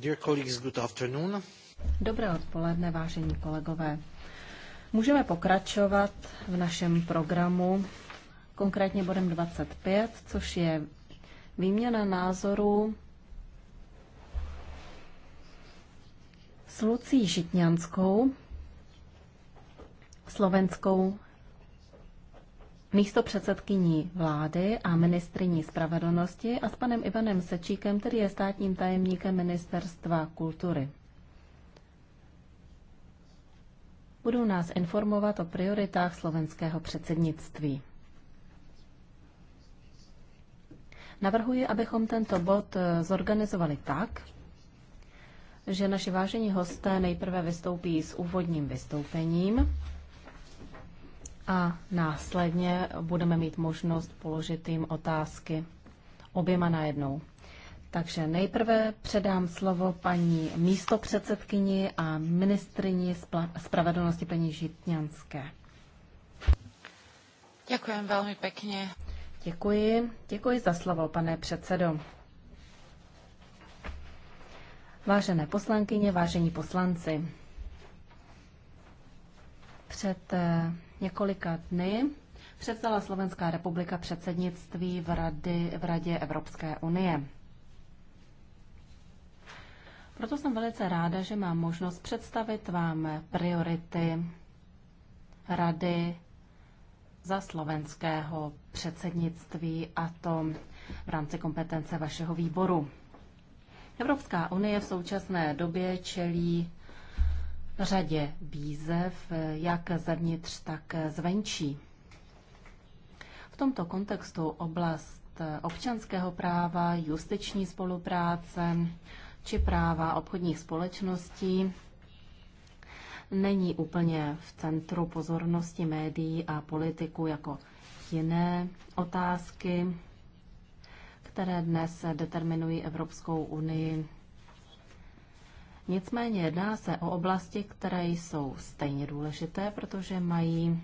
Dear colleagues, good afternoon. Dobré odpoledne, vážení kolegové. Můžeme pokračovat v našem programu, konkrétně bodem 25, což je výměna názorů s Lucí Žitňanskou, slovenskou místo předsedkyní vlády a ministriní spravedlnosti a s panem Ivanem Sečíkem, který je státním tajemníkem Ministerstva kultury. Budou nás informovat o prioritách slovenského předsednictví. Navrhuji, abychom tento bod eh, zorganizovali tak, že naši vážení hosté nejprve vystoupí s úvodním vystoupením, a následně budeme mít možnost položit jim otázky oběma najednou. Takže nejprve předám slovo paní místopředsedkyni a ministrině spravedlnosti paní Žitňanské. Děkuji velmi pěkně. Děkuji. Děkuji za slovo, pane předsedo. Vážené poslankyně, vážení poslanci, před eh, několika dny převzala Slovenská republika předsednictví v, rady, v Radě Evropské unie. Proto jsem velice ráda, že mám možnost představit vám priority Rady za slovenského předsednictví a to v rámci kompetence vašeho výboru. Evropská unie v současné době čelí řadě výzev, jak zevnitř, tak zvenčí. V tomto kontextu oblast občanského práva, justiční spolupráce či práva obchodních společností není úplně v centru pozornosti médií a politiku jako jiné otázky, které dnes determinují Evropskou unii Nicméně jedná se o oblasti, které jsou stejně důležité, protože mají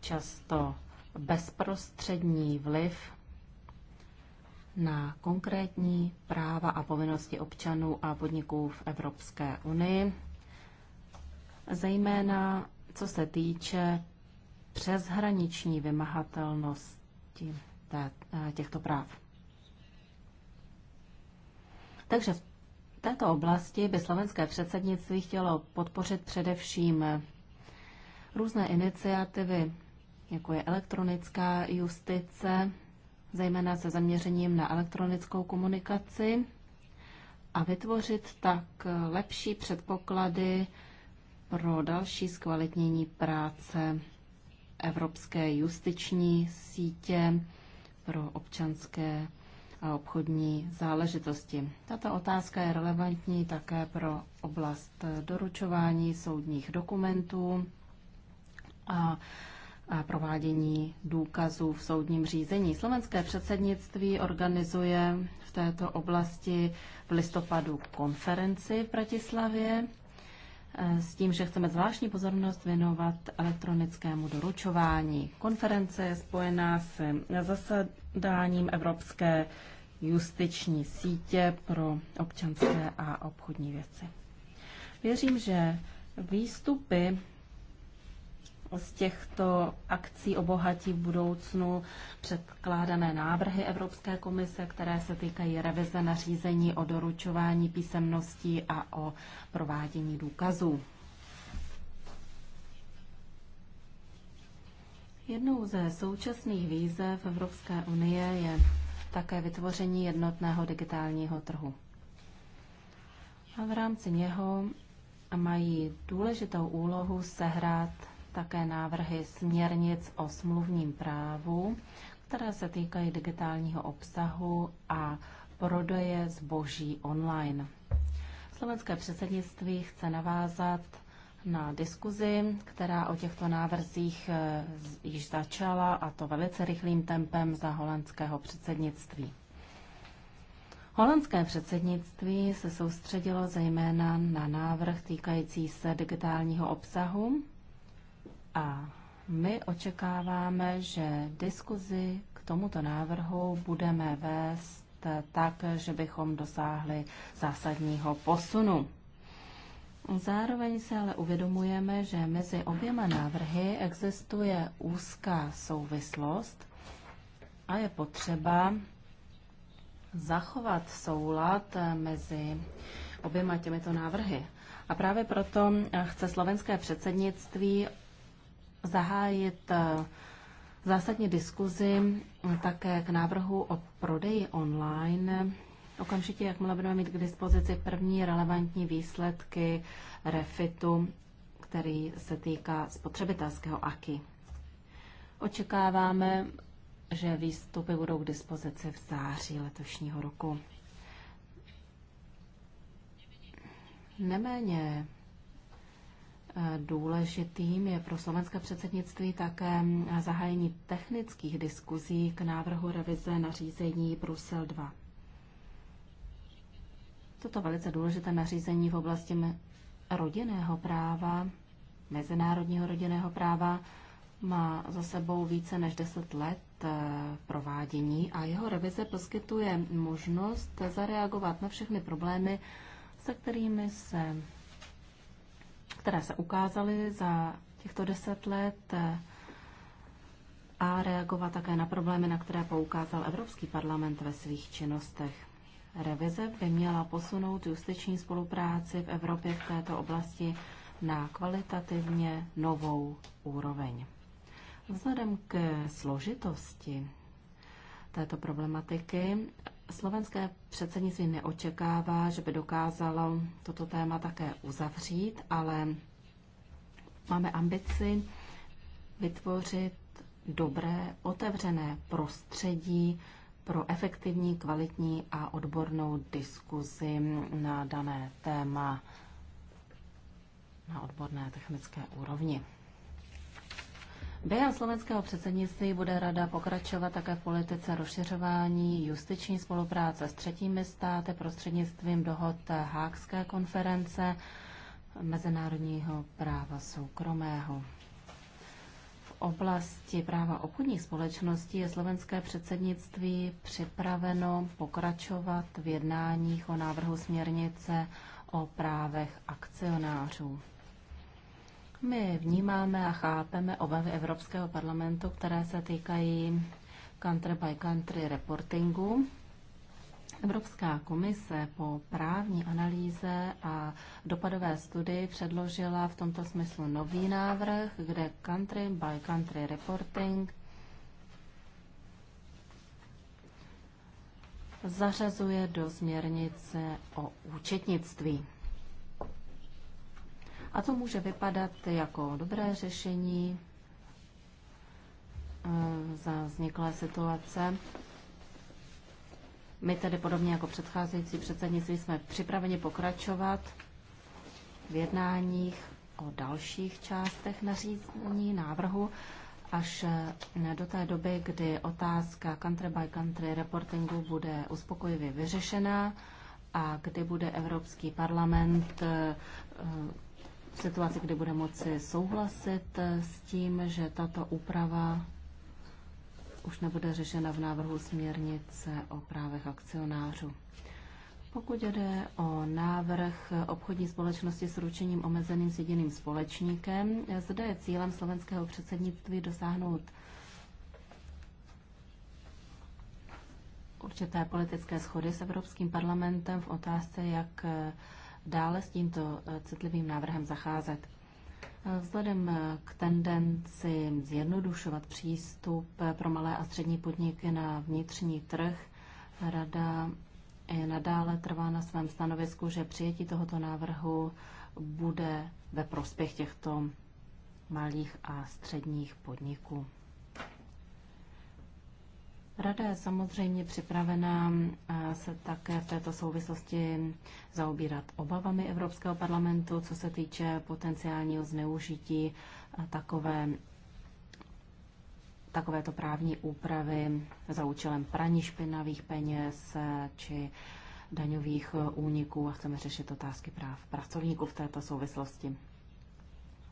často bezprostřední vliv na konkrétní práva a povinnosti občanů a podniků v Evropské unii, zejména co se týče přeshraniční vymahatelnosti eh, těchto práv. Takže v této oblasti by slovenské předsednictví chtělo podpořit především různé iniciativy, jako je elektronická justice, zejména se zaměřením na elektronickou komunikaci a vytvořit tak lepší předpoklady pro další zkvalitnění práce evropské justiční sítě pro občanské a obchodní záležitosti. Tato otázka je relevantní také pro oblast doručování soudních dokumentů a a provádění důkazů v soudním řízení. Slovenské předsednictví organizuje v této oblasti v listopadu konferenci v Bratislavě Eh, s tím, že chceme zvláštní pozornost věnovat elektronickému doručování. Konference je spojená s zasadáním Evropské justiční sítě pro občanské a obchodní věci. Věřím, že výstupy z těchto akcí obohatí v budoucnu předkládané návrhy Evropské komise, které se týkají revize nařízení o doručování písemností a o provádění důkazů. Jednou ze současných výzev Evropské unie je také vytvoření jednotného digitálního trhu. A v rámci něho mají důležitou úlohu sehrát také návrhy směrnic o smluvním právu, které se týkají digitálního obsahu a prodeje zboží online. Slovenské předsednictví chce navázat na diskuzi, která o těchto návrzích eh, již začala a to velice rychlým tempem za holandského předsednictví. Holandské předsednictví se soustředilo zejména na návrh týkající se digitálního obsahu a my očekáváme, že diskuzi k tomuto návrhu budeme vést tak, že bychom dosáhli zásadního posunu. Zároveň se ale uvědomujeme, že mezi oběma návrhy existuje úzká souvislost a je potřeba zachovat soulad mezi oběma těmito návrhy. A právě proto chce slovenské předsednictví zahájit eh, zásadně diskuzi také k návrhu o prodeji online. Okamžitě, jakmile budeme mít k dispozici první relevantní výsledky refitu, který se týká spotřebitelského AKI. Očekáváme, že výstupy budou k dispozici v září letošního roku. Neméně Důležitým je pro slovenské předsednictví také zahájení technických diskuzí k návrhu revize nařízení Brusel 2. Toto velice důležité nařízení v oblasti rodinného práva, mezinárodního rodinného práva, má za sebou více než 10 let eh, provádění a jeho revize poskytuje možnost zareagovat na všechny problémy, se kterými se které se ukázaly za těchto deset let eh, a reagovat také na problémy, na které poukázal Evropský parlament ve svých činnostech. Revize by měla posunout justiční spolupráci v Evropě v této oblasti na kvalitativně novou úroveň. Vzhledem k složitosti této problematiky Slovenské předsednictví neočekává, že by dokázalo toto téma také uzavřít, ale máme ambici vytvořit dobré, otevřené prostředí pro efektivní, kvalitní a odbornou diskuzi na dané téma na odborné technické úrovni. Během slovenského předsednictví bude Rada pokračovat také v politice rozšiřování justiční spolupráce s třetími státy prostřednictvím dohod Hákské konference mezinárodního práva soukromého. V oblasti práva obchodních společností je slovenské předsednictví připraveno pokračovat v jednáních o návrhu směrnice o právech akcionářů. My vnímáme a chápeme obavy Evropského parlamentu, které se týkají country by country reportingu. Evropská komise po právní analýze a dopadové studii předložila v tomto smyslu nový návrh, kde country by country reporting zařazuje do směrnice o účetnictví. A to může vypadat jako dobré řešení e, za vzniklé situace. My tedy podobně jako předcházející předsednictví jsme připraveni pokračovat v jednáních o dalších částech nařízení návrhu až e, do té doby, kdy otázka country by country reportingu bude uspokojivě vyřešená a kdy bude Evropský parlament e, v situaci, kdy bude moci souhlasit s tím, že tato úprava už nebude řešena v návrhu směrnice o právech akcionářů. Pokud jde o návrh obchodní společnosti s ručením omezeným s jediným společníkem, zde je cílem slovenského předsednictví dosáhnout určité politické schody s Evropským parlamentem v otázce, jak dále s tímto eh, citlivým návrhem zacházet. Eh, vzhledem eh, k tendenci zjednodušovat přístup pro malé a střední podniky na vnitřní trh, Rada je nadále trvá na svém stanovisku, že přijetí tohoto návrhu bude ve prospěch těchto malých a středních podniků. Rada je samozřejmě připravena eh, se také v této souvislosti zaobírat obavami Evropského parlamentu, co se týče potenciálního zneužití eh, takové takovéto právní úpravy za účelem praní špinavých peněz eh, či daňových úniků a chceme řešit otázky práv pracovníků v této souvislosti.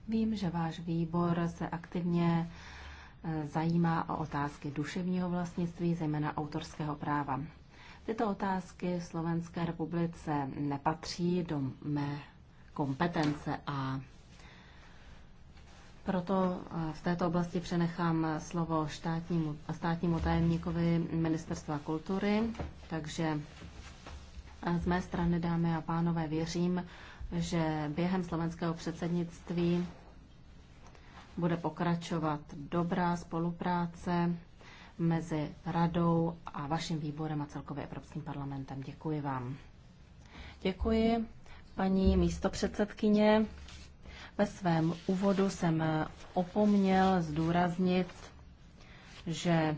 Vím, že váš výbor se aktivně zajímá o otázky duševního vlastnictví, zejména autorského práva. Tyto otázky Slovenské republice nepatří do mé kompetence a proto eh, v této oblasti přenechám slovo štátnímu, státnímu tajemníkovi Ministerstva kultury. Takže eh, z mé strany, dámy a pánové, věřím, že během slovenského předsednictví bude pokračovat dobrá spolupráce mezi radou a vaším výborem a celkově Evropským parlamentem. Děkuji vám. Děkuji, paní místopředsedkyně. Ve svém úvodu jsem opomněl zdůraznit, že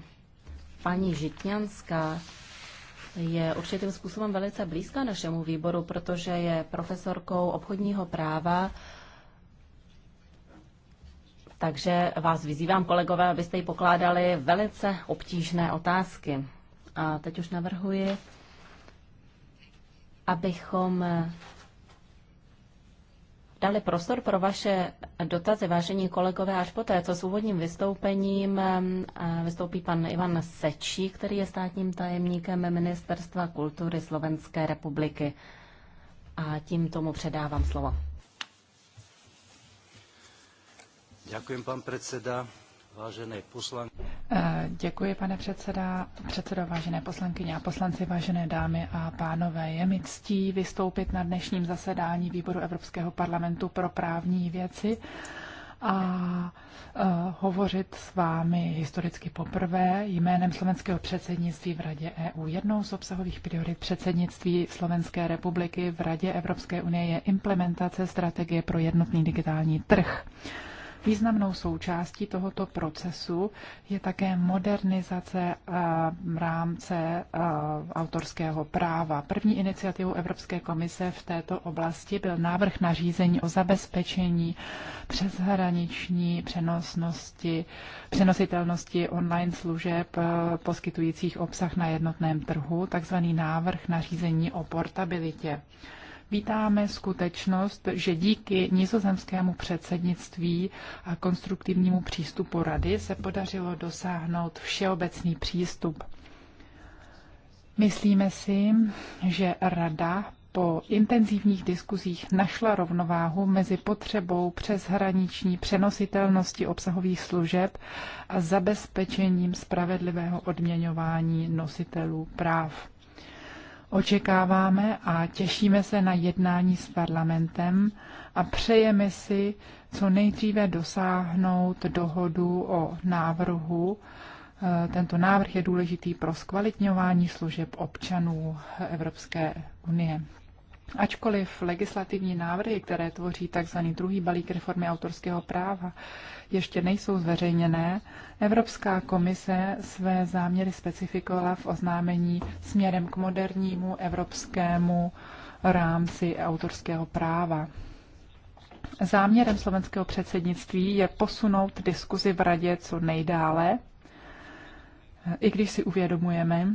paní Žitňanská je určitým způsobem velice blízká našemu výboru, protože je profesorkou obchodního práva takže vás vyzývám, kolegové, abyste jí pokládali velice obtížné otázky. A teď už navrhuji, abychom dali prostor pro vaše dotazy, vážení kolegové, až poté, co s úvodním vystoupením eh, vystoupí pan Ivan Sečí, který je státním tajemníkem Ministerstva kultury Slovenské republiky. A tím tomu předávám slovo. Děkuji, pan předseda. Vážené poslanky. Eh, děkuji, pane předseda, předsedo, vážené poslankyně a poslanci, vážené dámy a pánové. Je mi ctí vystoupit na dnešním zasedání výboru Evropského parlamentu pro právní věci a eh, hovořit s vámi historicky poprvé jménem slovenského předsednictví v Radě EU. Jednou z obsahových priorit předsednictví Slovenské republiky v Radě Evropské unie je implementace strategie pro jednotný digitální trh. Významnou součástí tohoto procesu je také modernizace eh, rámce eh, autorského práva. První iniciativou Evropské komise v této oblasti byl návrh nařízení o zabezpečení přeshraniční přenosnosti, přenositelnosti online služeb eh, poskytujících obsah na jednotném trhu, takzvaný návrh nařízení o portabilitě. Vítáme skutečnost, že díky nizozemskému předsednictví a konstruktivnímu přístupu Rady se podařilo dosáhnout všeobecný přístup. Myslíme si, že Rada po intenzivních diskuzích našla rovnováhu mezi potřebou přeshraniční přenositelnosti obsahových služeb a zabezpečením spravedlivého odměňování nositelů práv. Očekáváme a těšíme se na jednání s parlamentem a přejeme si co nejdříve dosáhnout dohodu o návrhu. Eh, tento návrh je důležitý pro zkvalitňování služeb občanů Evropské unie. Ačkoliv legislativní návrhy, které tvoří tzv. druhý balík reformy autorského práva, ještě nejsou zveřejněné, Evropská komise své záměry specifikovala v oznámení směrem k modernímu evropskému rámci autorského práva. Záměrem slovenského předsednictví je posunout diskuzi v radě co nejdále, i když si uvědomujeme,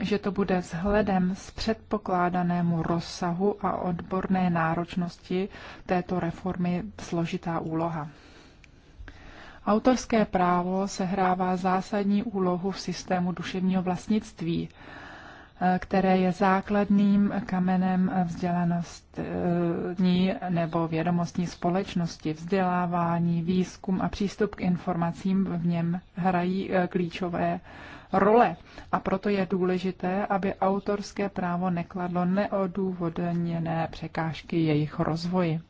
že to bude vzhledem s předpokládanému rozsahu a odborné náročnosti této reformy složitá úloha. Autorské právo sehrává zásadní úlohu v systému duševního vlastnictví, eh, které je základným kamenem vzdělanostní nebo vědomostní společnosti. Vzdělávání, výzkum a přístup k informacím v něm hrají eh, klíčové role. A proto je důležité, aby autorské právo nekladlo neodůvodněné překážky jejich rozvoji.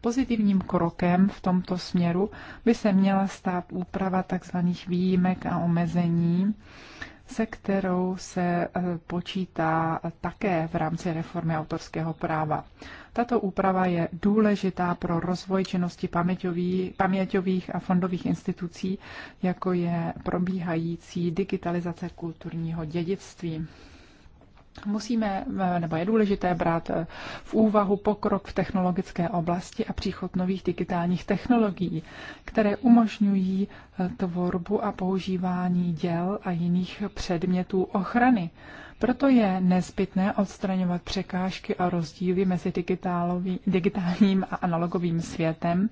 Pozitivním krokem v tomto směru by se měla stát úprava tzv. výjimek a omezení, se kterou se e, počítá také v rámci reformy autorského práva. Tato úprava je důležitá pro rozvoj činnosti paměťový, paměťových a fondových institucí, jako je probíhající digitalizace kulturního dědictví. Musíme, eh, nebo je důležité brát eh, v úvahu pokrok v technologické oblasti a příchod nových digitálních technologií, které umožňují eh, tvorbu a používání děl a jiných předmětů ochrany. Proto je nezbytné odstraňovat překážky a rozdíly mezi digitálním a analogovým světem,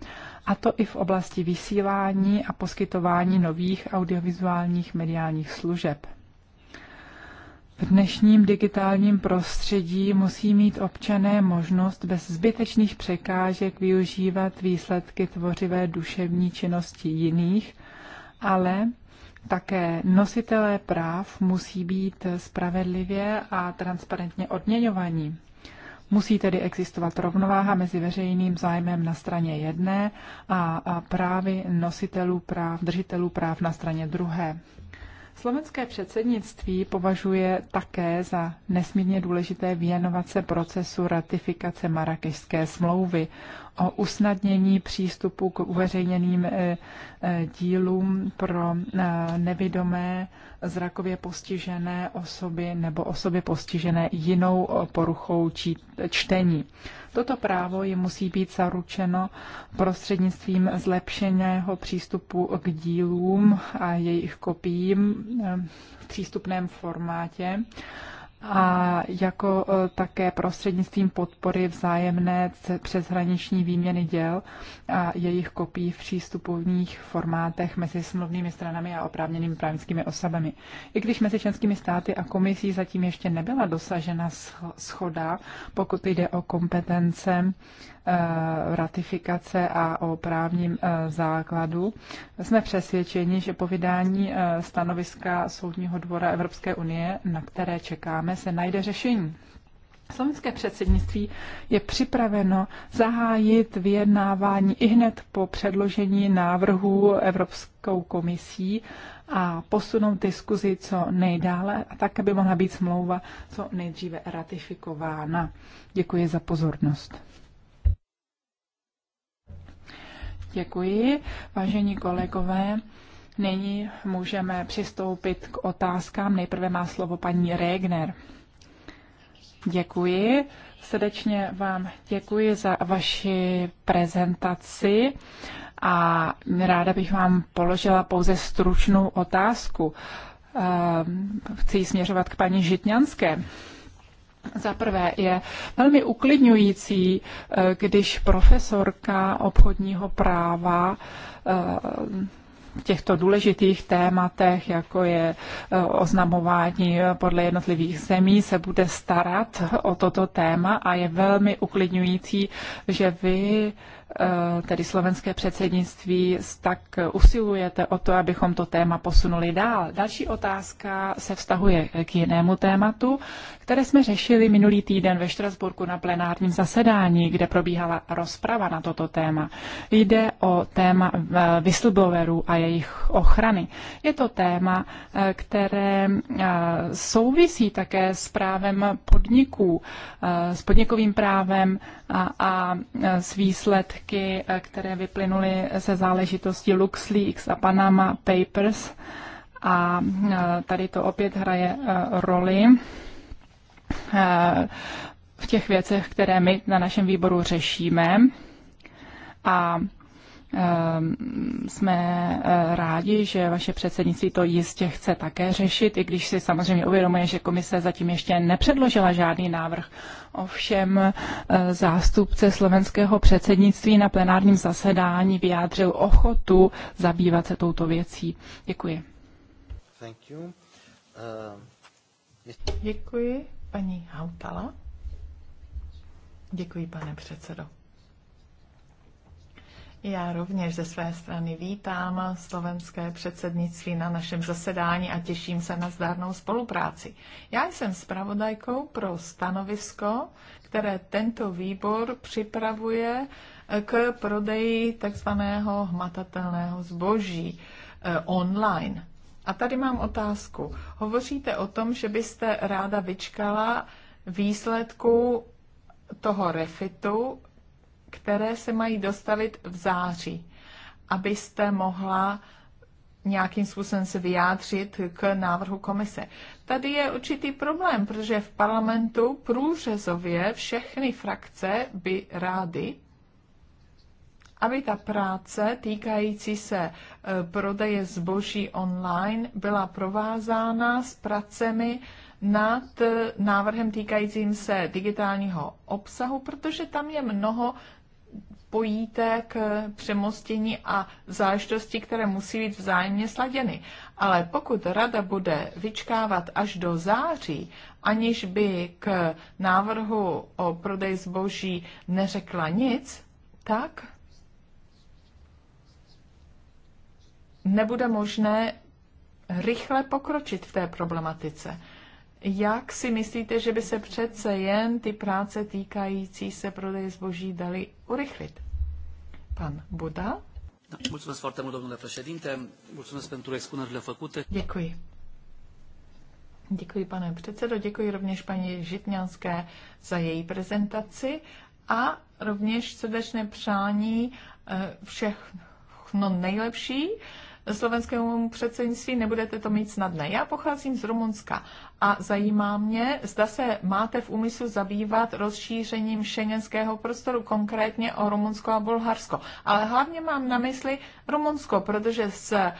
a to i v oblasti vysílání a poskytování nových audiovizuálních mediálních služeb. V dnešním digitálním prostředí musí mít občané možnost bez zbytečných překážek využívat výsledky tvořivé duševní činnosti jiných, ale také nositelé práv musí být spravedlivě a transparentně odměňovaní. Musí tedy existovat rovnováha mezi veřejným zájmem na straně jedné a právy nositelů práv, držitelů práv na straně druhé. Slovenské předsednictví považuje také za nesmírně důležité věnovat se procesu ratifikace marakešské smlouvy o usnadnění přístupu k uveřejněným eh, eh, dílům pro eh, nevidomé, zrakově postižené osoby nebo osoby postižené jinou poruchou čtení. Toto právo je musí být zaručeno prostřednictvím zlepšeného přístupu k dílům a jejich kopiím eh, v přístupném formátě a jako e, také prostřednictvím podpory vzájemné přeshraniční výměny děl a jejich kopií v přístupovních formátech mezi smluvnými stranami a oprávněnými právnickými osobami. I když mezi členskými státy a komisí zatím ještě nebyla dosažena schoda, pokud jde o kompetence Eh, ratifikace a o právním eh, základu. Jsme přesvědčeni, že po vydání eh, stanoviska Soudního dvora Evropské unie, na které čekáme, se najde řešení. Slovenské předsednictví je připraveno zahájit vyjednávání i hned po předložení návrhu Evropskou komisí a posunout diskuzi co nejdále, a tak, aby mohla být smlouva co nejdříve ratifikována. Děkuji za pozornost. Děkuji, vážení kolegové. Nyní můžeme přistoupit k otázkám. Nejprve má slovo paní Regner. Děkuji. Srdečně vám děkuji za vaši prezentaci a ráda bych vám položila pouze stručnou otázku. Ehm, chci ji směřovat k paní Žitňanské. Za prvé je velmi uklidňující, eh, když profesorka obchodního práva eh, těchto důležitých tématech, jako je eh, oznamování podle jednotlivých zemí, se bude starat o toto téma a je velmi uklidňující, že vy Eh, tedy slovenské předsednictví, tak usilujete o to, abychom to téma posunuli dál. Další otázka se vztahuje k jinému tématu, které jsme řešili minulý týden ve Štrasburku na plenárním zasedání, kde probíhala rozprava na toto téma. Jde o téma eh, whistleblowerů a jejich ochrany. Je to téma, eh, které souvisí také s právem podniků, s podnikovým právem a, a s výsledky výsledky, eh, které vyplynuly ze záležitosti LuxLeaks a Panama Papers. A eh, tady to opět hraje eh, roli v těch věcech, které my na našem výboru řešíme. A Ehm, jsme eh, rádi, že vaše předsednictví to jistě chce také řešit, i když si samozřejmě uvědomuje, že komise zatím ještě nepředložila žádný návrh. Ovšem eh, zástupce slovenského předsednictví na plenárním zasedání vyjádřil ochotu zabývat se touto věcí. Děkuji. Thank you. Uh, Děkuji, paní Hautala. Děkuji, pane předsedo. Já rovněž ze své strany vítám slovenské předsednictví na našem zasedání a těším se na zdárnou spolupráci. Já jsem zpravodajkou pro stanovisko, které tento výbor připravuje k prodeji takzvaného hmatatelného zboží eh, online. A tady mám otázku. Hovoříte o tom, že byste ráda vyčkala výsledku toho refitu které se mají dostavit v září, abyste mohla nějakým způsobem se vyjádřit k návrhu komise. Tady je určitý problém, protože v parlamentu průřezově všechny frakce by rády, aby ta práce týkající se e, prodeje zboží online byla provázána s pracemi nad e, návrhem týkajícím se digitálního obsahu, protože tam je mnoho spojíte k přemostění a záležitosti, které musí být vzájemně sladěny. Ale pokud rada bude vyčkávat až do září, aniž by k návrhu o prodej zboží neřekla nic, tak nebude možné rychle pokročit v té problematice. Jak si myslíte, že by se přece jen ty práce týkající se prodeje zboží daly urychlit? Pan Buda. Da, mulțumesc foarte mult, domnule președinte. Mulțumesc pentru expunerile făcute. Děkuji. Děkuji, pane předsedo, děkuji rovněž paní Žitňanské za její prezentaci a rovněž srdečné přání eh, všech no nejlepší slovenskému předsednictví, nebudete to mít snadné. Já pocházím z Rumunska a zajímá mě, zda se máte v úmyslu zabývat rozšířením šengenského prostoru, konkrétně o Rumunsko a Bulharsko. Ale hlavně mám na mysli Rumunsko, protože z eh,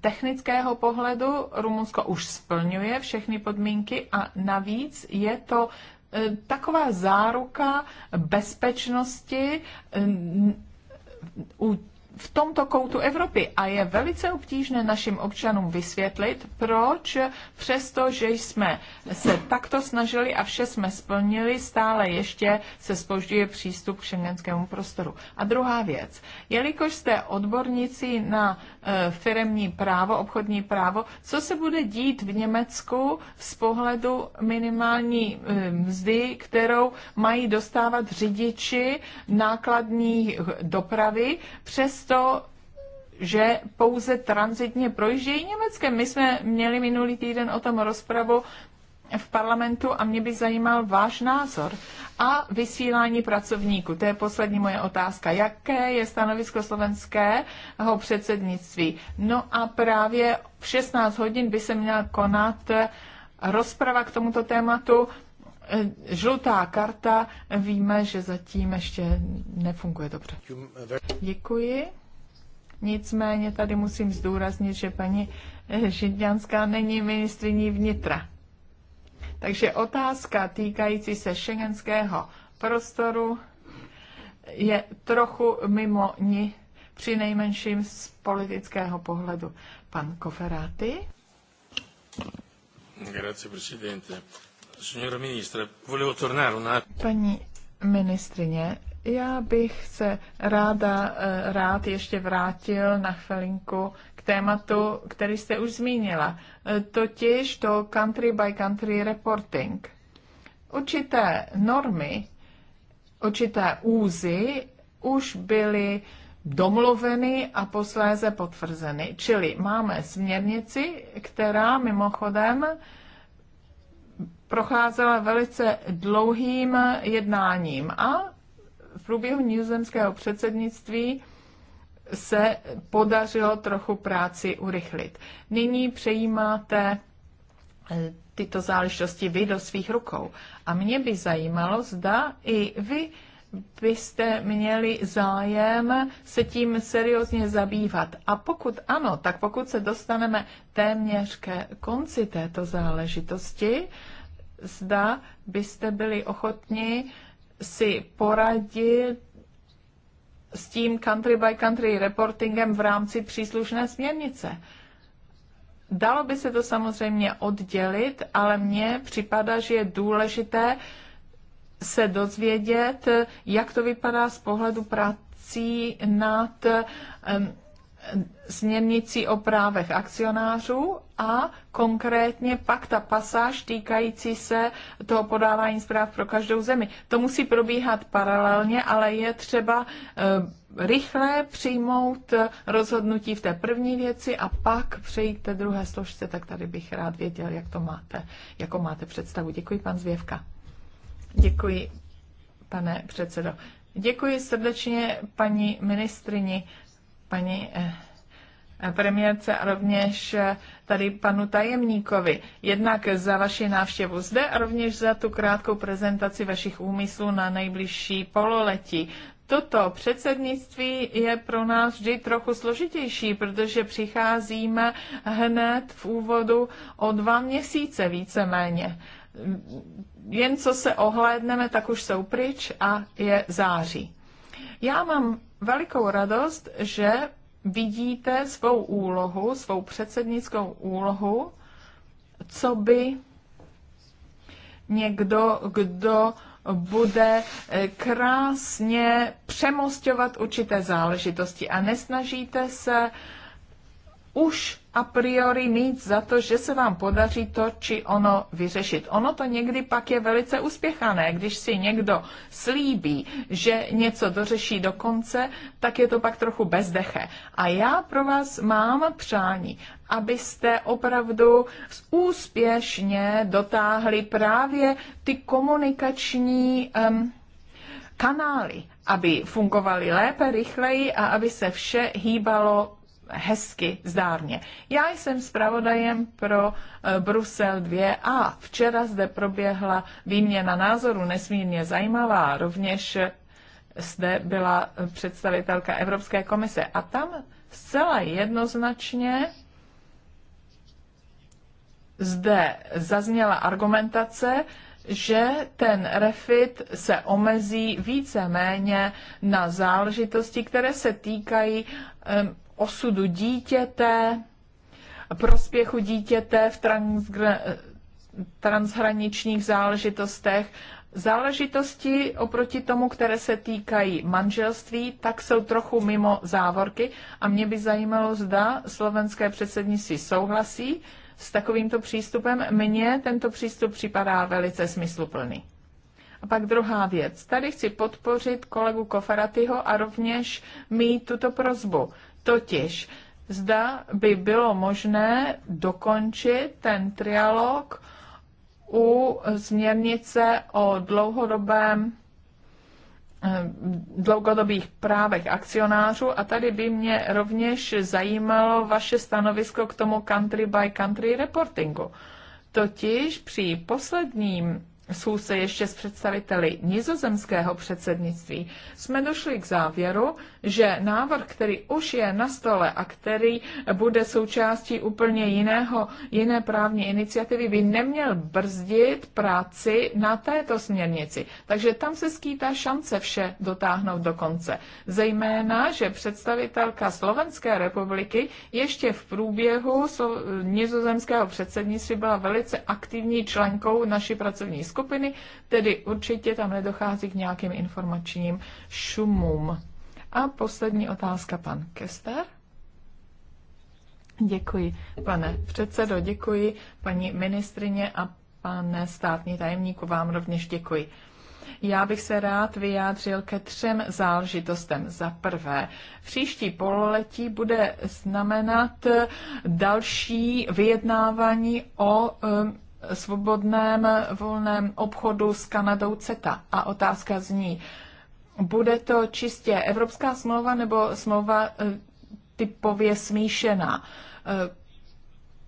technického pohledu Rumunsko už splňuje všechny podmínky a navíc je to eh, taková záruka bezpečnosti eh, u v tomto koutu Evropy a je velice obtížné našim občanům vysvětlit, proč přesto, že jsme se takto snažili a vše jsme splnili, stále ještě se spožďuje přístup k šengenskému prostoru. A druhá věc, jelikož jste odborníci na e, firemní právo, obchodní právo, co se bude dít v Německu z pohledu minimální e, mzdy, kterou mají dostávat řidiči nákladní dopravy, přes to, že pouze transitně projíždějí Německem. My jsme měli minulý týden o tom rozpravu v parlamentu a mě by zajímal váš názor. A vysílání pracovníků, to je poslední moje otázka. Jaké je stanovisko slovenského předsednictví? No a právě v 16 hodin by se měla konat rozprava k tomuto tématu. Žlutá karta, víme, že zatím ještě nefunguje dobře. Děkuji. Nicméně tady musím zdůraznit, že paní eh, Židňanská není ministriní vnitra. Takže otázka týkající se šengenského prostoru je trochu mimo ní, při nejmenším z politického pohledu. Pan Koferáty? Grazie, presidente. Signora ministra, volevo tornare Paní ministrině, já bych se ráda, eh, rád ještě vrátil na chvilinku k tématu, který jste už zmínila, eh, totiž do country by country reporting. Určité normy, určité úzy už byly domluveny a posléze potvrzeny. Čili máme směrnici, která mimochodem procházela velice dlouhým jednáním a v průběhu nizozemského předsednictví se podařilo trochu práci urychlit. Nyní přejímáte eh, tyto záležitosti vy do svých rukou. A mě by zajímalo, zda i vy byste měli zájem se tím seriózně zabývat. A pokud ano, tak pokud se dostaneme téměř ke konci této záležitosti, zda byste byli ochotni si poradit s tím country by country reportingem v rámci příslušné směrnice. Dalo by se to samozřejmě oddělit, ale mně připadá, že je důležité se dozvědět, jak to vypadá z pohledu prací nad um, směrnici o právech akcionářů a konkrétně pak ta pasáž týkající se toho podávání zpráv pro každou zemi. To musí probíhat paralelně, ale je třeba eh, rychle přijmout rozhodnutí v té první věci a pak přejít té druhé složce, tak tady bych rád věděl, jak to máte, jako máte představu. Děkuji, pan Zvěvka. Děkuji, pane předsedo. Děkuji srdečně paní ministrini paní eh, premiérce a rovněž eh, tady panu tajemníkovi. Jednak za vaši návštěvu zde a rovněž za tu krátkou prezentaci vašich úmyslů na nejbližší pololetí. Toto předsednictví je pro nás vždy trochu složitější, protože přicházíme hned v úvodu o dva měsíce víceméně. Jen co se ohlédneme, tak už jsou pryč a je září. Já mám velikou radost, že vidíte svou úlohu, svou předsednickou úlohu, co by někdo, kdo bude eh, krásně přemostovat určité záležitosti a nesnažíte se už a priori mít za to, že se vám podaří to či ono vyřešit. Ono to někdy pak je velice uspěchané. Když si někdo slíbí, že něco dořeší do konce, tak je to pak trochu bezdeché. A já pro vás mám přání, abyste opravdu úspěšně dotáhli právě ty komunikační um, kanály, aby fungovaly lépe, rychleji a aby se vše hýbalo hezky, zdárně. Já jsem zpravodajem pro eh, Brusel 2a. Včera zde proběhla výměna názoru nesmírně zajímavá. Rovněž eh, zde byla eh, představitelka Evropské komise a tam zcela jednoznačně zde zazněla argumentace, že ten refit se omezí víceméně na záležitosti, které se týkají osudu dítěte, prospěchu dítěte v transgr- transhraničních záležitostech. Záležitosti oproti tomu, které se týkají manželství, tak jsou trochu mimo závorky a mě by zajímalo, zda slovenské předsednictví souhlasí s takovýmto přístupem. Mně tento přístup připadá velice smysluplný. A pak druhá věc. Tady chci podpořit kolegu Kofaratyho a rovněž mít tuto prozbu. Totiž zda by bylo možné dokončit ten trialog u změrnice o dlouhodobém eh, dlouhodobých právech akcionářů a tady by mě rovněž zajímalo vaše stanovisko k tomu country by country reportingu. Totiž při posledním schůzce ještě s představiteli nizozemského předsednictví jsme došli k závěru, že návrh, který už je na stole a který bude součástí úplně jiného, jiné právní iniciativy, by neměl brzdit práci na této směrnici. Takže tam se skýtá šance vše dotáhnout do konce. Zejména, že představitelka Slovenské republiky ještě v průběhu nizozemského předsednictví byla velice aktivní členkou naší pracovní skupiny, tedy určitě tam nedochází k nějakým informačním šumům. A poslední otázka, pan Kester. Děkuji, pane předsedo, děkuji, paní ministrině a pane státní tajemníku, vám rovněž děkuji. Já bych se rád vyjádřil ke třem záležitostem. Za prvé, příští pololetí bude znamenat další vyjednávání o um, svobodném volném obchodu s Kanadou CETA. A otázka zní, bude to čistě evropská smlouva nebo smlouva e, typově smíšená. E,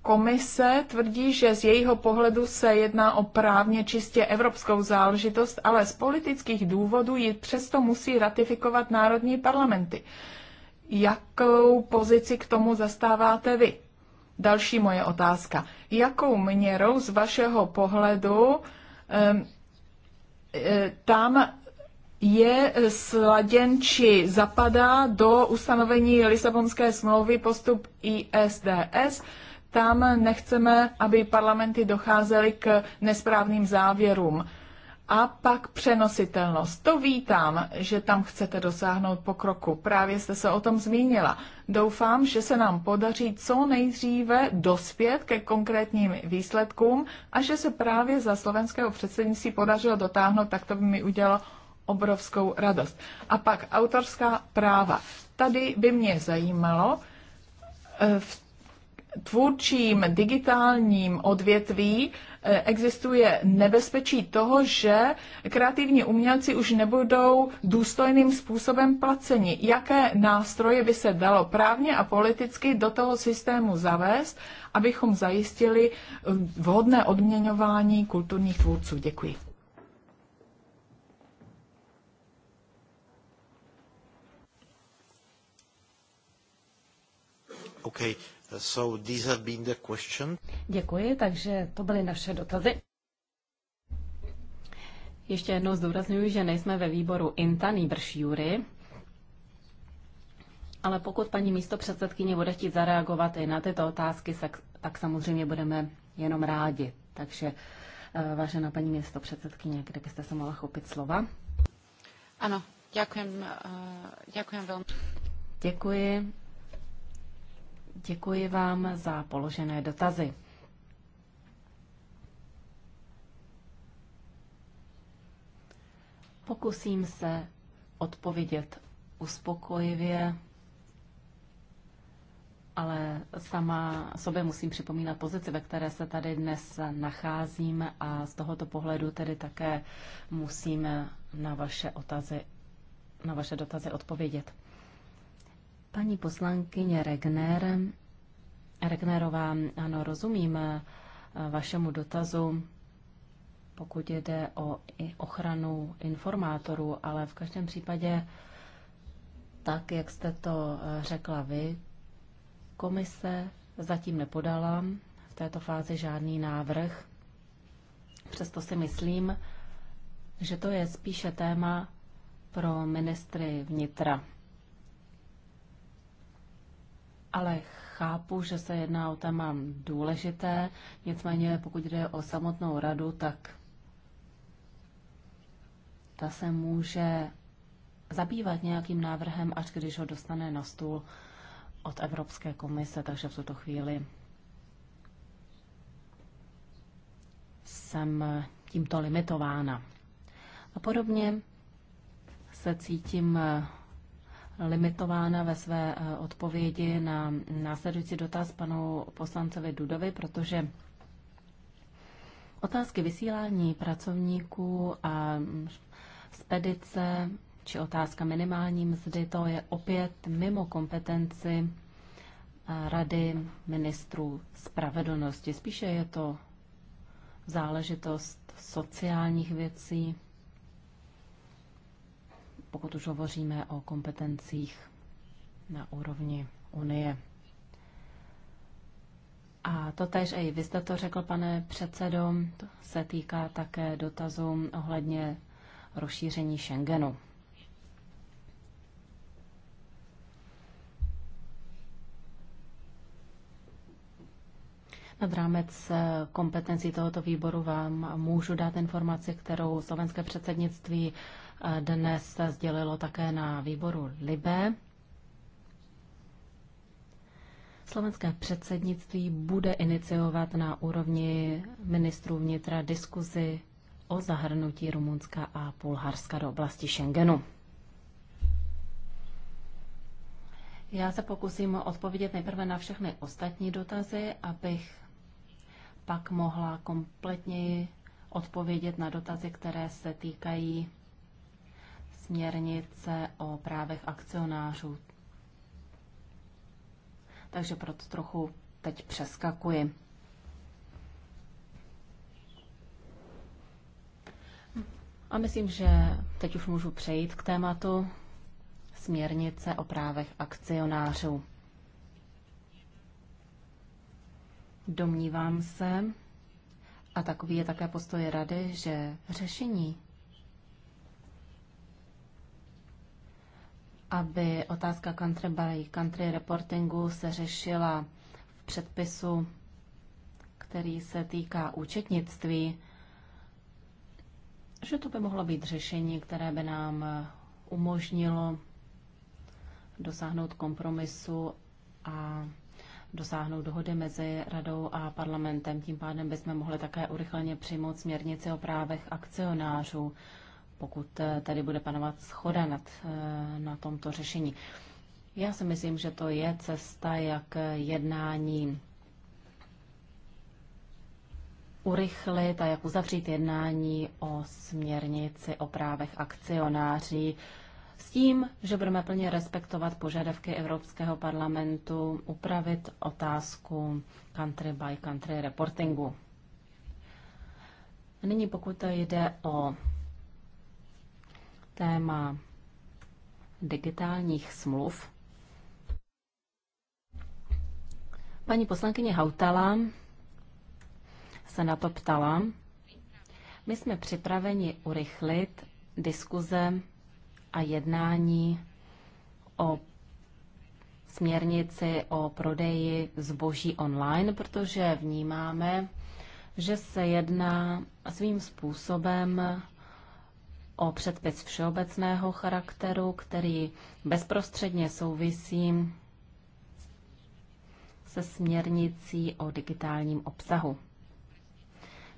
komise tvrdí, že z jejího pohledu se jedná o právně čistě evropskou záležitost, ale z politických důvodů ji přesto musí ratifikovat národní parlamenty. Jakou pozici k tomu zastáváte vy? Další moje otázka. Jakou měrou z vašeho pohledu e, tam je sladěn či zapadá do ustanovení Lisabonské smlouvy postup ISDS. Tam nechceme, aby parlamenty docházely k nesprávným závěrům. A pak přenositelnost. To vítám, že tam chcete dosáhnout pokroku. Právě jste se o tom zmínila. Doufám, že se nám podaří co nejdříve dospět ke konkrétním výsledkům a že se právě za slovenského předsednictví podařilo dotáhnout, tak to by mi udělalo obrovskou radost. A pak autorská práva. Tady by mě zajímalo, eh, v tvůrčím digitálním odvětví eh, existuje nebezpečí toho, že kreativní umělci už nebudou důstojným způsobem placeni. Jaké nástroje by se dalo právně a politicky do toho systému zavést, abychom zajistili eh, vhodné odměňování kulturních tvůrců? Děkuji. Okay. So these have been the question. Děkuji, takže to byly naše dotazy. Ještě jednou zdůraznuju, že nejsme ve výboru INTA, nýbrž jury. Ale pokud paní místo předsedkyně bude chtít zareagovat i na tyto otázky, tak samozřejmě budeme jenom rádi. Takže eh, vážená paní místo předsedkyně, kdybyste se mohla chopit slova. Ano, děkujem, eh, děkujem velmi. Děkuji. Děkuji vám za položené dotazy. Pokusím se odpovědět uspokojivě, ale sama sobě musím připomínat pozici, ve které se tady dnes nacházím a z tohoto pohledu tedy také musím na vaše, otazy, na vaše dotazy odpovědět. Paní poslankyně Regner, Regnerová, ano, rozumím eh, vašemu dotazu, pokud jde o ochranu informátorů, ale v každém případě, tak jak jste to eh, řekla vy, komise zatím nepodala v této fázi žádný návrh. Přesto si myslím, že to je spíše téma pro ministry vnitra ale chápu, že se jedná o téma důležité, nicméně pokud jde o samotnou radu, tak ta se může zabývat nějakým návrhem, až když ho dostane na stůl od Evropské komise, takže v tuto chvíli jsem tímto limitována. A podobně se cítím limitována ve své eh, odpovědi na následující dotaz panu poslancovi Dudovi, protože otázky vysílání pracovníků a spedice mm, či otázka minimální mzdy, to je opět mimo kompetenci eh, Rady ministrů spravedlnosti. Spíše je to záležitost sociálních věcí pokud už hovoříme o kompetencích na úrovni Unie. A to tež, i vy jste to řekl, pane předsedo, to se týká také dotazu ohledně rozšíření Schengenu. Nad rámec kompetencí tohoto výboru vám můžu dát informaci, kterou slovenské předsednictví dnes sdělilo také na výboru Libe. Slovenské předsednictví bude iniciovat na úrovni ministrů vnitra diskuzi o zahrnutí Rumunska a Bulharska do oblasti Schengenu. Já se pokusím odpovědět nejprve na všechny ostatní dotazy, abych pak mohla kompletněji odpovědět na dotazy, které se týkají směrnice o právech akcionářů. Takže proto trochu teď přeskakuji. A myslím, že teď už můžu přejít k tématu směrnice o právech akcionářů. Domnívám se, a takový je také postoj rady, že řešení aby otázka country by country reportingu se řešila v předpisu, který se týká účetnictví, že to by mohlo být řešení, které by nám umožnilo dosáhnout kompromisu a dosáhnout dohody mezi radou a parlamentem. Tím pádem bychom mohli také urychleně přijmout směrnici o právech akcionářů pokud eh, tady bude panovat schoda nad, eh, na tomto řešení. Já si myslím, že to je cesta, jak eh, jednání urychlit a jak uzavřít jednání o směrnici o právech akcionáří s tím, že budeme plně respektovat požadavky Evropského parlamentu upravit otázku country by country reportingu. Nyní pokud jde o téma digitálních smluv. Paní poslankyně Hautala se na to ptala. My jsme připraveni urychlit diskuze a jednání o směrnici o prodeji zboží online, protože vnímáme, že se jedná svým způsobem o předpis všeobecného charakteru, který bezprostředně souvisí se směrnicí o digitálním obsahu.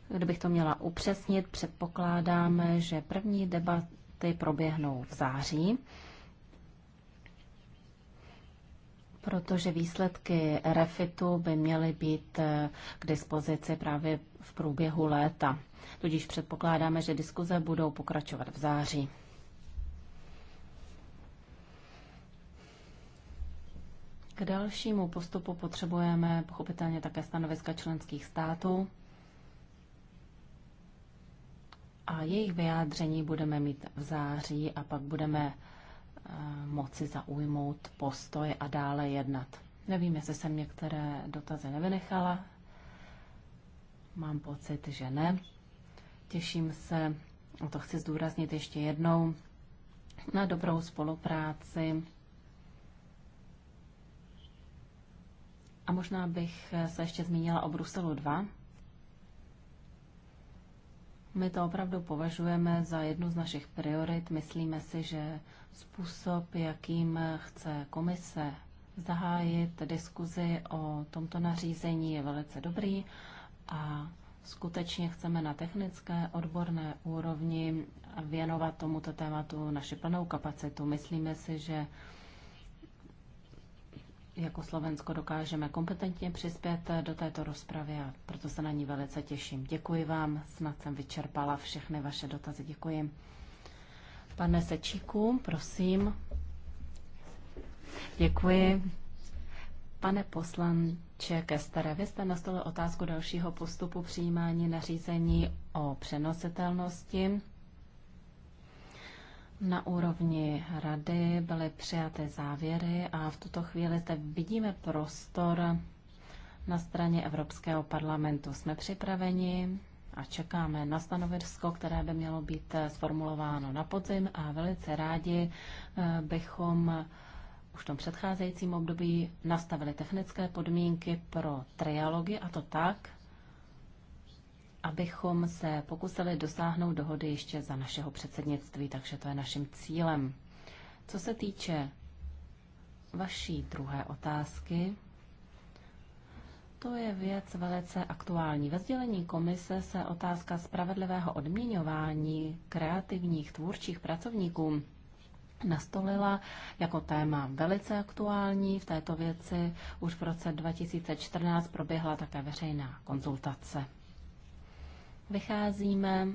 Kdybych to měla upřesnit, předpokládáme, že první debaty proběhnou v září, protože výsledky refitu by měly být k dispozici právě v průběhu léta tudíž předpokládáme, že diskuze budou pokračovat v září. K dalšímu postupu potřebujeme pochopitelně také stanoviska členských států a jejich vyjádření budeme mít v září a pak budeme eh, moci zaujmout postoj a dále jednat. Nevím, jestli jsem některé dotazy nevynechala. Mám pocit, že ne. Těším se, a to chci zdůraznit ještě jednou, na dobrou spolupráci. A možná bych se ještě zmínila o Bruselu 2. My to opravdu považujeme za jednu z našich priorit. Myslíme si, že způsob, jakým chce komise zahájit diskuzi o tomto nařízení, je velice dobrý a skutečně chceme na technické, odborné úrovni věnovat tomuto tématu naši plnou kapacitu. Myslíme si, že jako Slovensko dokážeme kompetentně přispět do této rozpravy a proto se na ní velice těším. Děkuji vám, snad jsem vyčerpala všechny vaše dotazy. Děkuji. Pane Sečíku, prosím. Děkuji. Pane poslanče Kestere, vy jste nastolil otázku dalšího postupu přijímání nařízení o přenositelnosti. Na úrovni rady byly přijaty závěry a v tuto chvíli zde vidíme prostor na straně Evropského parlamentu. Jsme připraveni a čekáme na stanovisko, které by mělo být sformulováno na podzim a velice rádi eh, bychom už v tom předcházejícím období nastavili technické podmínky pro trialogy a to tak, abychom se pokusili dosáhnout dohody ještě za našeho předsednictví, takže to je naším cílem. Co se týče vaší druhé otázky, to je věc velice aktuální. Ve sdělení komise se otázka spravedlivého odměňování kreativních tvůrčích pracovníků nastolila jako téma velice aktuální. V této věci už v roce 2014 proběhla také veřejná konzultace. Vycházíme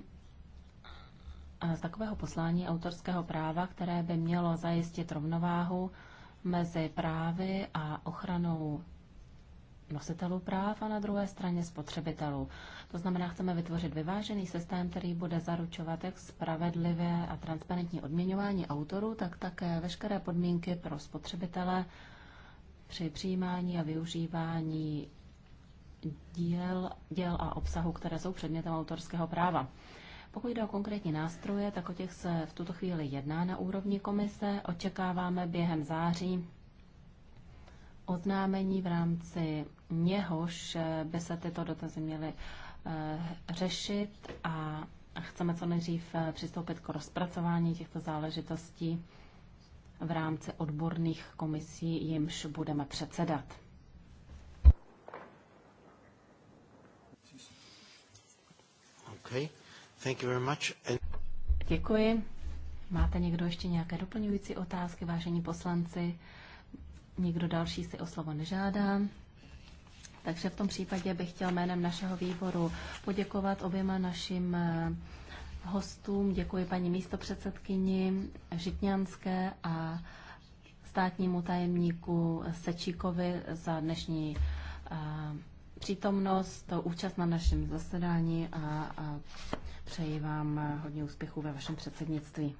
z takového poslání autorského práva, které by mělo zajistit rovnováhu mezi právy a ochranou nositelů práv a na druhé straně spotřebitelů. To znamená, chceme vytvořit vyvážený systém, který bude zaručovat jak spravedlivé a transparentní odměňování autorů, tak také veškeré podmínky pro spotřebitele při přijímání a využívání díl, děl a obsahu, které jsou předmětem autorského práva. Pokud jde o konkrétní nástroje, tak o těch se v tuto chvíli jedná na úrovni komise. Očekáváme během září oznámení v rámci něhož eh, by se tyto dotazy měly eh, řešit a chceme co nejdřív eh, přistoupit k rozpracování těchto záležitostí v rámci odborných komisí, jimž budeme předsedat. Okay. Thank you very much. And... Děkuji. Máte někdo ještě nějaké doplňující otázky, vážení poslanci? Nikdo další si o slovo nežádá. Takže v tom případě bych chtěl jménem našeho výboru poděkovat oběma našim eh, hostům. Děkuji paní místopředsedkyni Žitňanské a státnímu tajemníku Sečíkovi za dnešní eh, přítomnost, účast na našem zasedání a, a přeji vám eh, hodně úspěchů ve vašem předsednictví.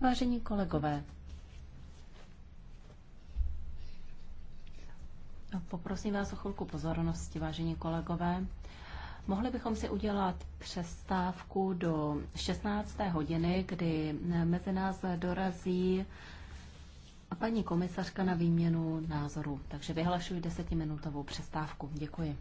Vážení kolegové, poprosím vás o chvilku pozornosti, vážení kolegové. Mohli bychom si udělat přestávku do 16. hodiny, kdy mezi nás dorazí paní komisařka na výměnu názoru. Takže vyhlašuji desetiminutovou přestávku. Děkuji.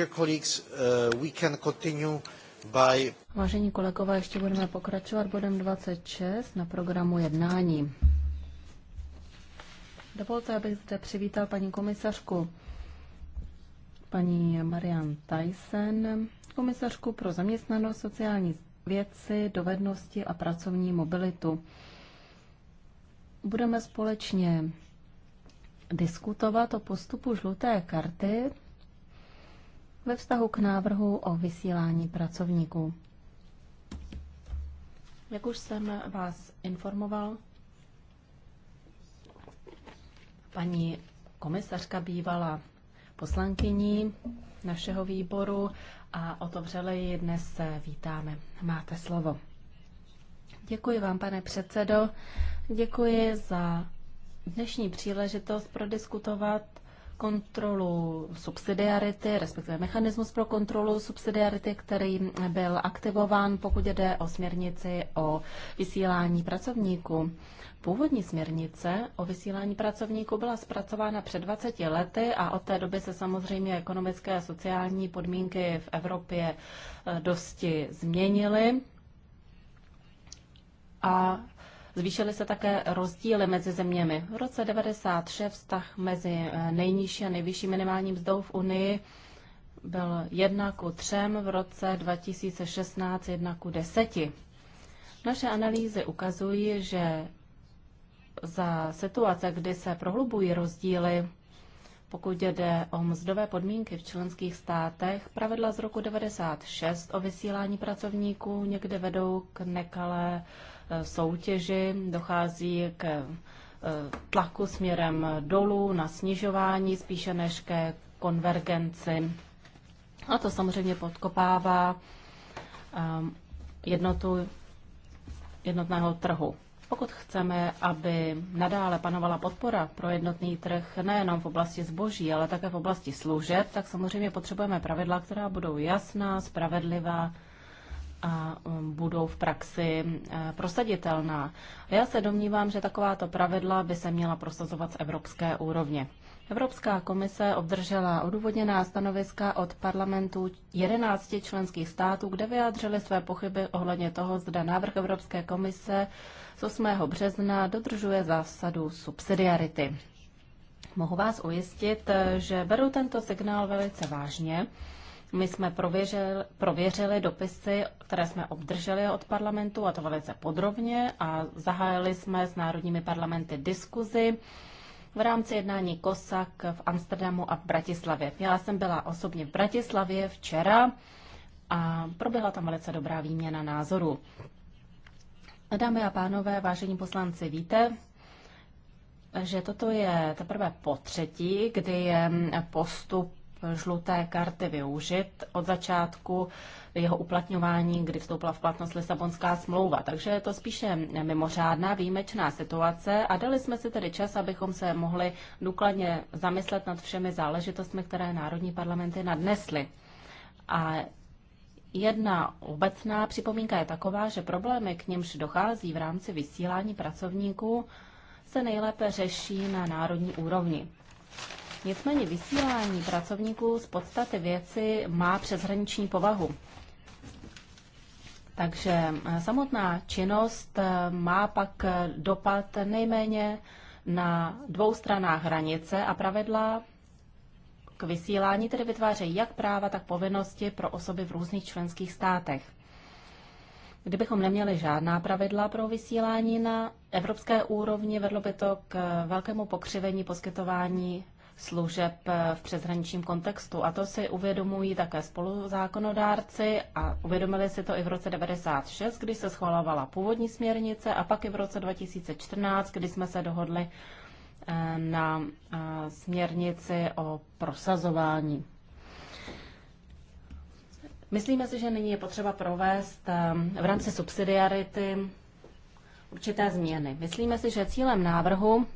Uh, Vážení kolegové, ještě budeme pokračovat bodem 26 na programu jednání. Dovolte, abych zde přivítal paní komisařku, paní Marian Tyson, komisařku pro zaměstnanost, sociální věci, dovednosti a pracovní mobilitu. Budeme společně diskutovat o postupu žluté karty ve vztahu k návrhu o vysílání pracovníků. Jak už jsem vás informoval, paní komisařka bývala poslankyní našeho výboru a o to vřeleji dnes vítáme. Máte slovo. Děkuji vám, pane předsedo. Děkuji za dnešní příležitost prodiskutovat kontrolu subsidiarity, respektive mechanismus pro kontrolu subsidiarity, který byl aktivován, pokud jde o směrnici o vysílání pracovníků. Původní směrnice o vysílání pracovníků byla zpracována před 20 lety a od té doby se samozřejmě ekonomické a sociální podmínky v Evropě eh, dosti změnily. A Zvýšily se také rozdíly mezi zeměmi. V roce 1993 vztah mezi eh, nejnižší a nejvyšší minimální mzdou v Unii byl 1 ku 3, v roce 2016 1 ku 10. Naše analýzy ukazují, že za situace, kdy se prohlubují rozdíly, pokud jde o mzdové podmínky v členských státech, pravidla z roku 96 o vysílání pracovníků někde vedou k nekalé soutěži, dochází k eh, tlaku směrem dolů na snižování spíše než ke konvergenci. A to samozřejmě podkopává eh, jednotu jednotného trhu. Pokud chceme, aby nadále panovala podpora pro jednotný trh nejenom v oblasti zboží, ale také v oblasti služeb, tak samozřejmě potřebujeme pravidla, která budou jasná, spravedlivá a um, budou v praxi uh, prosaditelná. Já se domnívám, že takováto pravidla by se měla prosazovat z evropské úrovně. Evropská komise obdržela odůvodněná stanoviska od parlamentů 11 členských států, kde vyjádřili své pochyby ohledně toho, zda návrh Evropské komise z 8. března dodržuje zásadu subsidiarity. Mohu vás ujistit, že beru tento signál velice vážně my jsme prověřili, prověřili dopisy, které jsme obdrželi od parlamentu, a to velice podrobně, a zahájili jsme s národními parlamenty diskuzi v rámci jednání COSAC v Amsterdamu a v Bratislavě. Já jsem byla osobně v Bratislavě včera a proběhla tam velice dobrá výměna názorů. Dámy a pánové, vážení poslanci, víte, že toto je teprve po třetí, kdy je postup žluté karty využit od začátku jeho uplatňování, kdy vstoupila v platnost Lisabonská smlouva. Takže je to spíše mimořádná výjimečná situace a dali jsme si tedy čas, abychom se mohli důkladně zamyslet nad všemi záležitostmi, které národní parlamenty nadnesly. A Jedna obecná připomínka je taková, že problémy, k němž dochází v rámci vysílání pracovníků, se nejlépe řeší na národní úrovni. Nicméně vysílání pracovníků z podstaty věci má přeshraniční povahu. Takže eh, samotná činnost eh, má pak eh, dopad nejméně na dvou stranách hranice a pravidla k vysílání tedy vytvářejí jak práva, tak povinnosti pro osoby v různých členských státech. Kdybychom neměli žádná pravidla pro vysílání na evropské úrovni, vedlo by to k velkému pokřivení poskytování služeb eh, v přeshraničním kontextu. A to si uvědomují také spoluzákonodárci a uvědomili si to i v roce 96, kdy se schvalovala původní směrnice a pak i v roce 2014, kdy jsme se dohodli eh, na eh, směrnici o prosazování. Myslíme si, že nyní je potřeba provést v rámci subsidiarity určité změny. Myslíme si, že cílem návrhu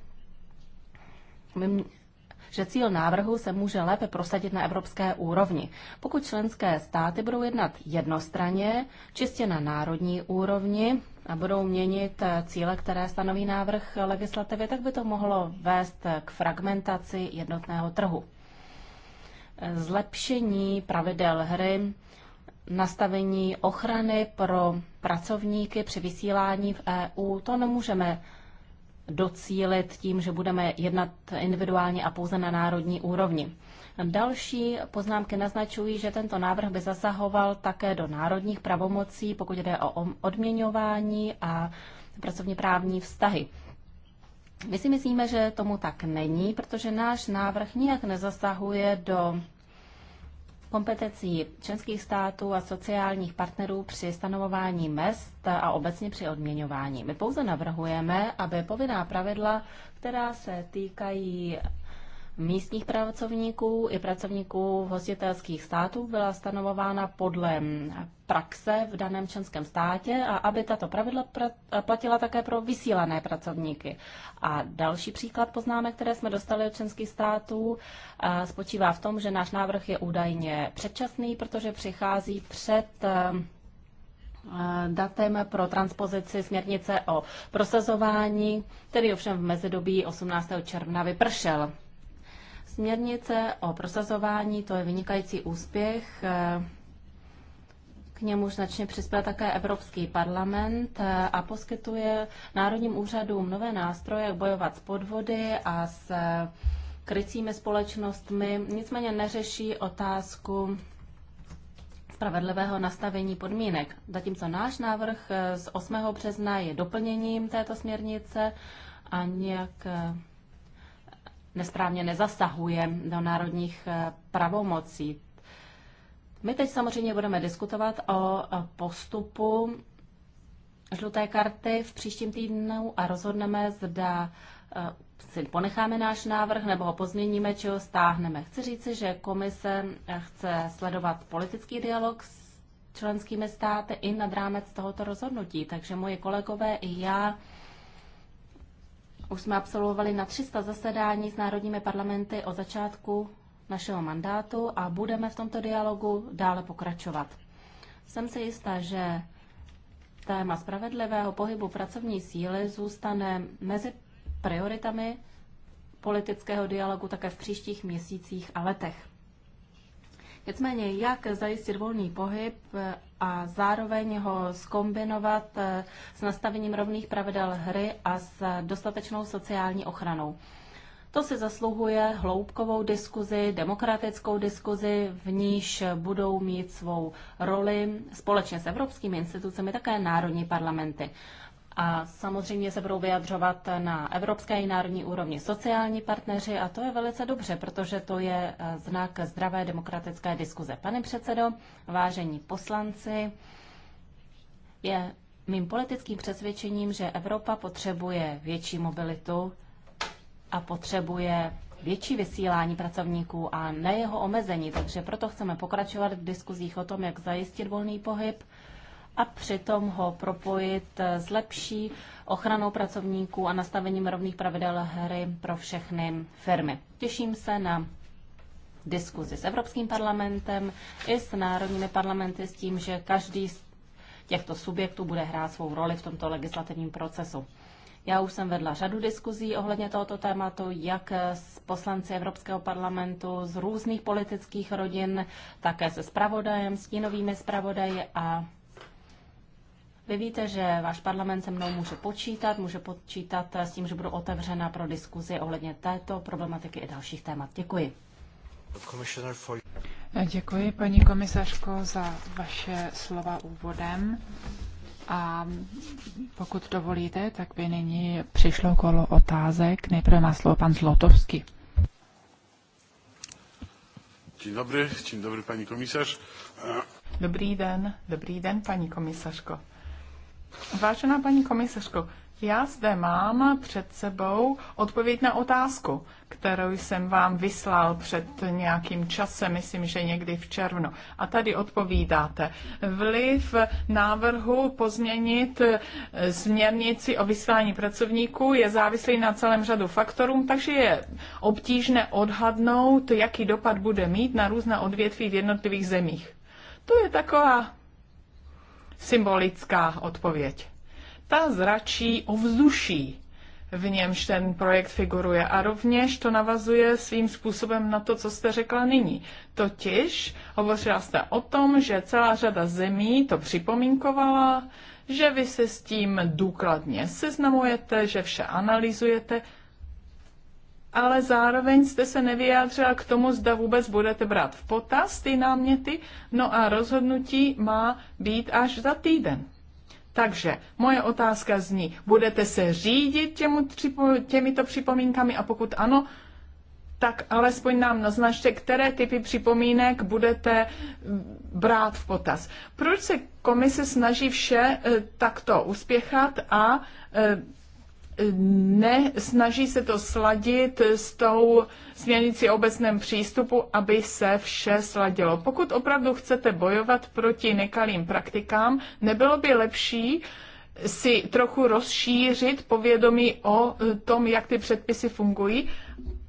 že cíl návrhu se může lépe prosadit na evropské úrovni. Pokud členské státy budou jednat jednostranně, čistě na národní úrovni, a budou měnit eh, cíle, které stanoví návrh legislativy, tak by to mohlo vést k fragmentaci jednotného trhu. Zlepšení pravidel hry, nastavení ochrany pro pracovníky při vysílání v EU, to nemůžeme docílit tím, že budeme jednat individuálně a pouze na národní úrovni. Další poznámky naznačují, že tento návrh by zasahoval také do národních pravomocí, pokud jde o odměňování a pracovně právní vztahy. My si myslíme, že tomu tak není, protože náš návrh nijak nezasahuje do kompetencí členských států a sociálních partnerů při stanovování mest a obecně při odměňování. My pouze navrhujeme, aby povinná pravidla, která se týkají místních pracovníků i pracovníků hostitelských států byla stanovována podle mm, praxe v daném členském státě a aby tato pravidla eh, platila také pro vysílané pracovníky. A další příklad poznámek, které jsme dostali od členských států, eh, spočívá v tom, že náš návrh je údajně předčasný, protože přichází před eh, datem pro transpozici směrnice o prosazování, který ovšem v mezidobí 18. června vypršel. Směrnice o prosazování, to je vynikající úspěch. K němu značně přispěl také Evropský parlament a poskytuje národním úřadům nové nástroje bojovat s podvody a s krycími společnostmi. Nicméně neřeší otázku spravedlivého nastavení podmínek. Zatímco náš návrh z 8. března je doplněním této směrnice a nějak nesprávně nezasahuje do národních eh, pravomocí. My teď samozřejmě budeme diskutovat o eh, postupu žluté karty v příštím týdnu a rozhodneme, zda eh, si ponecháme náš návrh nebo ho pozměníme, či ho stáhneme. Chci říci, že komise chce sledovat politický dialog s členskými státy i nad rámec tohoto rozhodnutí, takže moje kolegové i já už jsme absolvovali na 300 zasedání s národními parlamenty od začátku našeho mandátu a budeme v tomto dialogu dále pokračovat. Jsem si jistá, že téma spravedlivého pohybu pracovní síly zůstane mezi prioritami politického dialogu také v příštích měsících a letech. Nicméně, jak zajistit volný pohyb eh, a zároveň ho skombinovat eh, s nastavením rovných pravidel hry a s dostatečnou sociální ochranou. To si zasluhuje hloubkovou diskuzi, demokratickou diskuzi, v níž budou mít svou roli společně s evropskými institucemi také národní parlamenty. A samozřejmě se budou vyjadřovat na evropské i národní úrovni sociální partneři a to je velice dobře, protože to je eh, znak zdravé demokratické diskuze. Pane předsedo, vážení poslanci, je mým politickým přesvědčením, že Evropa potřebuje větší mobilitu a potřebuje větší vysílání pracovníků a ne jeho omezení. Takže proto chceme pokračovat v diskuzích o tom, jak zajistit volný pohyb a přitom ho propojit s lepší ochranou pracovníků a nastavením rovných pravidel hry pro všechny firmy. Těším se na diskuzi s Evropským parlamentem i s národními parlamenty s tím, že každý z těchto subjektů bude hrát svou roli v tomto legislativním procesu. Já už jsem vedla řadu diskuzí ohledně tohoto tématu, jak s poslanci Evropského parlamentu z různých politických rodin, také se spravodajem, stínovými spravodaji a vy víte, že váš parlament se mnou může počítat, může počítat s tím, že budu otevřena pro diskuzi ohledně této problematiky i dalších témat. Děkuji. Děkuji, paní komisařko, za vaše slova úvodem. A pokud dovolíte, tak by nyní přišlo kolo otázek. Nejprve má slovo pan Zlotovský. Dzień dobry, dzień dobry pani komisarz. Dobrý den, dobrý den, paní komisařko. Vážená paní komisařko, já zde mám před sebou odpověď na otázku, kterou jsem vám vyslal před nějakým časem, myslím, že někdy v červnu. A tady odpovídáte. Vliv návrhu pozměnit eh, směrnici o vyslání pracovníků je závislý na celém řadu faktorů, takže je obtížné odhadnout, jaký dopad bude mít na různé odvětví v jednotlivých zemích. To je taková symbolická odpověď. Ta zračí ovzduší, v němž ten projekt figuruje. A rovněž to navazuje svým způsobem na to, co jste řekla nyní. Totiž hovořila jste o tom, že celá řada zemí to připomínkovala, že vy se s tím důkladně seznamujete, že vše analyzujete ale zároveň jste se nevyjádřila k tomu, zda vůbec budete brát v potaz ty náměty, no a rozhodnutí má být až za týden. Takže moje otázka zní, budete se řídit těmu, těmito připomínkami a pokud ano, tak alespoň nám naznačte, které typy připomínek budete mm, brát v potaz. Proč se komise snaží vše e, takto uspěchat a e, ne, snaží se to sladit s tou směrnicí obecném přístupu, aby se vše sladilo. Pokud opravdu chcete bojovat proti nekalým praktikám, nebylo by lepší si trochu rozšířit povědomí o e, tom, jak ty předpisy fungují?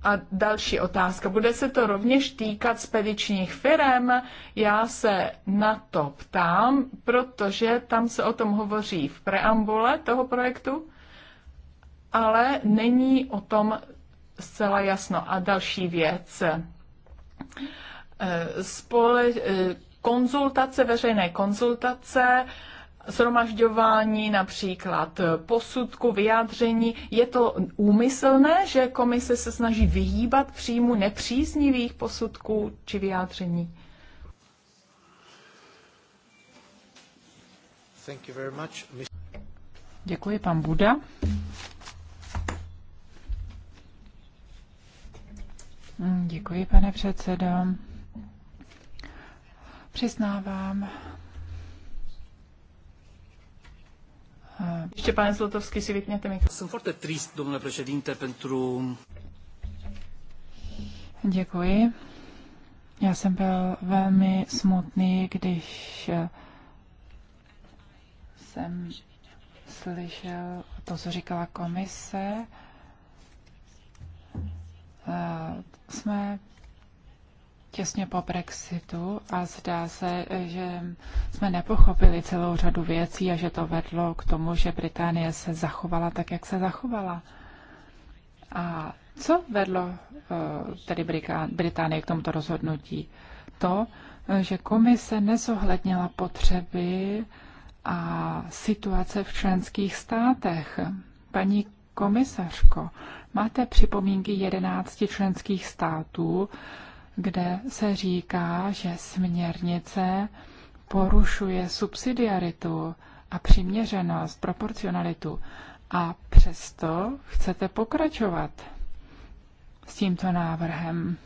A další otázka. Bude se to rovněž týkat spedičních firm? Já se na to ptám, protože tam se o tom hovoří v preambule toho projektu ale není o tom zcela jasno. A další věc. Eh, spole, eh, konzultace, veřejné konzultace, Sromažďování například posudku, vyjádření. Je to úmyslné, že komise se snaží vyhýbat příjmu nepříznivých posudků či vyjádření? Thank you very much. Děkuji, pan Buda. Děkuji, pane předsedo. Přiznávám. Eh, ještě pane Zlotovský, si vypněte mi. Jsem forte trist, domnule președinte, pentru... Děkuji. Já jsem byl velmi smutný, když eh, jsem slyšel to, co říkala komise Eh, jsme těsně po Brexitu a zdá se, že jsme nepochopili celou řadu věcí a že to vedlo k tomu, že Británie se zachovala tak, jak se zachovala. A co vedlo eh, tedy Británie k tomuto rozhodnutí? To, eh, že komise nezohlednila potřeby a situace v členských státech. Paní komisařko, Máte připomínky 11 členských států, kde se říká, že směrnice porušuje subsidiaritu a přiměřenost, proporcionalitu. A přesto chcete pokračovat s tímto návrhem.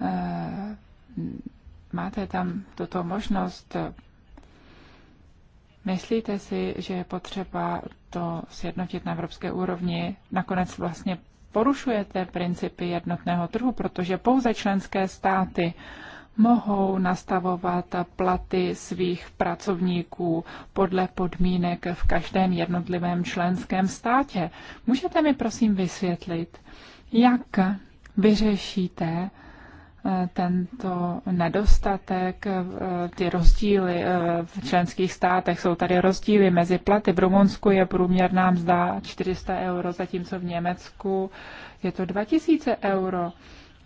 Eh, máte tam tuto možnost Myslíte si, že je potřeba to sjednotit na evropské úrovni? Nakonec vlastně porušujete principy jednotného trhu, protože pouze členské státy mohou nastavovat platy svých pracovníků podle podmínek v každém jednotlivém členském státě. Můžete mi prosím vysvětlit, jak vyřešíte tento nedostatek, eh, ty rozdíly eh, v členských státech. Jsou tady rozdíly mezi platy. V Rumunsku je průměrná mzda 400 euro, zatímco v Německu je to 2000 euro.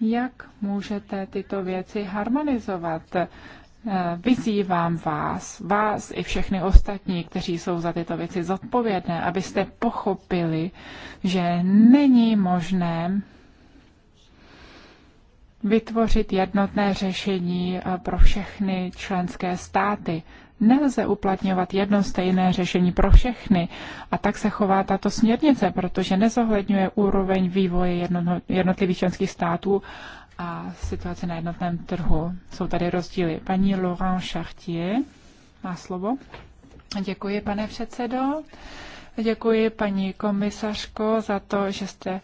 Jak můžete tyto věci harmonizovat? Eh, vyzývám vás, vás i všechny ostatní, kteří jsou za tyto věci zodpovědné, abyste pochopili, že není možné vytvořit jednotné řešení eh, pro všechny členské státy. Nelze uplatňovat jedno stejné řešení pro všechny a tak se chová tato směrnice, protože nezohledňuje úroveň vývoje jednotlivých členských států a situace na jednotném trhu. Jsou tady rozdíly. Paní Laurent Chartier má slovo. Děkuji, pane předsedo. Děkuji, paní komisařko, za to, že jste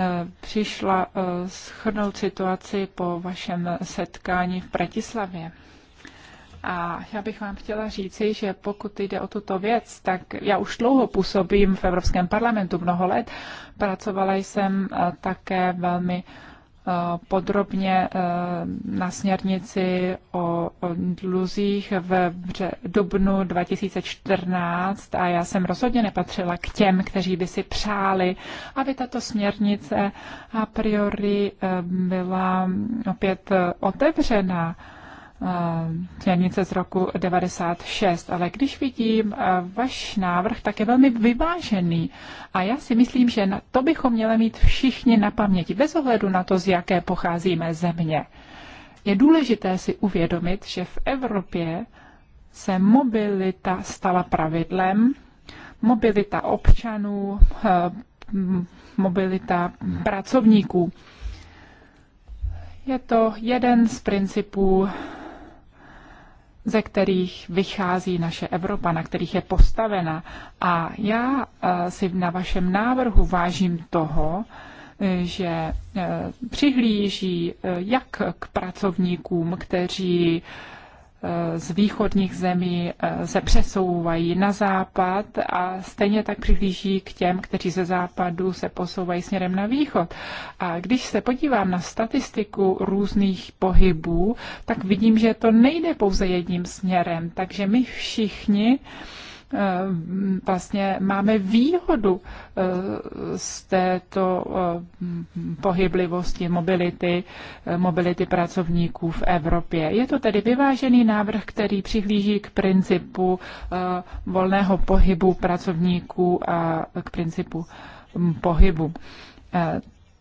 Eh, přišla eh, schrnout situaci po vašem setkání v Bratislavě. A já bych vám chtěla říci, že pokud jde o tuto věc, tak já už dlouho působím v Evropském parlamentu mnoho let. Pracovala jsem eh, také velmi Eh, podrobně eh, na směrnici o dluzích v dubnu 2014 a já jsem rozhodně nepatřila k těm, kteří by si přáli, aby tato směrnice a priori eh, byla opět otevřena Eh, směrnice z roku 96, ale když vidím eh, váš návrh, tak je velmi vyvážený. A já si myslím, že na to bychom měli mít všichni na paměti, bez ohledu na to, z jaké pocházíme země. Je důležité si uvědomit, že v Evropě se mobilita stala pravidlem, mobilita občanů, eh, mobilita pracovníků. Je to jeden z principů ze kterých vychází naše Evropa, na kterých je postavena. A já eh, si na vašem návrhu vážím toho, eh, že eh, přihlíží jak k pracovníkům, kteří z východních zemí eh, se přesouvají na západ a stejně tak přihlíží k těm, kteří ze západu se posouvají směrem na východ. A když se podívám na statistiku různých pohybů, tak vidím, že to nejde pouze jedním směrem. Takže my všichni Eh, vlastně máme výhodu eh, z této eh, pohyblivosti mobility, mobility pracovníků v Evropě. Je to tedy vyvážený návrh, který přihlíží k principu volného pohybu pracovníků a k principu hm, pohybu.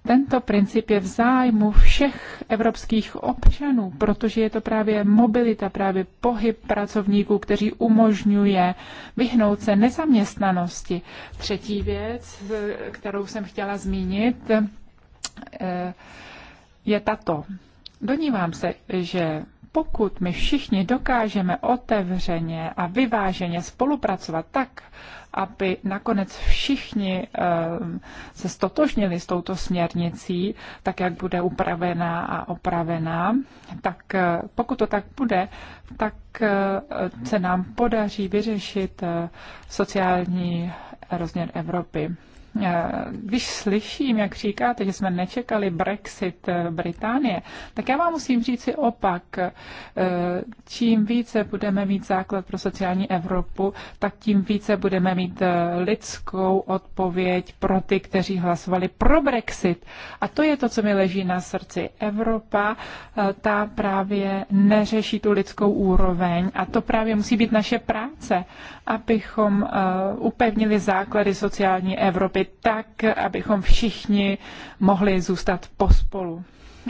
Tento princip je v zájmu všech evropských občanů, protože je to právě mobilita, právě pohyb pracovníků, kteří umožňuje vyhnout se nezaměstnanosti. Třetí věc, kterou jsem chtěla zmínit, eh, je tato. Donívám se, že pokud my všichni dokážeme otevřeně a vyváženě spolupracovat tak, aby nakonec všichni ehm, se stotožnili s touto směrnicí, tak jak bude upravená a opravená, tak eh, pokud to tak bude, tak eh, se nám podaří vyřešit eh, sociální rozměr Evropy. Eh, když slyším, jak říkáte, že jsme nečekali Brexit eh, Británie, tak já vám musím říct si opak. Eh, čím více budeme mít základ pro sociální Evropu, tak tím více budeme mít lidskou odpověď pro ty, kteří hlasovali pro Brexit. A to je to, co mi leží na srdci. Evropa, ta právě neřeší tu lidskou úroveň a to právě musí být naše práce, abychom upevnili základy sociální Evropy tak, abychom všichni mohli zůstat pospolu.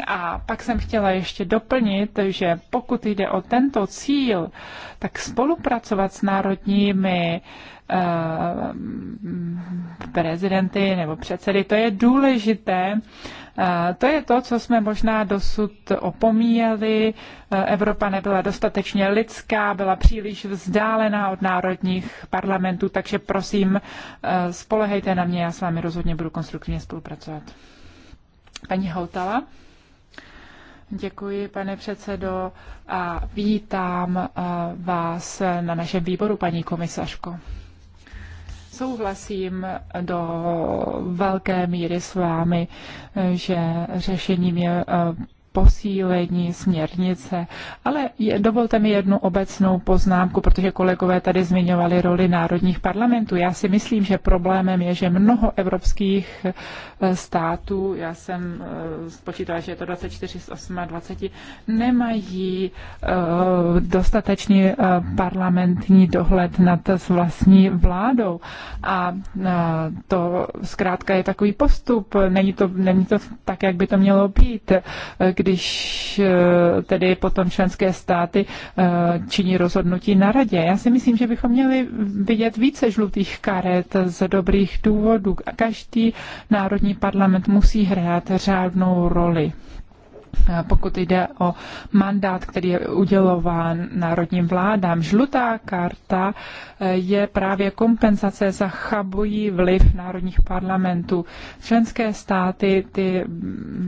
A pak jsem chtěla ještě doplnit, že pokud jde o tento cíl, tak spolupracovat s národními Eh, prezidenty nebo předsedy. To je důležité. Eh, to je to, co jsme možná dosud opomíjeli. Eh, Evropa nebyla dostatečně lidská, byla příliš vzdálená od národních parlamentů, takže prosím, spolehejte na mě, já s vámi rozhodně budu konstruktivně spolupracovat. Paní Houtala. Děkuji, pane předsedo, a vítám vás na našem výboru, paní komisařko. Souhlasím do velké míry s vámi, že řešením je eh, posílení směrnice. Ale je, dovolte mi jednu obecnou poznámku, protože kolegové tady zmiňovali roli národních parlamentů. Já si myslím, že problémem je, že mnoho evropských eh, států, já jsem eh, spočítala, že je to 24 z 28, nemají eh, dostatečný parlamentní dohled nad vlastní vládou. A to zkrátka je takový postup, není to, není to tak, jak by to mělo být, kdy když eh, tedy potom členské státy eh, činí rozhodnutí na radě. Já si myslím, že bychom měli vidět více žlutých karet z dobrých důvodů. Každý národní parlament musí hrát řádnou roli. Eh, pokud jde o mandát, který je udělován národním vládám. Žlutá karta eh, je právě kompenzace za chabují vliv národních parlamentů. Členské státy ty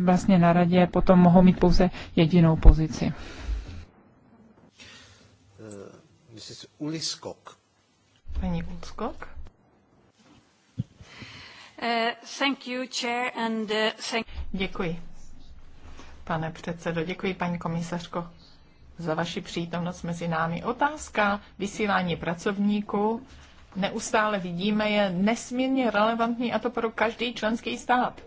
vlastně na radě potom mohou mít pouze jedinou pozici. Mrs. Eh, Uliskok. Paní Uliskok. Uh, thank you, chair, and, uh, thank... Děkuji pane předsedo. Děkuji, paní komisařko, za vaši přítomnost mezi námi. Otázka vysílání pracovníků neustále vidíme, je nesmírně relevantní a to pro každý členský stát.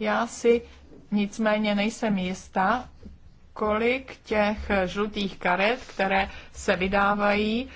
Já si nicméně nejsem jistá, kolik těch žlutých karet, které se vydávají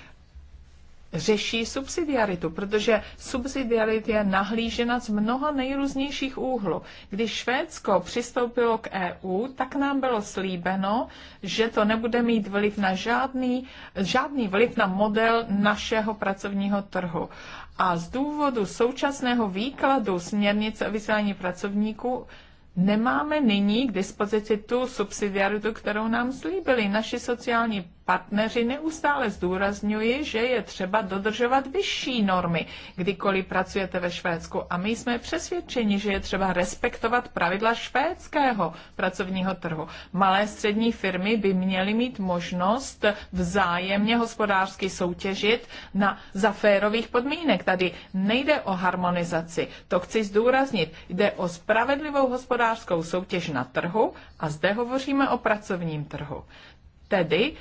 řeší subsidiaritu, protože subsidiarit je nahlížena z mnoha nejrůznějších úhlů. Když Švédsko přistoupilo k EU, tak nám bylo slíbeno, že to nebude mít vliv na žádný, žádný vliv na model našeho pracovního trhu. A z důvodu současného výkladu směrnice o vysílání pracovníků nemáme nyní k dispozici tu subsidiaritu, kterou nám slíbili. Naši sociální partneři neustále zdůrazňují, že je třeba dodržovat vyšší normy, kdykoliv pracujete ve Švédsku. A my jsme přesvědčeni, že je třeba respektovat pravidla švédského pracovního trhu. Malé střední firmy by měly mít možnost vzájemně hospodářsky soutěžit na zaférových podmínek. Tady nejde o harmonizaci, to chci zdůraznit. Jde o spravedlivou hospodářskou soutěž na trhu a zde hovoříme o pracovním trhu. Tedy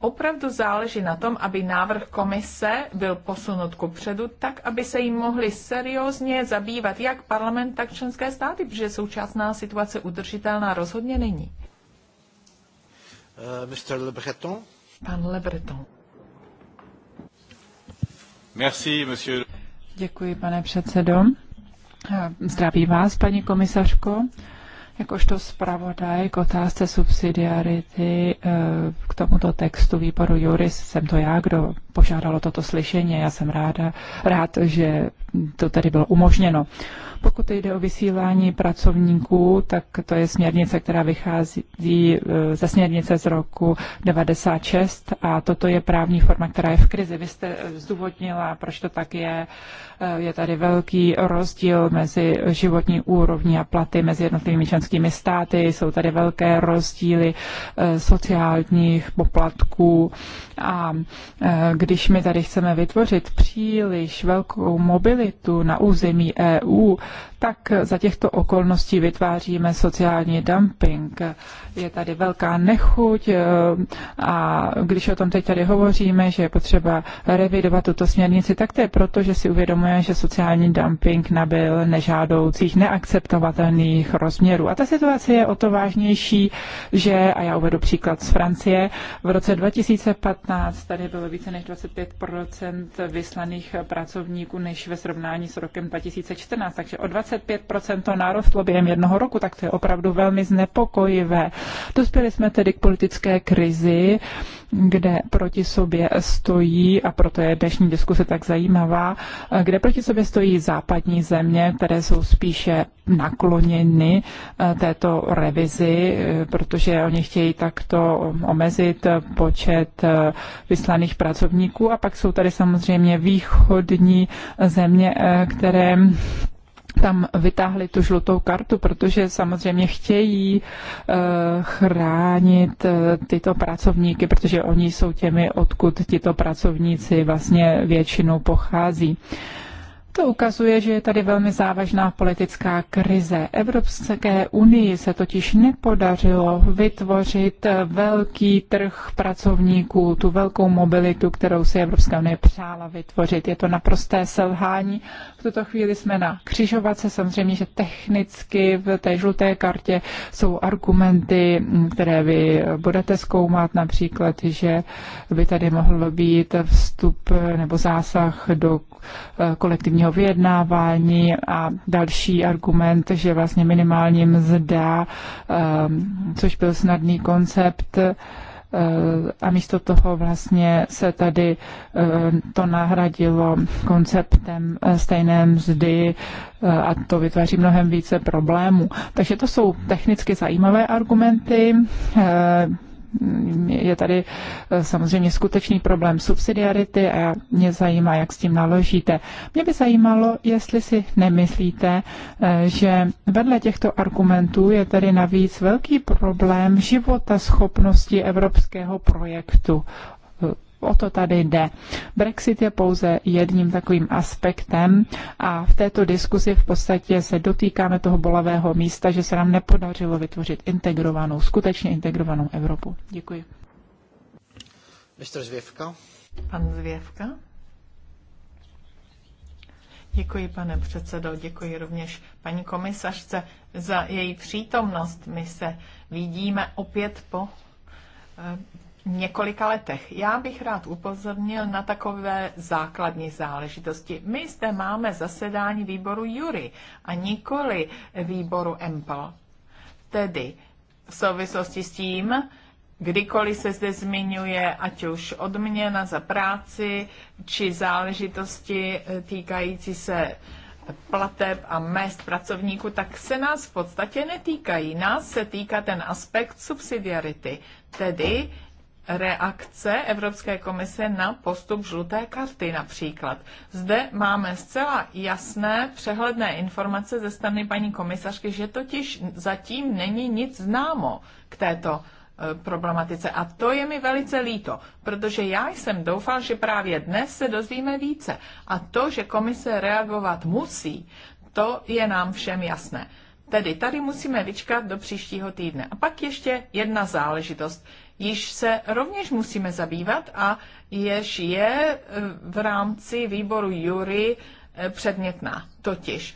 opravdu záleží na tom, aby návrh komise byl posunut ku předu, tak aby se jim mohli seriózně zabývat jak parlament, tak členské státy, protože současná situace udržitelná rozhodně není. Uh, eh, Mr. Le Breton. Pan Le Breton. Merci, monsieur. Děkuji, pane předsedo. Eh, zdraví vás, paní komisařko. Jakožto zpravodaj k otázce subsidiarity eh, k tomuto textu výboru Juris jsem to já, kdo požádalo toto slyšení. Já jsem ráda, rád, že to tady bylo umožněno. Pokud jde o vysílání pracovníků, tak to je směrnice, která vychází e, ze směrnice z roku 96 a toto je právní forma, která je v krizi. Vy jste e, zdůvodnila, proč to tak je. E, je tady velký rozdíl mezi životní úrovní a platy mezi jednotlivými členskými státy. Jsou tady velké rozdíly sociálních poplatků a když my tady chceme vytvořit příliš velkou mobilitu, mobilitu na území EU, tak za těchto okolností vytváříme sociální dumping. Je tady velká nechuť eh, a když o tom teď tady hovoříme, že je potřeba revidovat tuto směrnici, tak to je proto, že si uvědomujeme, že sociální dumping nabyl nežádoucích, neakceptovatelných rozměrů. A ta situace je o to vážnější, že, a já uvedu příklad z Francie, v roce 2015 tady bylo více než 25 vyslaných pracovníků než ve srovnání s rokem 2014, takže o 25% to nárostlo během jednoho roku, tak to je opravdu velmi znepokojivé. Dospěli jsme tedy k politické krizi, kde proti sobě stojí, a proto je dnešní diskuse tak zajímavá, kde proti sobě stojí západní země, které jsou spíše nakloněny eh, této revizi, eh, protože oni chtějí takto omezit počet eh, vyslaných pracovníků. A pak jsou tady samozřejmě východní země, země, eh, které tam vytáhli tu žlutou kartu, protože samozřejmě chtějí eh, chránit eh, tyto pracovníky, protože oni jsou těmi, odkud tito pracovníci vlastně většinou pochází. To ukazuje, že je tady velmi závažná politická krize. Evropské unii se totiž nepodařilo vytvořit velký trh pracovníků, tu velkou mobilitu, kterou si Evropská unie přála vytvořit. Je to naprosté selhání v tuto chvíli jsme na křižovatce. Samozřejmě, že technicky v té žluté kartě jsou argumenty, mm, které vy budete zkoumat, například, že by tady mohl být vstup nebo zásah do eh, kolektivního vyjednávání a další argument, že vlastně minimální mzda, ehm, což byl snadný koncept, Eh, a místo toho vlastně se tady eh, to nahradilo konceptem eh, stejné mzdy a to vytváří mnohem více problémů. Takže to jsou technicky zajímavé argumenty je tady eh, samozřejmě skutečný problém subsidiarity a mě zajímá, jak s tím naložíte. Mě by zajímalo, jestli si nemyslíte, eh, že vedle těchto argumentů je tady navíc velký problém života schopnosti evropského projektu o to tady jde. Brexit je pouze jedním takovým aspektem a v této diskusi v podstatě se dotýkáme toho bolavého místa, že se nám nepodařilo vytvořit integrovanou, skutečně integrovanou Evropu. Děkuji. Mr. Zvěvka. Pan Zvěvka. Děkuji, pane předsedo, děkuji rovněž paní komisařce za její přítomnost. My se vidíme opět po eh, několika letech. Já bych rád upozornil na takové základní záležitosti. My zde máme zasedání výboru Jury a nikoli výboru Empel. Tedy v souvislosti s tím, kdykoliv se zde zmiňuje, ať už odměna za práci, či záležitosti eh, týkající se plateb a mest pracovníků, tak se nás v podstatě netýkají. Nás se týká ten aspekt subsidiarity, tedy reakce Evropské komise na postup žluté karty například. Zde máme zcela jasné přehledné informace ze strany paní komisařky, že totiž zatím není nic známo k této e, problematice. A to je mi velice líto, protože já jsem doufal, že právě dnes se dozvíme více. A to, že komise reagovat musí, to je nám všem jasné. Tedy tady musíme vyčkat do příštího týdne. A pak ještě jedna záležitost již se rovněž musíme zabývat a jež je eh, v rámci výboru jury eh, předmětná. Totiž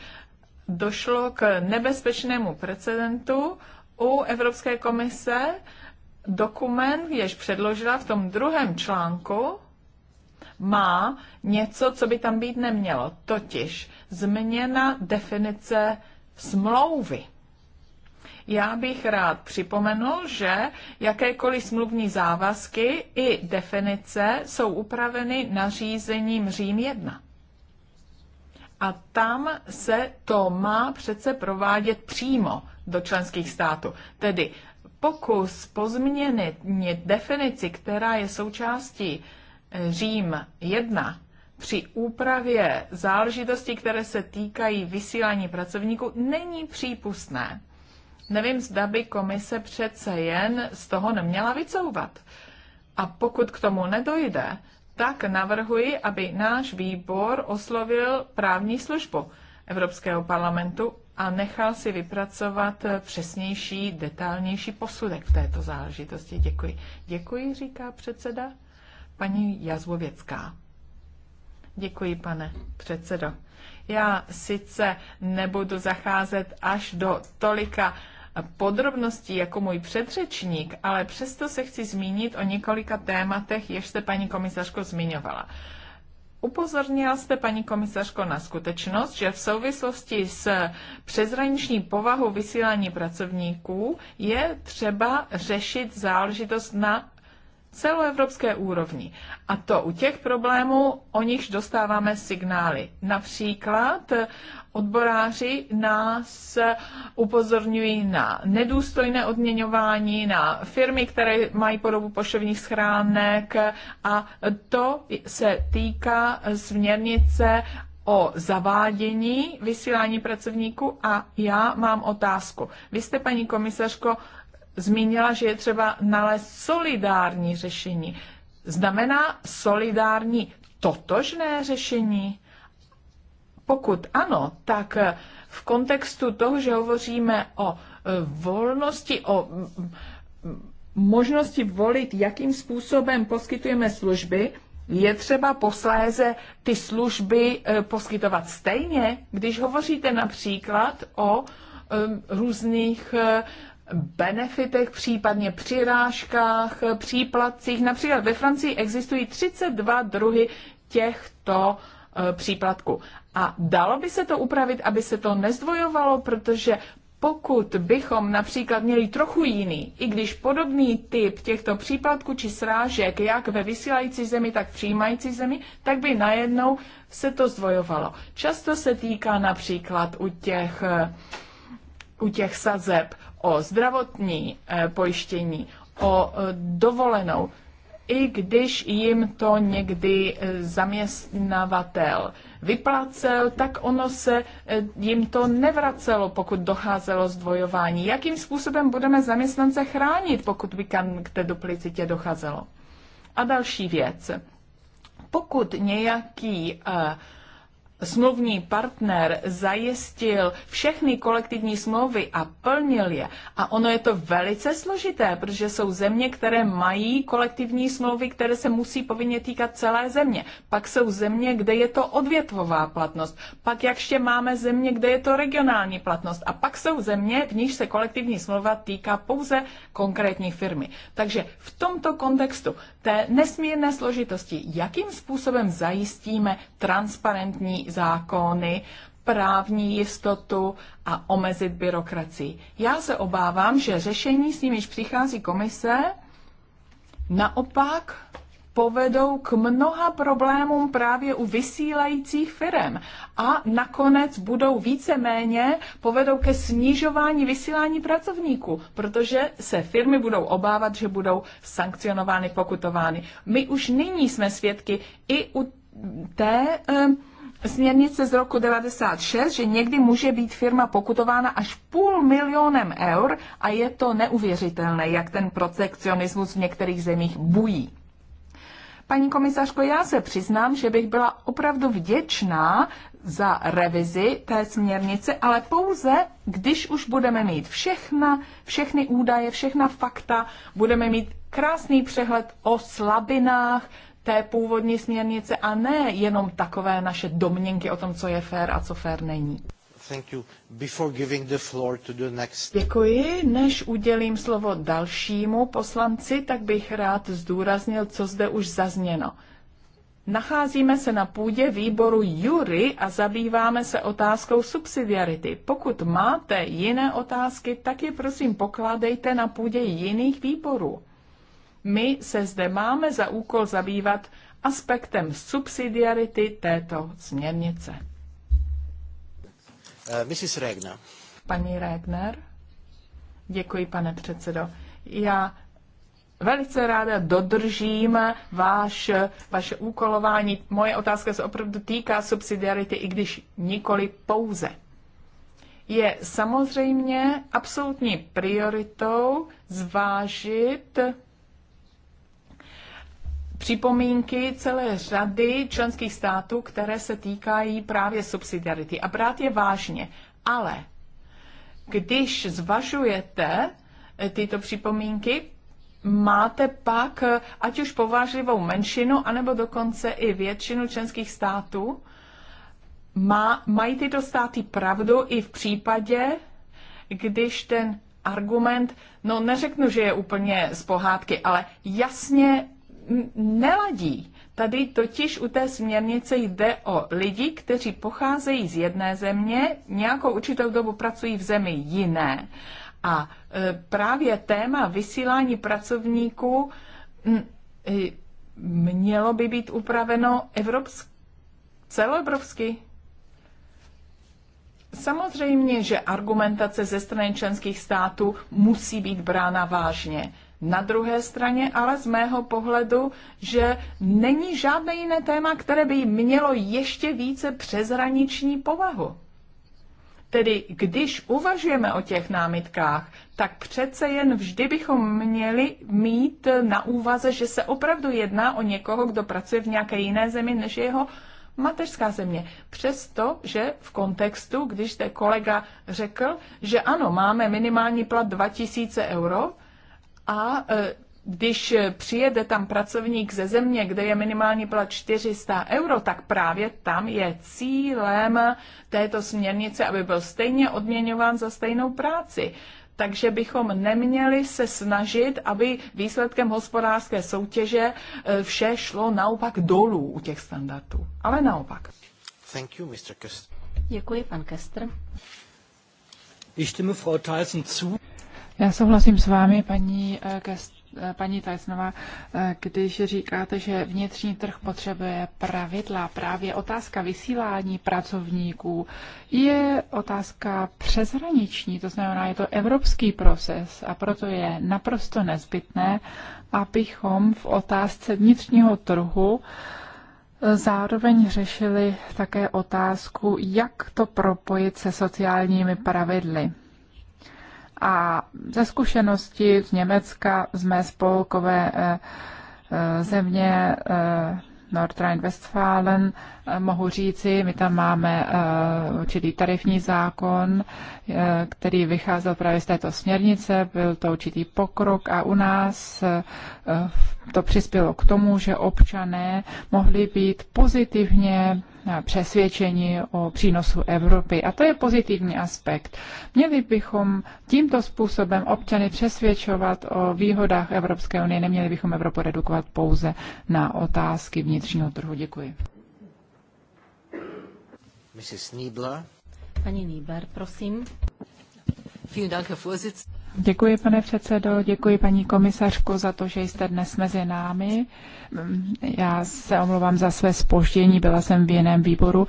došlo k nebezpečnému precedentu u Evropské komise. Dokument, jež předložila v tom druhém článku, má něco, co by tam být nemělo, totiž změna definice smlouvy. Já bych rád připomenul, že jakékoliv smluvní závazky i definice jsou upraveny nařízením Řím 1. A tam se to má přece provádět přímo do členských států. Tedy pokus pozměnit definici, která je součástí eh, Řím 1, při úpravě záležitostí, které se týkají vysílání pracovníků, není přípustné. Nevím, zda by komise přece jen z toho neměla vycouvat. A pokud k tomu nedojde, tak navrhuji, aby náš výbor oslovil právní službu Evropského parlamentu a nechal si vypracovat přesnější, detailnější posudek v této záležitosti. Děkuji. Děkuji, říká předseda. Paní Jazvověcká. Děkuji, pane předsedo. Já sice nebudu zacházet až do tolika podrobností jako můj předřečník, ale přesto se chci zmínit o několika tématech, jež jste paní komisařko zmiňovala. Upozornila jste, paní komisařko, na skutečnost, že v souvislosti s přezraniční povahou vysílání pracovníků je třeba řešit záležitost na celoevropské úrovni. A to u těch problémů, o nichž dostáváme signály. Například eh, odboráři nás eh, upozorňují na nedůstojné odměňování, na firmy, které mají podobu poštovních schránek a to se týká směrnice o zavádění vysílání pracovníků a já mám otázku. Vy jste, paní komisařko, zmínila, že je třeba nalézt solidární řešení. Znamená solidární totožné řešení? Pokud ano, tak v kontextu toho, že hovoříme o e, volnosti, o možnosti volit, jakým způsobem poskytujeme služby, je třeba posléze ty služby e, poskytovat stejně, když hovoříte například o e, různých benefitech, případně přirážkách, příplatcích. Například ve Francii existují 32 druhy těchto eh, příplatků. A dalo by se to upravit, aby se to nezdvojovalo, protože pokud bychom například měli trochu jiný, i když podobný typ těchto příplatků či srážek, jak ve vysílající zemi, tak v přijímající zemi, tak by najednou se to zdvojovalo. Často se týká například u těch, eh, u těch sazeb o zdravotní eh, pojištění, o eh, dovolenou, i když jim to někdy eh, zaměstnavatel vyplácel, tak ono se jim to nevracelo, pokud docházelo zdvojování. Jakým způsobem budeme zaměstnance chránit, pokud by kam k té duplicitě docházelo? A další věc. Pokud nějaký uh, smluvní partner zajistil všechny kolektivní smlouvy a plnil je. A ono je to velice složité, protože jsou země, které mají kolektivní smlouvy, které se musí povinně týkat celé země. Pak jsou země, kde je to odvětvová platnost. Pak ještě máme země, kde je to regionální platnost. A pak jsou země, v níž se kolektivní smlouva týká pouze konkrétní firmy. Takže v tomto kontextu té nesmírné složitosti. Jakým způsobem zajistíme transparentní zákony, právní jistotu a omezit byrokracii? Já se obávám, že řešení, s nimiž přichází komise, naopak povedou k mnoha problémům právě u vysílajících firm a nakonec budou víceméně povedou ke snižování vysílání pracovníků, protože se firmy budou obávat, že budou sankcionovány, pokutovány. My už nyní jsme svědky i u té um, směrnice z roku 96, že někdy může být firma pokutována až půl milionem eur a je to neuvěřitelné, jak ten protekcionismus v některých zemích bují. Paní komisařko, já se přiznám, že bych byla opravdu vděčná za revizi té směrnice, ale pouze, když už budeme mít všechna, všechny údaje, všechna fakta, budeme mít krásný přehled o slabinách té původní směrnice a ne jenom takové naše domněnky o tom, co je fér a co fér není. Děkuji. Než udělím slovo dalšímu poslanci, tak bych rád zdůraznil, co zde už zazněno. Nacházíme se na půdě výboru Jury a zabýváme se otázkou subsidiarity. Pokud máte jiné otázky, tak je prosím pokládejte na půdě jiných výborů. My se zde máme za úkol zabývat aspektem subsidiarity této směrnice. Eh, Mrs. Regner. Paní Regner. Děkuji, pane předsedo. Já velice ráda dodržím váš, vaše úkolování. Moje otázka se opravdu týká subsidiarity, i když nikoli pouze. Je samozřejmě absolutní prioritou zvážit připomínky celé řady členských států, které se týkají právě subsidiarity. A brát je vážně. Ale když zvažujete eh, tyto připomínky, máte pak eh, ať už povážlivou menšinu, anebo dokonce i většinu členských států, má, mají tyto státy pravdu i v případě, když ten argument, no neřeknu, že je úplně z pohádky, ale jasně neladí. Tady totiž u té směrnice jde o lidi, kteří pocházejí z jedné země, nějakou určitou dobu pracují v zemi jiné. A e, právě téma vysílání pracovníků mělo by být upraveno evropsk- celoevropsky. Samozřejmě, že argumentace ze strany členských států musí být brána vážně na druhé straně, ale z mého pohledu, že není žádné jiné téma, které by mělo ještě více přezraniční povahu. Tedy když uvažujeme o těch námitkách, tak přece jen vždy bychom měli mít na úvaze, že se opravdu jedná o někoho, kdo pracuje v nějaké jiné zemi než jeho mateřská země. Přesto, že v kontextu, když ten kolega řekl, že ano, máme minimální plat 2000 euro, a e, když přijede tam pracovník ze země, kde je minimální plat 400 euro, tak právě tam je cílem této směrnice, aby byl stejně odměňován za stejnou práci. Takže bychom neměli se snažit, aby výsledkem hospodářské soutěže e, vše šlo naopak dolů u těch standardů. Ale naopak. Thank you, Mr. Kester. Děkuji, pan Kester. Ich stimme Frau Tyson zu. Já souhlasím s vámi, paní, eh, eh, paní Tajsnova, eh, když říkáte, že vnitřní trh potřebuje pravidla. Právě otázka vysílání pracovníků je otázka přeshraniční, to znamená, je to evropský proces a proto je naprosto nezbytné, abychom v otázce vnitřního trhu Zároveň řešili také otázku, jak to propojit se sociálními pravidly. A ze zkušenosti z Německa, z mé spolkové eh, eh, země eh, Nordrhein-Westfalen, mohu říci, my tam máme určitý tarifní zákon, který vycházel právě z této směrnice, byl to určitý pokrok a u nás v to přispělo k tomu, že občané mohli být pozitivně eh, přesvědčeni o přínosu Evropy. A to je pozitivní aspekt. Měli bychom tímto způsobem občany přesvědčovat o výhodách Evropské unie, neměli bychom Evropu redukovat pouze na otázky vnitřního trhu. Děkuji. Mrs. Paní Niebler, prosím. Vielen Dank, Herr Vorsitzender. Děkuji, pane předsedo, děkuji paní komisařku za to, že jste dnes mezi námi. Já se omlouvám za své spoždění, byla jsem v jiném výboru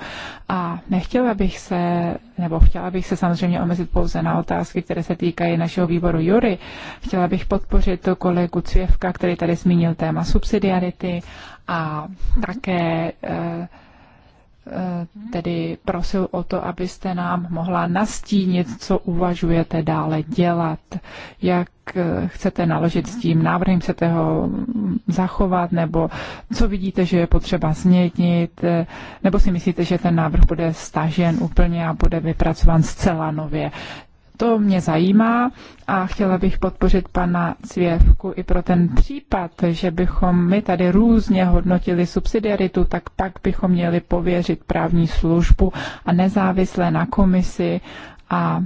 a nechtěla bych se, nebo chtěla bych se samozřejmě omezit pouze na otázky, které se týkají našeho výboru Jury. Chtěla bych podpořit kolegu Cvěvka, který tady zmínil téma subsidiarity a také eh, tedy prosil o to, abyste nám mohla nastínit, co uvažujete dále dělat, jak eh, chcete naložit s tím návrhem, chcete ho zachovat, nebo co vidíte, že je potřeba změnit, eh, nebo si myslíte, že ten návrh bude stažen úplně a bude vypracován zcela nově. To mě zajímá a chtěla bych podpořit pana Cvěvku i pro ten případ, že bychom my tady různě hodnotili subsidiaritu, tak pak bychom měli pověřit právní službu a nezávisle na komisi a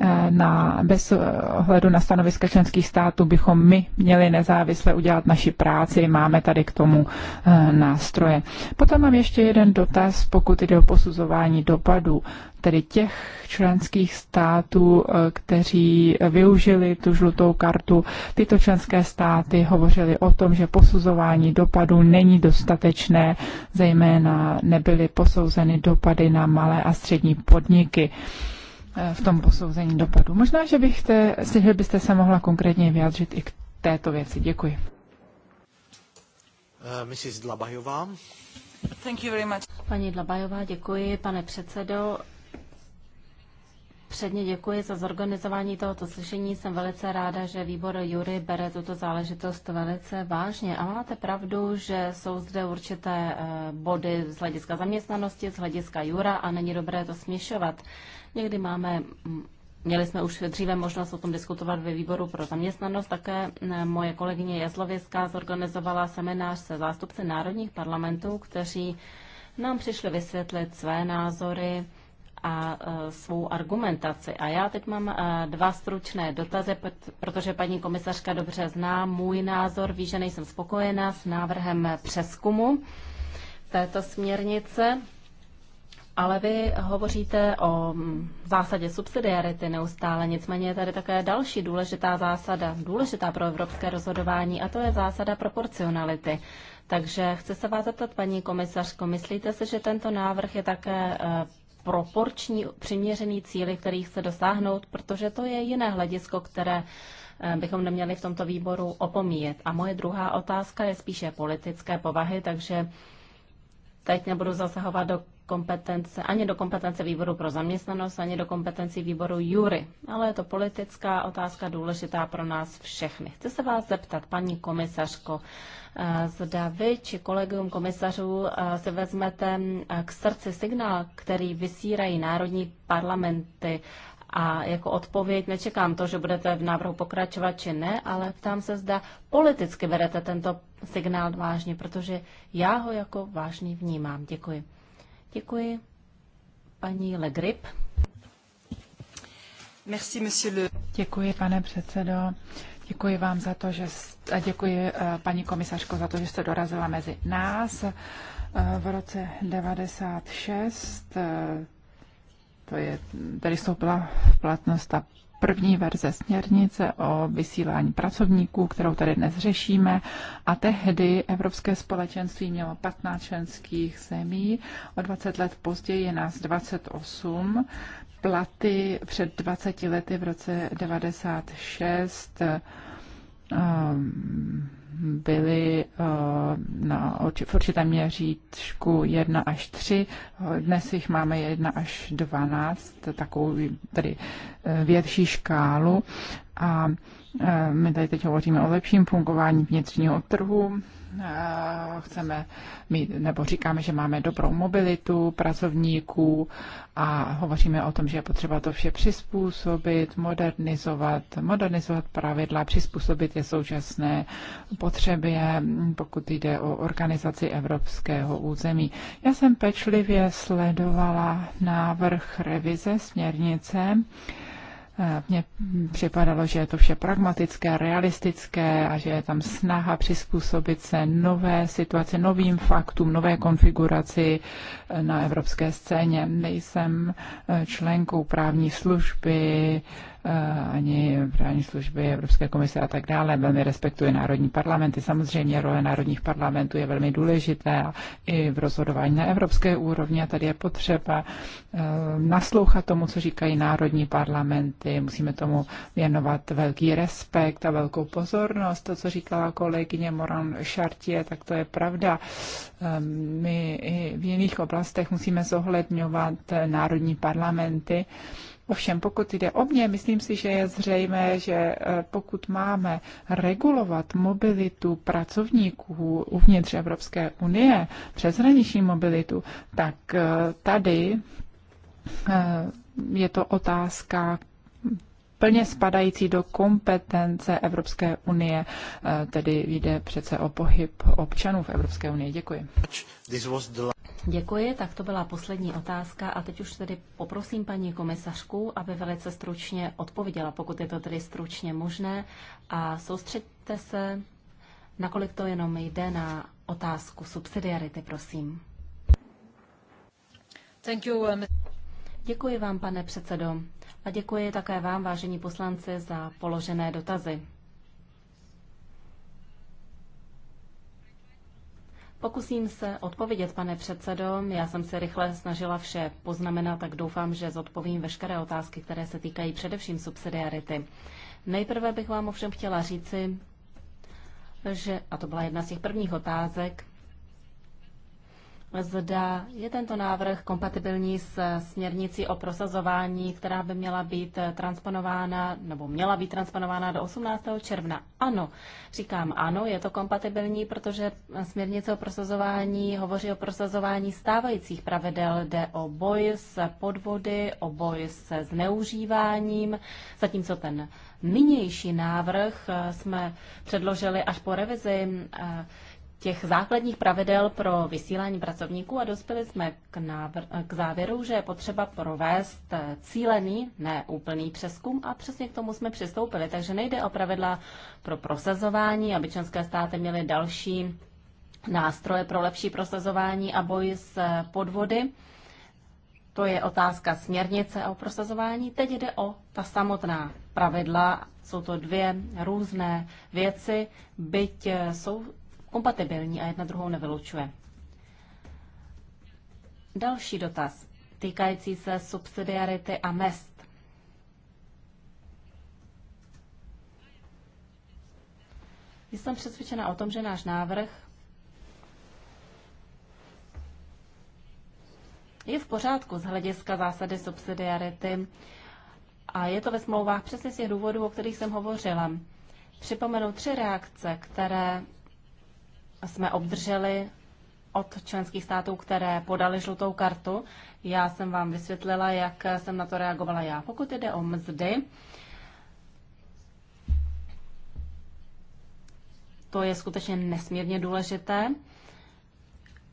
Eh, na, bez eh, ohledu na stanoviska členských států bychom my měli nezávisle udělat naši práci, máme tady k tomu eh, nástroje. Potom mám ještě jeden dotaz, pokud jde o posuzování dopadů, tedy těch členských států, kteří využili tu žlutou kartu. Tyto členské státy hovořily o tom, že posuzování dopadů není dostatečné, zejména nebyly posouzeny dopady na malé a střední podniky v tom posouzení dopadu. Možná, že byste, že byste se mohla konkrétně vyjádřit i k této věci. Děkuji. Eh, Mrs. Dlabajová. Thank you very much. Paní Dlabajová, děkuji, pane předsedo. Předně děkuji za zorganizování tohoto slyšení. Jsem velice ráda, že výbor Jury bere tuto záležitost velice vážně. A máte pravdu, že jsou zde určité eh, body z hlediska zaměstnanosti, z hlediska Jura a není dobré to směšovat. Někdy máme mm, Měli jsme už dříve možnost o tom diskutovat ve výboru pro zaměstnanost. Také mm, moje kolegyně Jazlověská zorganizovala seminář se zástupci národních parlamentů, kteří nám přišli vysvětlit své názory a e, svou argumentaci. A já teď mám e, dva stručné dotazy, protože paní komisařka dobře zná můj názor, ví, že nejsem spokojená s návrhem přeskumu této směrnice. Ale vy hovoříte o mm, zásadě subsidiarity neustále, nicméně je tady také další důležitá zásada, důležitá pro evropské rozhodování, a to je zásada proporcionality. Takže chci se vás zeptat, paní komisařko, myslíte si, že tento návrh je také eh, proporční, přiměřený cíly, který chce dosáhnout, protože to je jiné hledisko, které eh, bychom neměli v tomto výboru opomíjet. A moje druhá otázka je spíše politické povahy, takže teď nebudu zasahovat do kompetence, ani do kompetence výboru pro zaměstnanost, ani do kompetencí výboru Jury. Ale je to politická otázka důležitá pro nás všechny. Chci se vás zeptat, paní komisařko, eh, zda vy či kolegium komisařů eh, se vezmete eh, k srdci signál, který vysírají národní parlamenty a jako odpověď nečekám to, že budete v návrhu pokračovat či ne, ale ptám se, zda politicky berete tento signál vážně, protože já ho jako vážný vnímám. Děkuji. Děkuji. Paní Legrip. Merci, monsieur le... Děkuji, pane předsedo. Děkuji vám za to, že a děkuji eh, paní komisařko za to, že jste dorazila mezi nás. Eh, v roce 96 eh, to je, tady vstoupila v platnost ta první verze směrnice o vysílání pracovníků, kterou tady dnes řešíme. A tehdy Evropské společenství mělo 15 členských zemí, o 20 let později je nás 28. Platy před 20 lety v roce 96 um, byly eh, na, v určitém měřítku 1 až 3, dnes jich máme 1 až 12, takovou tedy eh, větší škálu. A eh, my tady teď hovoříme o lepším fungování vnitřního trhu, chceme mít, nebo říkáme, že máme dobrou mobilitu pracovníků a hovoříme o tom, že je potřeba to vše přizpůsobit, modernizovat, modernizovat pravidla, přizpůsobit je současné potřebě, pokud jde o organizaci evropského území. Já jsem pečlivě sledovala návrh revize směrnice, mně připadalo, že je to vše pragmatické, realistické a že je tam snaha přizpůsobit se nové situaci, novým faktům, nové konfiguraci na evropské scéně. Nejsem členkou právní služby, Eh, ani právní služby Evropské komise a tak dále. Velmi respektuje národní parlamenty. Samozřejmě role národních parlamentů je velmi důležité a i v rozhodování na evropské úrovni a tady je potřeba eh, naslouchat tomu, co říkají národní parlamenty. Musíme tomu věnovat velký respekt a velkou pozornost. To, co říkala kolegyně Moran Šartě, tak to je pravda. Ehm, my i v jiných oblastech musíme zohledňovat národní parlamenty. Ovšem, pokud jde o mě, myslím si, že je zřejmé, že eh, pokud máme regulovat mobilitu pracovníků uvnitř Evropské unie, přeshraniční mobilitu, tak eh, tady eh, je to otázka plně spadající do kompetence Evropské unie, eh, tedy jde přece o pohyb občanů v Evropské unii. Děkuji. Děkuji, tak to byla poslední otázka a teď už tedy poprosím paní komisařku, aby velice stručně odpověděla, pokud je to tedy stručně možné a soustředte se, nakolik to jenom jde na otázku subsidiarity, prosím. Thank you, uh, Děkuji vám, pane předsedo. A děkuji také vám, vážení poslanci, za položené dotazy. Pokusím se odpovědět, pane předsedo. Já jsem se rychle snažila vše poznamenat, tak doufám, že zodpovím veškeré otázky, které se týkají především subsidiarity. Nejprve bych vám ovšem chtěla říci, že, a to byla jedna z těch prvních otázek, zda je tento návrh kompatibilní s směrnicí o prosazování, která by měla být transponována, nebo měla být transponována do 18. června. Ano, říkám ano, je to kompatibilní, protože směrnice o prosazování hovoří o prosazování stávajících pravidel, jde o boj s podvody, o boj se zneužíváním, zatímco ten nynější návrh jsme předložili až po revizi eh, těch základních pravidel pro vysílání pracovníků a dospěli jsme k, návr- k závěru, že je potřeba provést eh, cílený, ne úplný přeskum a přesně k tomu jsme přistoupili. Takže nejde o pravidla pro prosazování, aby členské státy měly další nástroje pro lepší prosazování a boj s eh, podvody. To je otázka směrnice o prosazování. Teď jde o ta samotná pravidla. Jsou to dvě různé věci, byť eh, jsou kompatibilní a jedna druhou nevylučuje. Další dotaz týkající se subsidiarity a mest. Jsem přesvědčena o tom, že náš návrh je v pořádku z hlediska zásady subsidiarity a je to ve smlouvách přesně z těch důvodů, o kterých jsem hovořila. Připomenu tři reakce, které jsme obdrželi od členských států, které podali žlutou kartu. Já jsem vám vysvětlila, jak jsem na to reagovala já. Pokud jde o mzdy, to je skutečně nesmírně důležité.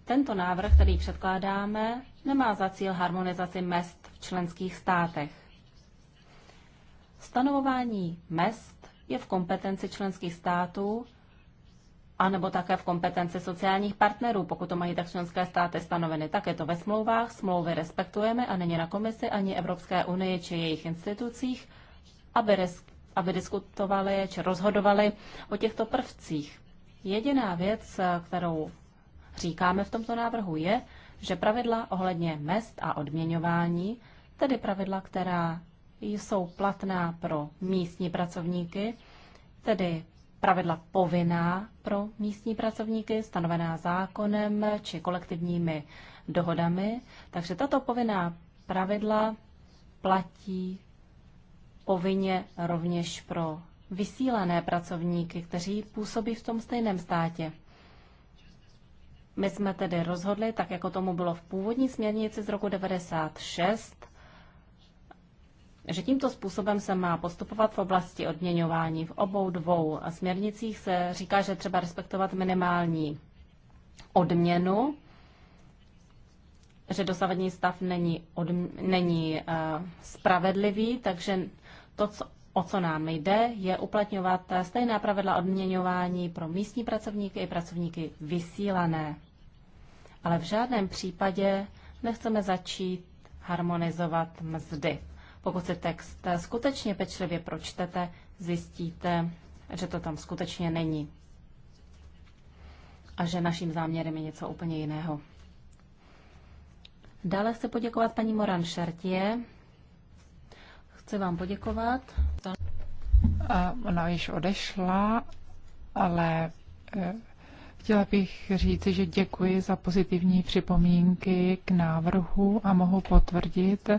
Tento návrh, který předkládáme, nemá za cíl harmonizaci mest v členských státech. Stanovování mest je v kompetenci členských států anebo také v kompetenci sociálních partnerů, pokud to mají tak členské státy stanoveny. Tak je to ve smlouvách, smlouvy respektujeme a není na komisi ani Evropské unii či jejich institucích, aby, res, aby diskutovali či rozhodovali o těchto prvcích. Jediná věc, kterou říkáme v tomto návrhu, je, že pravidla ohledně mest a odměňování, tedy pravidla, která jsou platná pro místní pracovníky, tedy pravidla povinná pro místní pracovníky, stanovená zákonem či kolektivními dohodami. Takže tato povinná pravidla platí povinně rovněž pro vysílané pracovníky, kteří působí v tom stejném státě. My jsme tedy rozhodli, tak jako tomu bylo v původní směrnici z roku 1996, že tímto způsobem se má postupovat v oblasti odměňování. V obou dvou směrnicích se říká, že třeba respektovat minimální odměnu, že dosavadní stav není, odm- není uh, spravedlivý, takže to, co, o co nám jde, je uplatňovat stejná pravidla odměňování pro místní pracovníky i pracovníky vysílané. Ale v žádném případě nechceme začít harmonizovat mzdy. Pokud si text skutečně pečlivě pročtete, zjistíte, že to tam skutečně není a že naším záměrem je něco úplně jiného. Dále chci poděkovat paní Moran Šartě. Chci vám poděkovat. Ona již odešla, ale eh, chtěla bych říct, že děkuji za pozitivní připomínky k návrhu a mohu potvrdit,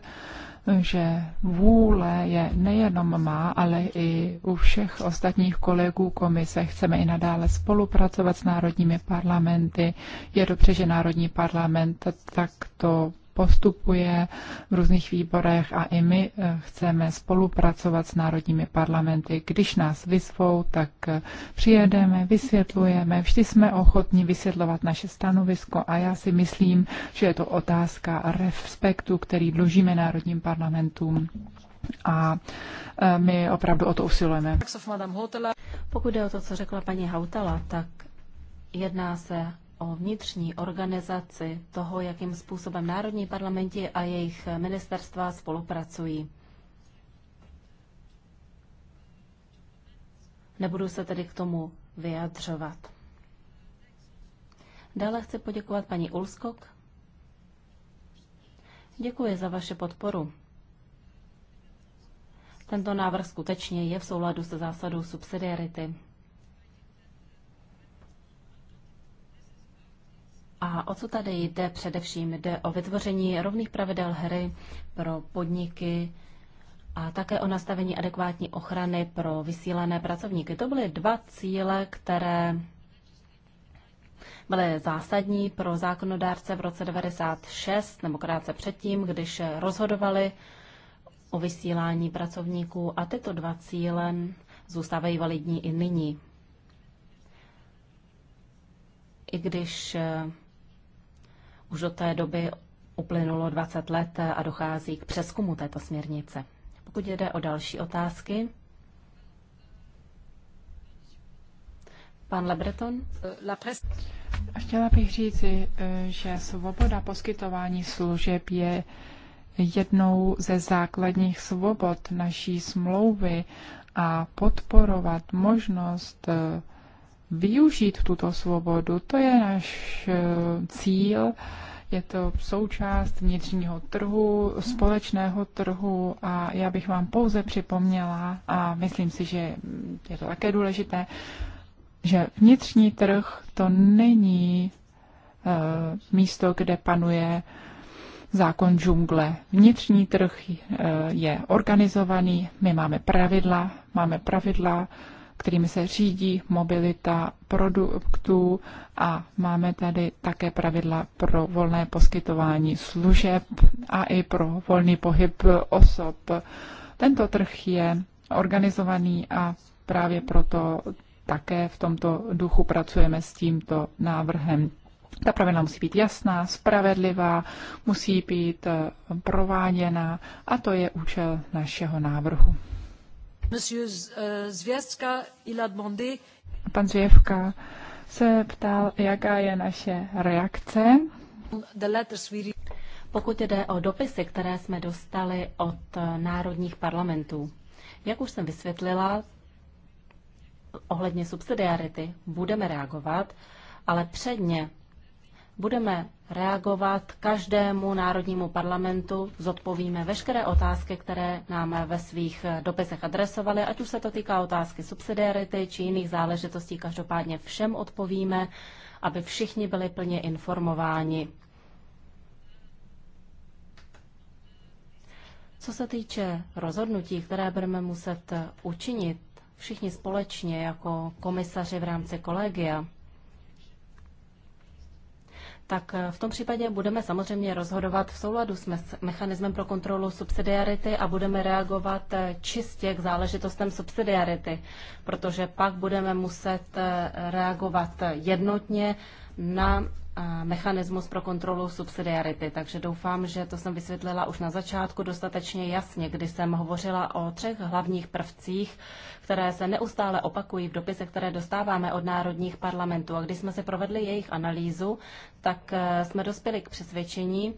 že vůle je nejenom má, ale i u všech ostatních kolegů komise. Chceme i nadále spolupracovat s národními parlamenty. Je dobře, že národní parlament takto postupuje v různých výborech a i my eh, chceme spolupracovat s národními parlamenty. Když nás vyzvou, tak eh, přijedeme, vysvětlujeme, vždy jsme ochotní vysvětlovat naše stanovisko a já si myslím, že je to otázka respektu, který dlužíme národním parlamentům a eh, my opravdu o to usilujeme. Pokud je o to, co řekla paní Hautala, tak jedná se o vnitřní organizaci toho, jakým způsobem národní parlamenti a jejich ministerstva spolupracují. Nebudu se tedy k tomu vyjadřovat. Dále chci poděkovat paní Ulskok. Děkuji za vaši podporu. Tento návrh skutečně je v souladu se zásadou subsidiarity. A o co tady jde především? Jde o vytvoření rovných pravidel hry pro podniky a také o nastavení adekvátní ochrany pro vysílané pracovníky. To byly dva cíle, které byly zásadní pro zákonodárce v roce 96 nebo krátce předtím, když rozhodovali o vysílání pracovníků a tyto dva cíle zůstávají validní i nyní. I když už od té doby uplynulo 20 let a dochází k přeskumu této směrnice. Pokud jde o další otázky, Pan Lebreton? Chtěla bych říci, eh, že svoboda poskytování služeb je jednou ze základních svobod naší smlouvy a podporovat možnost eh, využít tuto svobodu. To je náš eh, cíl, je to součást vnitřního trhu, společného trhu a já bych vám pouze připomněla, a myslím si, že je to také důležité, že vnitřní trh to není eh, místo, kde panuje zákon džungle. Vnitřní trh eh, je organizovaný, my máme pravidla, máme pravidla kterými se řídí mobilita produktů a máme tady také pravidla pro volné poskytování služeb a i pro volný pohyb osob. Tento trh je organizovaný a právě proto také v tomto duchu pracujeme s tímto návrhem. Ta pravidla musí být jasná, spravedlivá, musí být prováděná a to je účel našeho návrhu. Eh, Pan Zvěvka se ptal, jaká je naše reakce. Pokud jde o dopisy, které jsme dostali od eh, národních parlamentů, jak už jsem vysvětlila, ohledně subsidiarity budeme reagovat, ale předně budeme reagovat každému národnímu parlamentu, zodpovíme veškeré otázky, které nám ve svých dopisech adresovali, ať už se to týká otázky subsidiarity či jiných záležitostí, každopádně všem odpovíme, aby všichni byli plně informováni. Co se týče rozhodnutí, které budeme muset učinit všichni společně jako komisaři v rámci kolegia, tak eh, v tom případě budeme samozřejmě rozhodovat v souladu s mechanismem pro kontrolu subsidiarity a budeme reagovat eh, čistě k záležitostem subsidiarity, protože pak budeme muset eh, reagovat jednotně na mechanismus pro kontrolu subsidiarity. Takže doufám, že to jsem vysvětlila už na začátku dostatečně jasně, kdy jsem hovořila o třech hlavních prvcích, které se neustále opakují v dopise, které dostáváme od národních parlamentů. A když jsme se provedli jejich analýzu, tak eh, jsme dospěli k přesvědčení,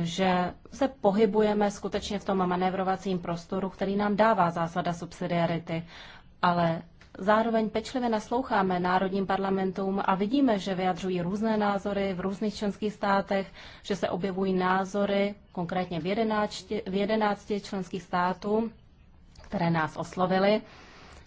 že se pohybujeme skutečně v tom manévrovacím prostoru, který nám dává zásada subsidiarity. Ale Zároveň pečlivě nasloucháme národním parlamentům a vidíme, že vyjadřují různé názory v různých členských státech, že se objevují názory konkrétně v 11, v 11 členských států, které nás oslovily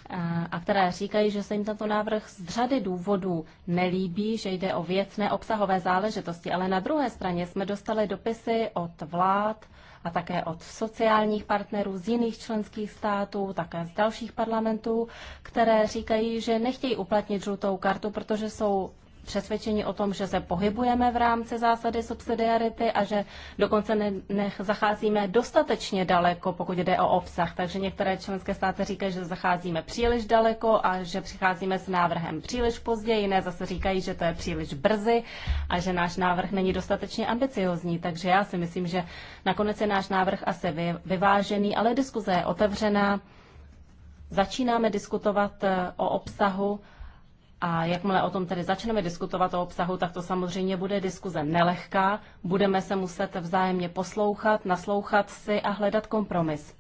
eh, a které říkají, že se jim tento návrh z řady důvodů nelíbí, že jde o věcné obsahové záležitosti. Ale na druhé straně jsme dostali dopisy od vlád, a také od sociálních partnerů z jiných členských států, také z dalších parlamentů, které říkají, že nechtějí uplatnit žlutou kartu, protože jsou Přesvědčení o tom, že se pohybujeme v rámci zásady subsidiarity a že dokonce ne, nech zacházíme dostatečně daleko, pokud jde o obsah. Takže některé členské státy říkají, že zacházíme příliš daleko a že přicházíme s návrhem příliš pozdě, jiné zase říkají, že to je příliš brzy a že náš návrh není dostatečně ambiciozní. Takže já si myslím, že nakonec je náš návrh asi vy, vyvážený, ale diskuze je otevřená. Začínáme diskutovat eh, o obsahu a jakmile o tom tedy začneme diskutovat o obsahu, tak to samozřejmě bude diskuze nelehká. Budeme se muset vzájemně poslouchat, naslouchat si a hledat kompromis.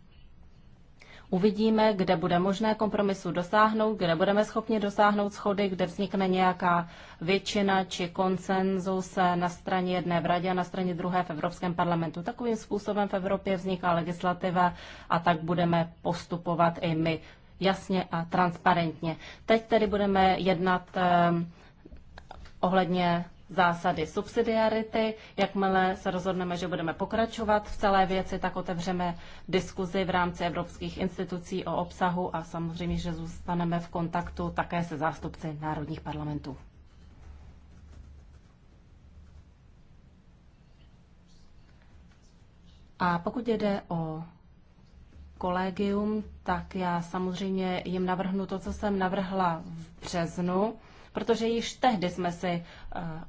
Uvidíme, kde bude možné kompromisu dosáhnout, kde budeme schopni dosáhnout schody, kde vznikne nějaká většina či konsenzus na straně jedné v radě a na straně druhé v Evropském parlamentu. Takovým způsobem v Evropě vzniká legislativa a tak budeme postupovat i my jasně a transparentně. Teď tedy budeme jednat ehm, ohledně zásady subsidiarity. Jakmile se rozhodneme, že budeme pokračovat v celé věci, tak otevřeme diskuzi v rámci evropských institucí o obsahu a samozřejmě, že zůstaneme v kontaktu také se zástupci národních parlamentů. A pokud jde o kolegium, tak já samozřejmě jim navrhnu to, co jsem navrhla v březnu, protože již tehdy jsme si eh,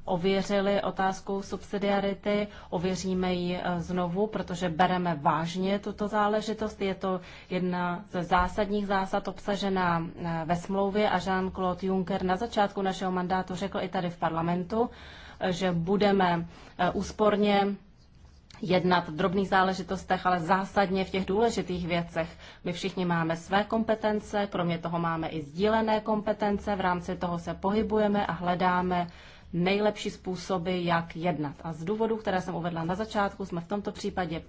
ověřili otázku subsidiarity, ověříme ji eh, znovu, protože bereme vážně tuto záležitost. Je to jedna ze zásadních zásad obsažená eh, ve smlouvě a Jean-Claude Juncker na začátku našeho mandátu řekl i tady v parlamentu, že budeme úsporně jednat v drobných záležitostech, ale zásadně v těch důležitých věcech. My všichni máme své kompetence, kromě toho máme i sdílené kompetence, v rámci toho se pohybujeme a hledáme nejlepší způsoby, jak jednat. A z důvodů, které jsem uvedla na začátku, jsme v tomto případě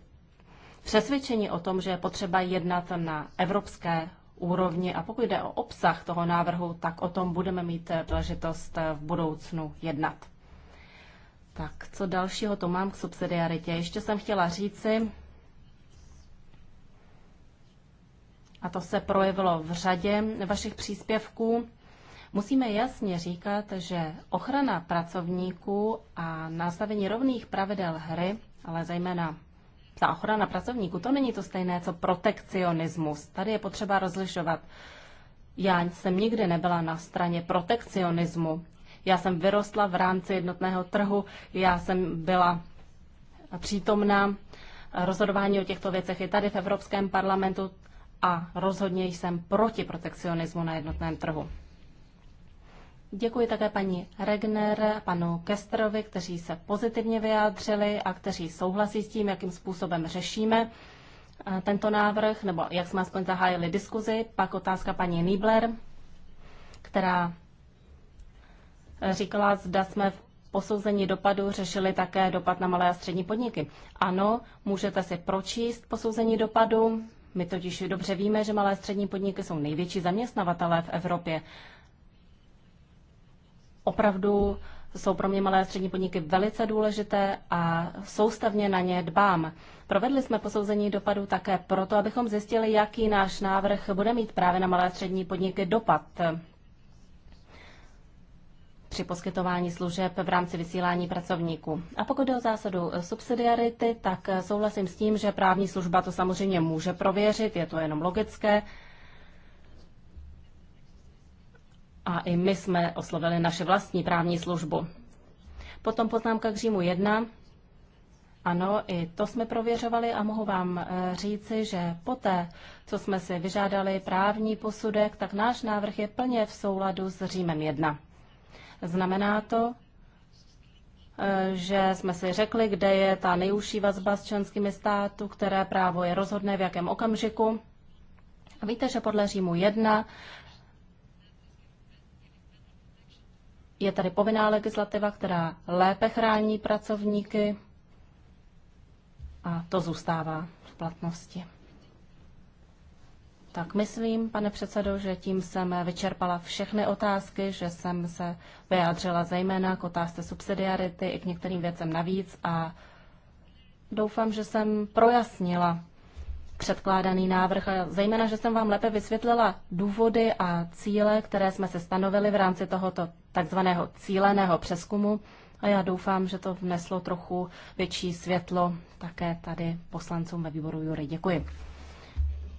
přesvědčeni o tom, že je potřeba jednat na evropské úrovni a pokud jde o obsah toho návrhu, tak o tom budeme mít příležitost v budoucnu jednat. Tak, co dalšího to mám k subsidiaritě? Ještě jsem chtěla říci, a to se projevilo v řadě vašich příspěvků, musíme jasně říkat, že ochrana pracovníků a nastavení rovných pravidel hry, ale zejména ta ochrana pracovníků, to není to stejné, co protekcionismus. Tady je potřeba rozlišovat. Já jsem nikdy nebyla na straně protekcionismu, já jsem vyrostla v rámci jednotného trhu, já jsem byla přítomná rozhodování o těchto věcech je tady v Evropském parlamentu a rozhodně jsem proti protekcionismu na jednotném trhu. Děkuji také paní Regner, panu Kesterovi, kteří se pozitivně vyjádřili a kteří souhlasí s tím, jakým způsobem řešíme eh, tento návrh, nebo jak jsme aspoň zahájili diskuzi. Pak otázka paní Niebler, která říkala, zda jsme v posouzení dopadu řešili také dopad na malé a střední podniky. Ano, můžete si pročíst posouzení dopadu. My totiž dobře víme, že malé a střední podniky jsou největší zaměstnavatelé v Evropě. Opravdu jsou pro mě malé a střední podniky velice důležité a soustavně na ně dbám. Provedli jsme posouzení dopadu také proto, abychom zjistili, jaký náš návrh bude mít právě na malé a střední podniky dopad při poskytování služeb v rámci vysílání pracovníků. A pokud jde o zásadu subsidiarity, tak souhlasím s tím, že právní služba to samozřejmě může prověřit, je to jenom logické. A i my jsme oslovili naše vlastní právní službu. Potom poznámka k Římu 1. Ano, i to jsme prověřovali a mohu vám eh, říci, že poté, co jsme si vyžádali právní posudek, tak náš návrh je plně v souladu s Římem 1. Znamená to, eh, že jsme si řekli, kde je ta nejužší vazba s členskými státy, které právo je rozhodné, v jakém okamžiku. A víte, že podle Římu 1 je tady povinná legislativa, která lépe chrání pracovníky a to zůstává v platnosti. Tak myslím, pane předsedo, že tím jsem vyčerpala všechny otázky, že jsem se vyjádřila zejména k otázce subsidiarity i k některým věcem navíc a doufám, že jsem projasnila předkládaný návrh a zejména, že jsem vám lépe vysvětlila důvody a cíle, které jsme se stanovili v rámci tohoto takzvaného cíleného přeskumu a já doufám, že to vneslo trochu větší světlo také tady poslancům ve výboru Jury. Děkuji.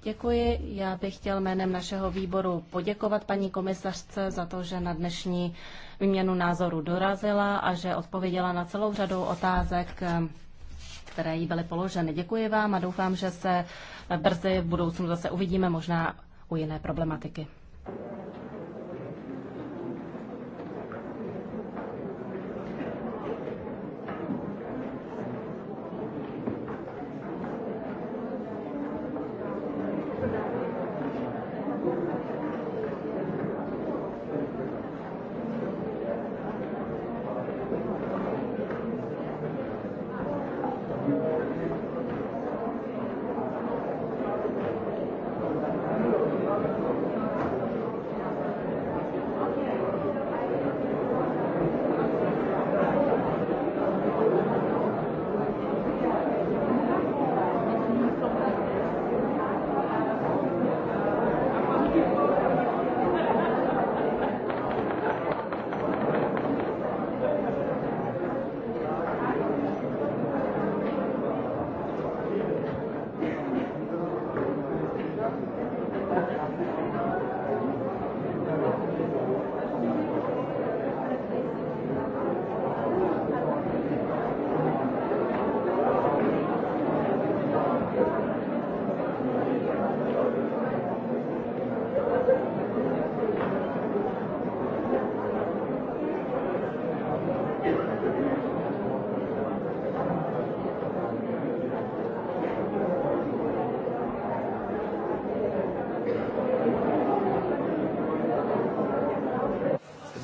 Děkuji. Já bych chtěl jménem našeho výboru poděkovat paní komisařce za to, že na dnešní výměnu názoru dorazila a že odpověděla na celou řadu otázek, které jí byly položeny. Děkuji vám a doufám, že se brzy v budoucnu zase uvidíme možná u jiné problematiky.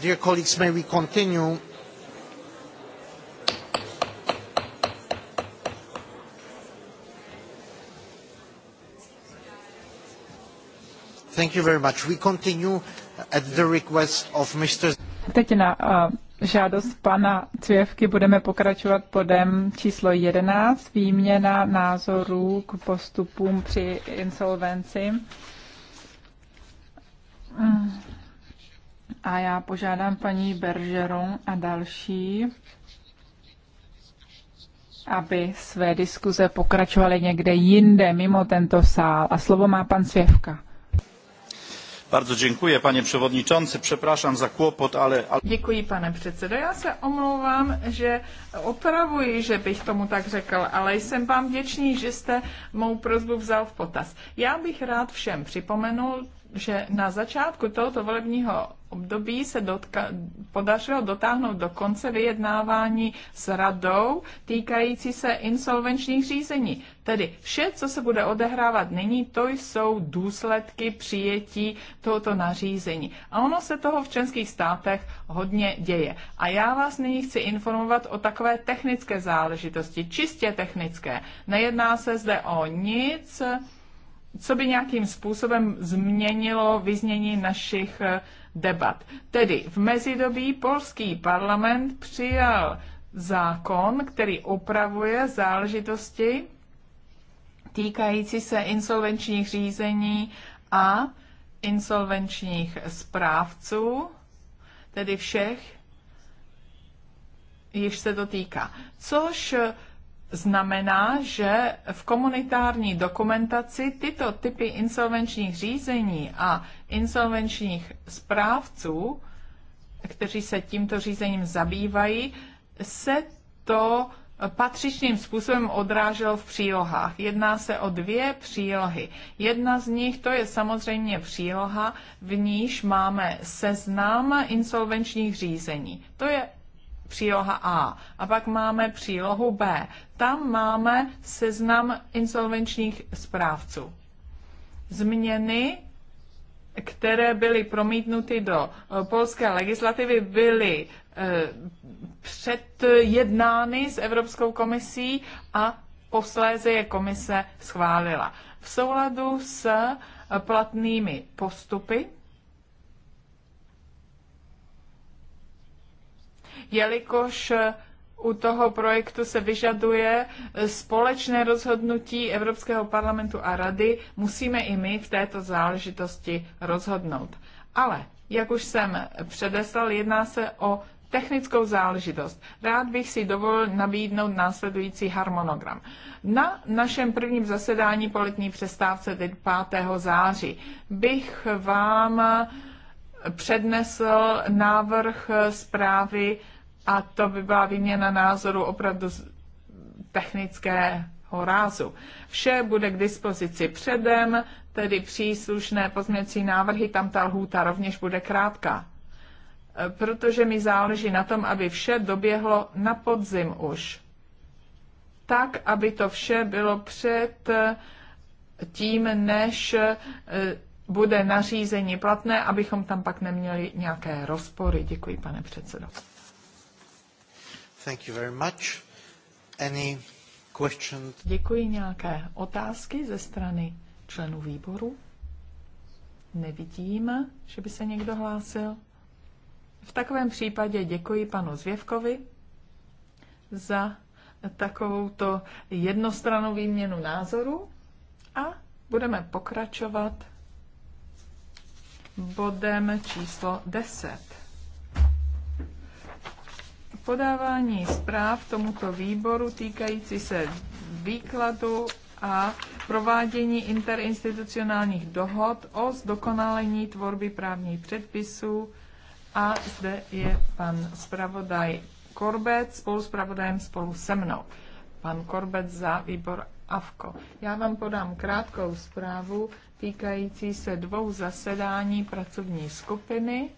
Dear colleagues, may we continue? Thank you very much. We continue at the request of Mr. Teď na uh, žádost pana Cvěvky budeme pokračovat podem číslo 11, výměna názorů k postupům při insolvenci. Mm. A já požádám paní Bergeron a další, aby své diskuze pokračovaly někde jinde, mimo tento sál. A slovo má pan Svěvka. Bardzo dziękuję, panie przewodniczący. Przepraszam za kłopot, ale... Děkuji, pane předsedo. Já se omlouvám, že opravuji, že bych tomu tak řekl, ale jsem wam wdzięczny, že jste mou prozbu vzal w potaz. Já bych rád všem připomenul že na začátku tohoto volebního období se dotka, podařilo dotáhnout do konce vyjednávání s radou týkající se insolvenčních řízení. Tedy vše, co se bude odehrávat nyní, to jsou důsledky přijetí tohoto nařízení. A ono se toho v českých státech hodně děje. A já vás nyní chci informovat o takové technické záležitosti, čistě technické. Nejedná se zde o nic, co by nějakým způsobem změnilo vyznění našich eh, debat. Tedy v mezidobí polský parlament přijal zákon, který upravuje záležitosti týkající se insolvenčních řízení a insolvenčních správců, tedy všech, již se to týká. Což znamená, že v komunitární dokumentaci tyto typy insolvenčních řízení a insolvenčních správců, kteří se tímto řízením zabývají, se to patřičným způsobem odráželo v přílohách. Jedná se o dvě přílohy. Jedna z nich to je samozřejmě příloha, v níž máme seznam insolvenčních řízení. To je příloha A. A pak máme přílohu B. Tam máme seznam insolvenčních správců. Změny, které byly promítnuty do eh, polské legislativy, byly eh, předjednány s Evropskou komisí a posléze je komise schválila. V souladu s eh, platnými postupy jelikož u toho projektu se vyžaduje společné rozhodnutí Evropského parlamentu a rady, musíme i my v této záležitosti rozhodnout. Ale, jak už jsem předeslal, jedná se o technickou záležitost. Rád bych si dovolil nabídnout následující harmonogram. Na našem prvním zasedání po letní přestávce, 5. září, bych vám přednesl návrh zprávy a to by byla výměna názoru opravdu technického rázu. Vše bude k dispozici předem, tedy příslušné pozměcí návrhy, tam ta lhůta rovněž bude krátká. E, protože mi záleží na tom, aby vše doběhlo na podzim už. Tak, aby to vše bylo před e, tím, než e, bude nařízení platné, abychom tam pak neměli nějaké rozpory. Děkuji, pane předsedo. Thank you very much. Any Děkuji. Nějaké otázky ze strany členů výboru? Nevidím, že by se někdo hlásil. V takovém případě děkuji panu Zvěvkovi za takovouto jednostranou výměnu názoru a budeme pokračovat bodem číslo 10 podávání zpráv tomuto výboru týkající se výkladu a provádění interinstitucionálních dohod o zdokonalení tvorby právních předpisů. A zde je pan zpravodaj Korbet spolu s pravodajem spolu se mnou. Pan Korbet za výbor AVKO. Já vám podám krátkou zprávu týkající se dvou zasedání pracovní skupiny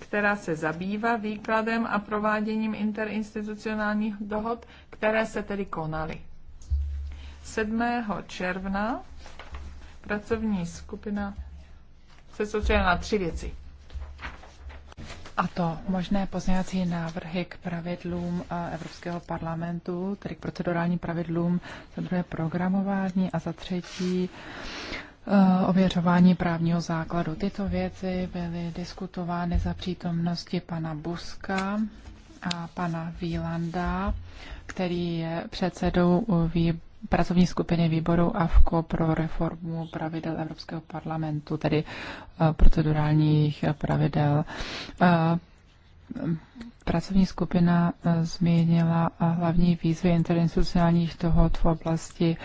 která se zabývá výkladem a prováděním interinstitucionálních dohod, které se tedy konaly. 7. června pracovní skupina se soustředila na tři věci. A to možné pozměňovací návrhy k pravidlům eh, Evropského parlamentu, tedy k procedurálním pravidlům, za druhé programování a za třetí Eh, ověřování právního základu. Tyto věci byly diskutovány za přítomnosti pana Buska a pana Výlanda, který je předsedou výboru pracovní skupiny výboru AFKO pro reformu pravidel Evropského parlamentu, tedy eh, procedurálních pravidel. Eh, pracovní skupina eh, změnila eh, hlavní výzvy interinstitucionálních dohod v oblasti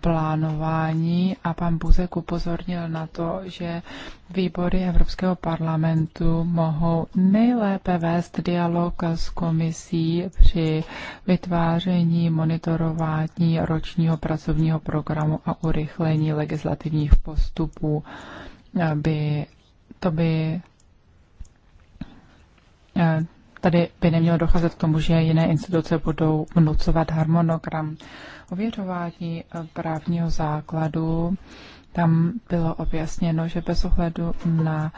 plánování a pan Buzek upozornil na to, že výbory Evropského parlamentu mohou nejlépe vést dialog s komisí při vytváření, monitorování ročního pracovního programu a urychlení legislativních postupů. Aby, to by Eh, tady by nemělo docházet k tomu, že jiné instituce budou vnucovat harmonogram ověřování eh, právního základu. Tam bylo objasněno, že bez ohledu na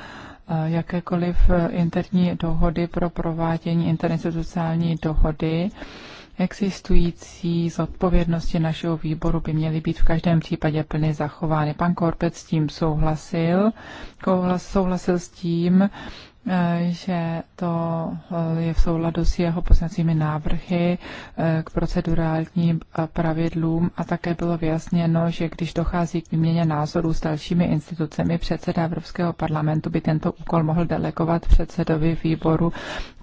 eh, jakékoliv interní dohody pro provádění interinstitucionální dohody, existující zodpovědnosti našeho výboru by měly být v každém případě plně zachovány. Pan Korpec s tím souhlasil, souhlasil s tím, že to eh, je v souladu s jeho poslancími návrhy eh, k procedurálním eh, pravidlům a také bylo vyjasněno, že když dochází k výměně názorů s dalšími institucemi, předseda Evropského parlamentu by tento úkol mohl delegovat předsedovi výboru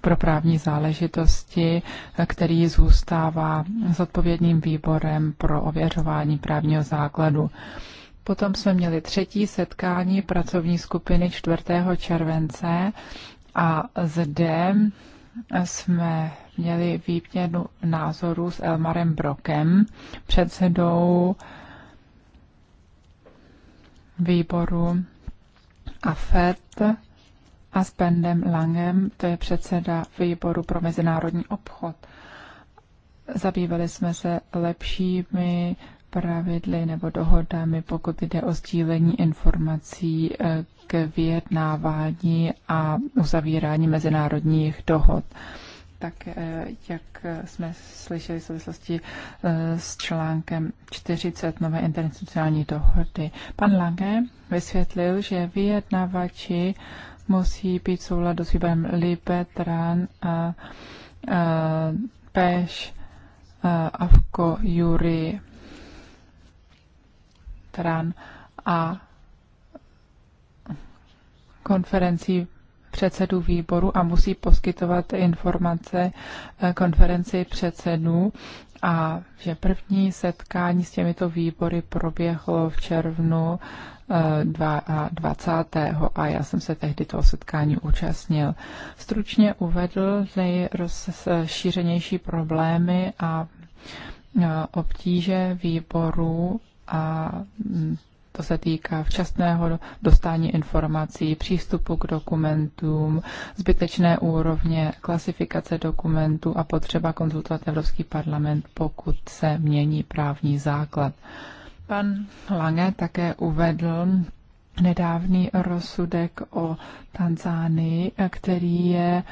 pro právní záležitosti, který zůstává zodpovědným výborem pro ověřování právního základu. Potom jsme měli třetí setkání pracovní skupiny 4. července a zde jsme měli výměnu názorů s Elmarem Brokem, předsedou výboru AFET a s Bendem Langem, to je předseda výboru pro mezinárodní obchod. Zabývali jsme se lepšími pravidly nebo dohodami, pokud jde o sdílení informací eh, k vyjednávání a uzavírání mezinárodních dohod. Tak eh, jak jsme slyšeli v souvislosti eh, s článkem 40 nové internacionální dohody, pan Lange vysvětlil, že vyjednavači musí být v souladu s výborem Libetran a, a Peš, a Avko, Jury, stran a konferencí předsedů výboru a musí poskytovat informace eh, konferenci předsedů a že první setkání s těmito výbory proběhlo v červnu 20. Eh, a já jsem se tehdy toho setkání účastnil. Stručně uvedl nejrozšířenější problémy a eh, obtíže výboru a mm, to se týká včasného dostání informací, přístupu k dokumentům, zbytečné úrovně klasifikace dokumentů a potřeba konzultovat Evropský parlament, pokud se mění právní základ. Pan Lange také uvedl nedávný rozsudek o Tanzánii, který je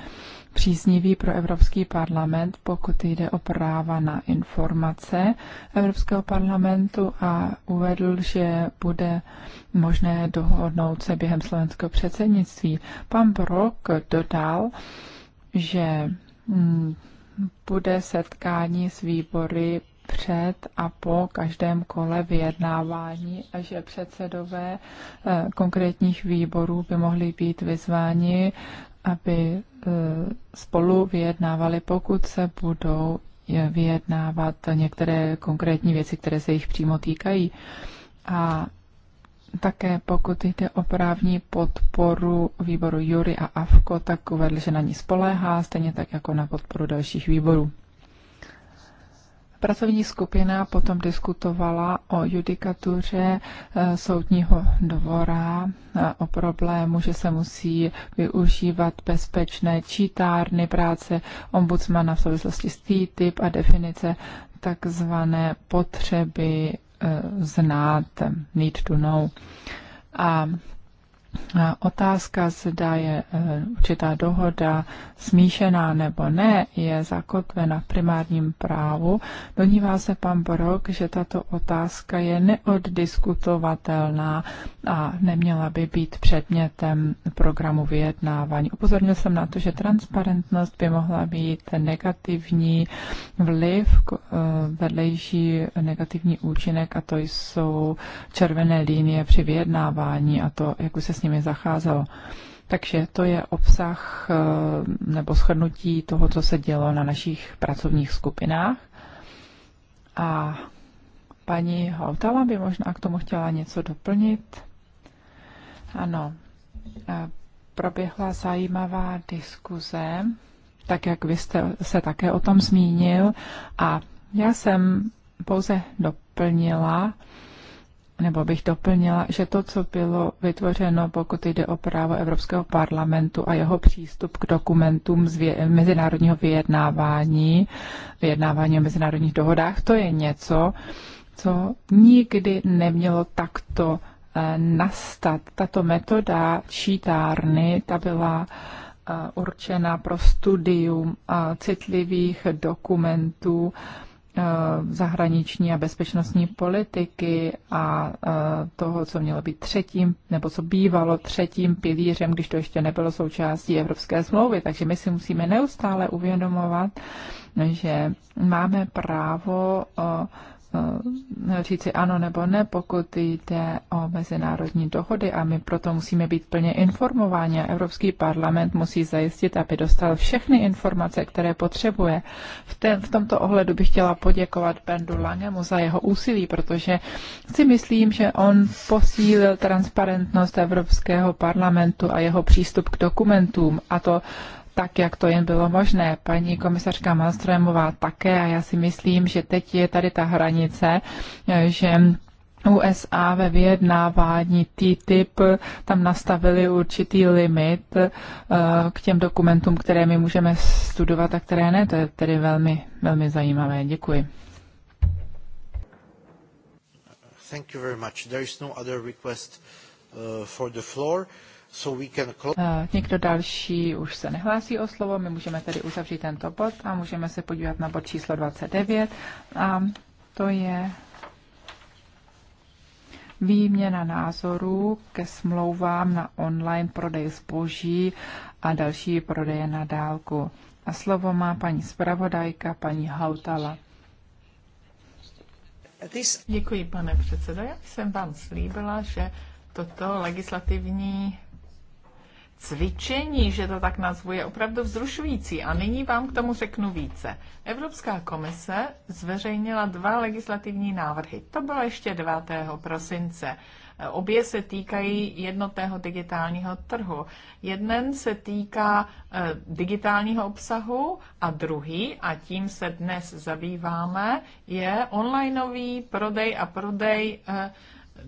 příznivý pro Evropský parlament, pokud jde o práva na informace Evropského parlamentu a uvedl, že bude možné dohodnout se během slovenského předsednictví. Pan Brok dodal, že mm, bude setkání s výbory před a po každém kole vyjednávání a že předsedové eh, konkrétních výborů by mohli být vyzváni aby e, spolu vyjednávali, pokud se budou vyjednávat některé konkrétní věci, které se jich přímo týkají. A také pokud jde o právní podporu výboru Jury a Avko, tak uvedl, že na ní spoléhá, stejně tak jako na podporu dalších výborů. Pracovní skupina potom diskutovala o judikatuře eh, soudního dvora, eh, o problému, že se musí využívat bezpečné čítárny práce ombudsmana v souvislosti s TTIP a definice takzvané potřeby eh, znát, need to know. A Otázka, zda je e, určitá dohoda smíšená nebo ne, je zakotvena v primárním právu. Donívá se pan Brok, že tato otázka je neoddiskutovatelná a neměla by být předmětem programu vyjednávání. Upozornil jsem na to, že transparentnost by mohla být negativní vliv, e, vedlejší negativní účinek a to jsou červené linie při vyjednávání a to, jak už se s nimi zacházelo. Takže to je obsah eh, nebo shrnutí toho, co se dělo na našich pracovních skupinách. A paní Hautala by možná k tomu chtěla něco doplnit. Ano, eh, proběhla zajímavá diskuze, tak jak vy jste se také o tom zmínil. A já jsem pouze doplnila, nebo bych doplnila, že to, co bylo vytvořeno, pokud jde o právo Evropského parlamentu a jeho přístup k dokumentům z vě- mezinárodního vyjednávání, vyjednávání o mezinárodních dohodách, to je něco, co nikdy nemělo takto eh, nastat. Tato metoda čítárny, ta byla eh, určena pro studium eh, citlivých dokumentů Eh, zahraniční a bezpečnostní politiky a eh, toho, co mělo být třetím, nebo co bývalo třetím pilířem, když to ještě nebylo součástí Evropské smlouvy. Takže my si musíme neustále uvědomovat, že máme právo eh, Eh, říci ano nebo ne, pokud jde o mezinárodní dohody a my proto musíme být plně informováni a Evropský parlament musí zajistit, aby dostal všechny informace, které potřebuje. V, ten, v tomto ohledu bych chtěla poděkovat Bendu Langemu za jeho úsilí, protože si myslím, že on posílil transparentnost Evropského parlamentu a jeho přístup k dokumentům a to uh, tak, jak to jen bylo možné. Paní komisařka Malstromová také a já si myslím, že teď je tady ta hranice, že USA ve vyjednávání TTIP tam nastavili určitý limit eh, k těm dokumentům, které my můžeme studovat a které ne. To je tedy velmi, velmi zajímavé. Děkuji. Thank you very much. There is no other request uh, for the floor. So eh, Někdo další už se nehlásí o slovo, my můžeme tedy uzavřít tento bod a můžeme se podívat na bod číslo 29 a to je výměna názorů ke smlouvám na online prodej zboží a další prodeje na dálku. A slovo má paní zpravodajka, paní Hautala. Děkuji, pane předsedo. Já jsem vám slíbila, že toto legislativní cvičení, že to tak nazvu, je opravdu vzrušující. A nyní vám k tomu řeknu více. Evropská komise zveřejnila dva legislativní návrhy. To bylo ještě 9. prosince. Obě se týkají jednotného digitálního trhu. Jeden se týká eh, digitálního obsahu a druhý, a tím se dnes zabýváme, je onlineový prodej a prodej eh,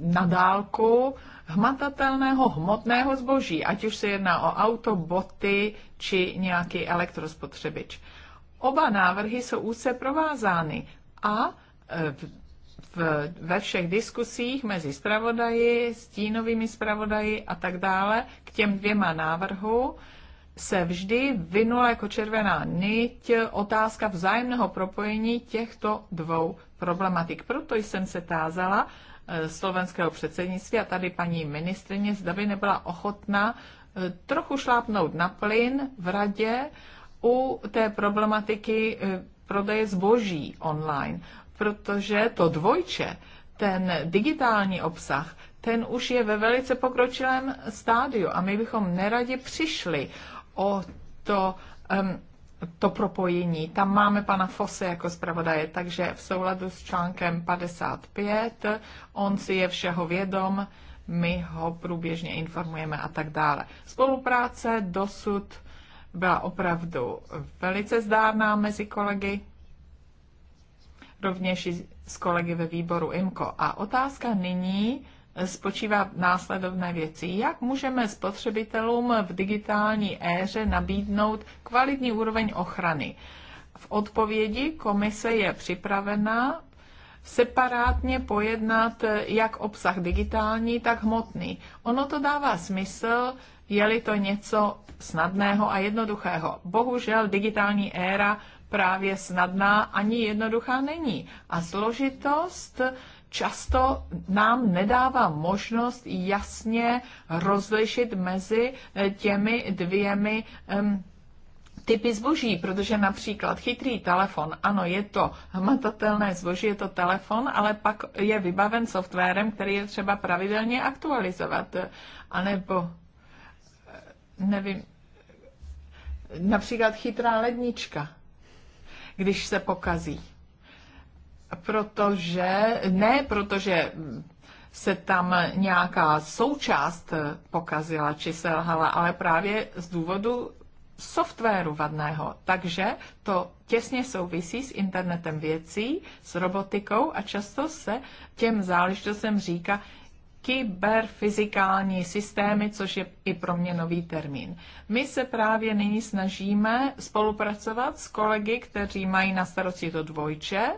na dálku hmatatelného hmotného zboží, ať už se jedná o auto, boty či nějaký elektrospotřebič. Oba návrhy jsou úzce provázány a e, v, ve všech diskusích mezi zpravodaji, stínovými zpravodaji a tak dále k těm dvěma návrhu se vždy vynula jako červená niť otázka vzájemného propojení těchto dvou problematik. Proto jsem se tázala, Eh, slovenského předsednictví a tady paní ministrině, zda by nebyla ochotná eh, trochu šlápnout na plyn v radě u té problematiky eh, prodeje zboží online, protože to dvojče, ten digitální obsah, ten už je ve velice pokročilém stádiu a my bychom neradě přišli o to um, to propojení. Tam máme pana Fose jako zpravodaje, takže v souladu s článkem 55, on si je všeho vědom, my ho průběžně informujeme a tak dále. Spolupráce dosud byla opravdu velice zdárná mezi kolegy, rovněž i s kolegy ve výboru IMCO. A otázka nyní spočívá v následovné věci. Jak můžeme spotřebitelům v digitální éře nabídnout kvalitní úroveň ochrany? V odpovědi komise je připravena separátně pojednat jak obsah digitální, tak hmotný. Ono to dává smysl, je-li to něco snadného a jednoduchého. Bohužel digitální éra právě snadná ani jednoduchá není. A složitost často nám nedává možnost jasně rozlišit mezi eh, těmi dvěmi um, typy zboží, protože například chytrý telefon, ano, je to hmatatelné zboží, je to telefon, ale pak je vybaven softwarem, který je třeba pravidelně aktualizovat, anebo eh, nevím, například chytrá lednička, když se pokazí protože, ne protože se tam nějaká součást pokazila či selhala, ale právě z důvodu softwaru vadného. Takže to těsně souvisí s internetem věcí, s robotikou a často se těm záležitostem říká kyberfyzikální systémy, což je i pro mě nový termín. My se právě nyní snažíme spolupracovat s kolegy, kteří mají na starosti to dvojče,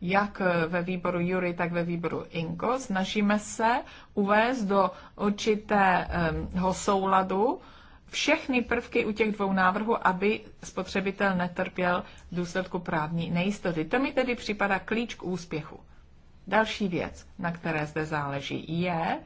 jak ve výboru Jury, tak ve výboru INKO. Snažíme se uvést do určitého ehm, souladu všechny prvky u těch dvou návrhů, aby spotřebitel netrpěl v důsledku právní nejistoty. To mi tedy připadá klíč k úspěchu. Další věc, na které zde záleží, je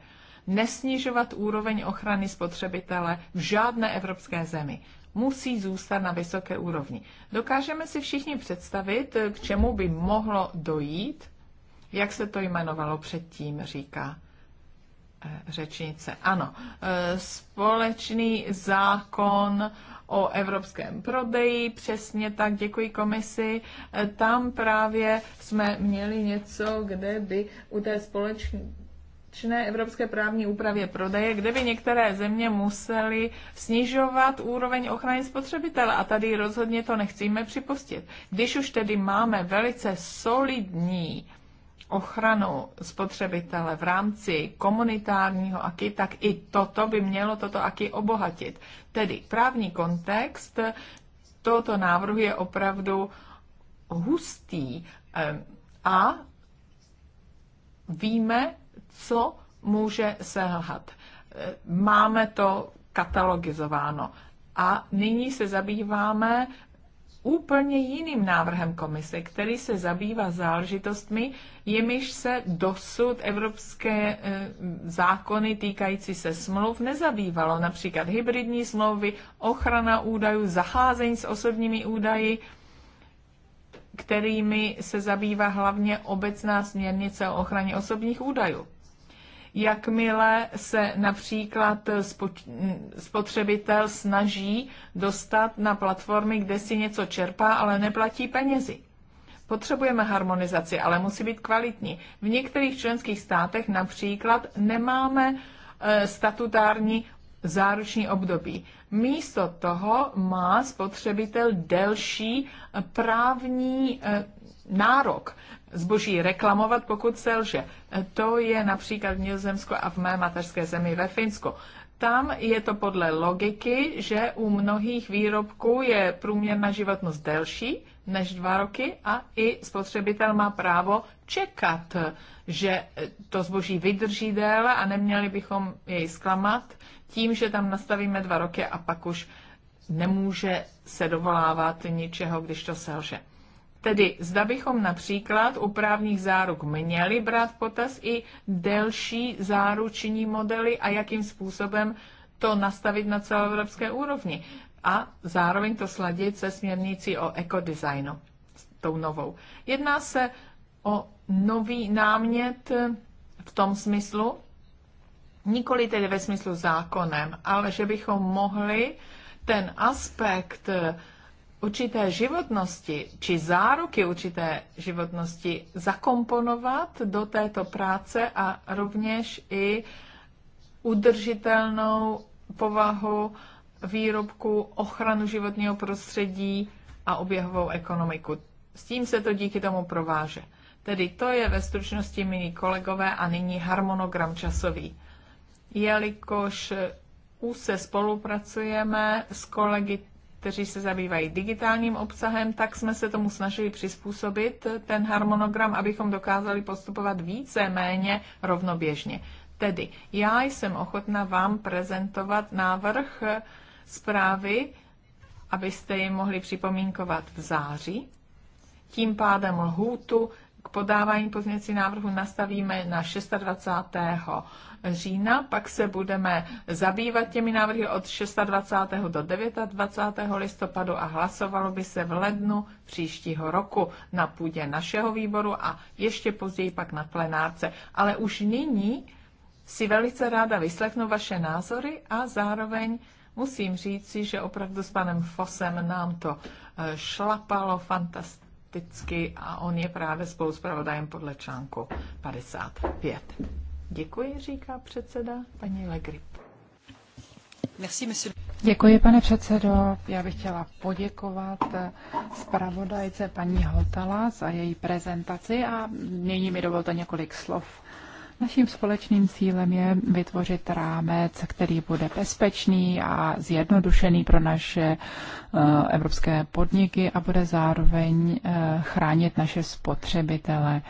nesnižovat úroveň ochrany spotřebitele v žádné evropské zemi musí zůstat na vysoké úrovni. Dokážeme si všichni představit, k čemu by mohlo dojít, jak se to jmenovalo předtím, říká eh, řečnice. Ano, eh, společný zákon o evropském prodeji, přesně tak, děkuji komisi. Eh, tam právě jsme měli něco, kde by u té společné činné evropské právní úpravě prodeje, kde by některé země musely snižovat úroveň ochrany spotřebitele a tady rozhodně to nechcíme připustit. Když už tedy máme velice solidní ochranu spotřebitele v rámci komunitárního aky, tak i toto by mělo toto aky obohatit. Tedy právní kontext tohoto návrhu je opravdu hustý eh, a víme, co může selhat. Eh, máme to katalogizováno. A nyní se zabýváme úplně jiným návrhem komise, který se zabývá záležitostmi, jimiž se dosud evropské eh, zákony týkající se smluv nezabývalo, například hybridní smlouvy, ochrana údajů, zacházení s osobními údaji, kterými se zabývá hlavně obecná směrnice o ochraně osobních údajů. Jakmile se například spotřebitel snaží dostat na platformy, kde si něco čerpá, ale neplatí penězi. Potřebujeme harmonizaci, ale musí být kvalitní. V některých členských státech například nemáme eh, statutární záruční období. Místo toho má spotřebitel delší eh, právní eh, nárok zboží reklamovat, pokud se lže. To je například v Nizozemsku a v mé mateřské zemi ve Finsku. Tam je to podle logiky, že u mnohých výrobků je průměrná životnost delší než dva roky a i spotřebitel má právo čekat, že to zboží vydrží déle a neměli bychom jej zklamat tím, že tam nastavíme dva roky a pak už nemůže se dovolávat ničeho, když to selže. Tedy zda bychom například u právních záruk měli brát v potaz i delší záruční modely a jakým způsobem to nastavit na celoevropské úrovni a zároveň to sladit se směrnicí o ekodesignu, tou novou. Jedná se o nový námět v tom smyslu, nikoli tedy ve smyslu zákonem, ale že bychom mohli ten aspekt určité životnosti či záruky určité životnosti zakomponovat do této práce a rovněž i udržitelnou povahu výrobku, ochranu životního prostředí a oběhovou ekonomiku. S tím se to díky tomu prováže. Tedy to je ve stručnosti, milí kolegové, a nyní harmonogram časový. Jelikož už se spolupracujeme s kolegy kteří se zabývají digitálním obsahem, tak jsme se tomu snažili přizpůsobit ten harmonogram, abychom dokázali postupovat více méně rovnoběžně. Tedy já jsem ochotna vám prezentovat návrh zprávy, abyste ji mohli připomínkovat v září. Tím pádem lhůtu podávání pozměňovacích návrhu nastavíme na 26. října, pak se budeme zabývat těmi návrhy od 26. do 29. listopadu a hlasovalo by se v lednu příštího roku na půdě našeho výboru a ještě později pak na plenárce. Ale už nyní si velice ráda vyslechnu vaše názory a zároveň musím říci, že opravdu s panem Fosem nám to eh, šlapalo fantasticky Picky a on je právě spoluzpravodajem podle článku 55. Děkuji, říká předseda paní Legrip. Merci, monsieur. Děkuji, pane předsedo. Já bych chtěla poděkovat zpravodajce paní Hotala za její prezentaci a nyní mi dovolte několik slov. Naším společným cílem je vytvořit rámec, který bude bezpečný a zjednodušený pro naše eh, evropské podniky a bude zároveň eh, chránit naše spotřebitele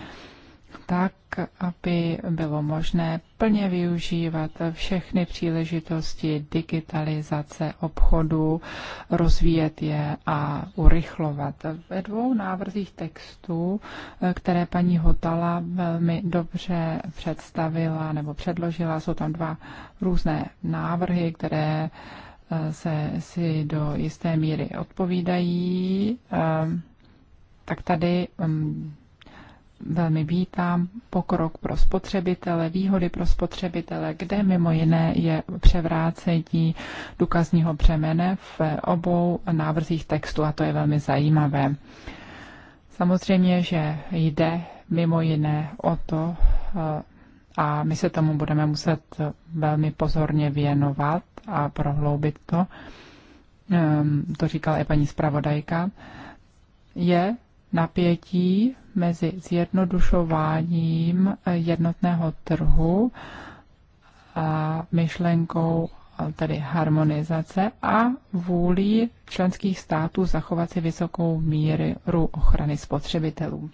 tak, aby bylo možné plně využívat všechny příležitosti digitalizace obchodu, rozvíjet je a urychlovat. Ve dvou návrzích textů, které paní Hotala velmi dobře představila nebo předložila, jsou tam dva různé návrhy, které eh, se si do jisté míry odpovídají ehm, tak tady ehm, velmi vítám pokrok pro spotřebitele, výhody pro spotřebitele, kde mimo jiné je převrácení důkazního břemene v obou návrzích textu a to je velmi zajímavé. Samozřejmě, že jde mimo jiné o to, eh, a my se tomu budeme muset velmi pozorně věnovat a prohloubit to, eh, to říkala i paní zpravodajka, je napětí mezi zjednodušováním jednotného trhu a myšlenkou tedy harmonizace a vůlí členských států zachovat si vysokou míru ochrany spotřebitelů.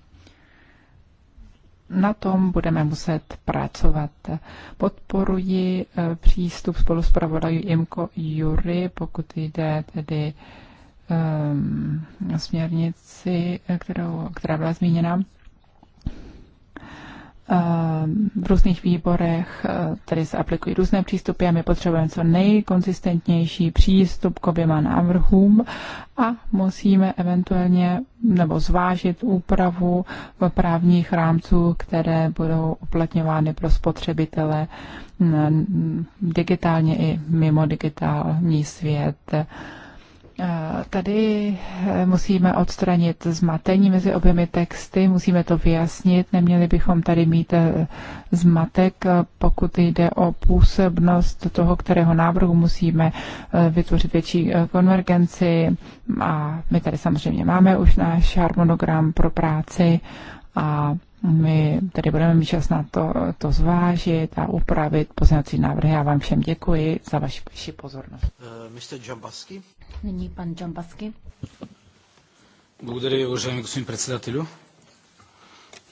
Na tom budeme muset pracovat. Podporuji eh, přístup spolu s Imko Jury, pokud jde tedy Ehm, směrnici, kterou, která byla zmíněna ehm, v různých výborech, eh, tady se aplikují různé přístupy a my potřebujeme co nejkonzistentnější přístup k oběma návrhům a musíme eventuálně nebo zvážit úpravu v právních rámců, které budou uplatňovány pro spotřebitele digitálně i mimo digitální svět. Eh, tady eh, musíme odstranit zmatení mezi oběmi texty, musíme to vyjasnit, neměli bychom tady mít eh, zmatek, pokud jde o působnost toho, kterého návrhu musíme vytvořit větší konvergenci a my tady samozřejmě máme už náš harmonogram pro práci a my tady budeme mít čas na to, to zvážit a upravit poznací návrhy. Já vám všem děkuji za vaši, vaši pozornost. Uh, Mr. Džambasky. Nyní pan Džambasky. Благодаря ви, уважаеми господин председателю.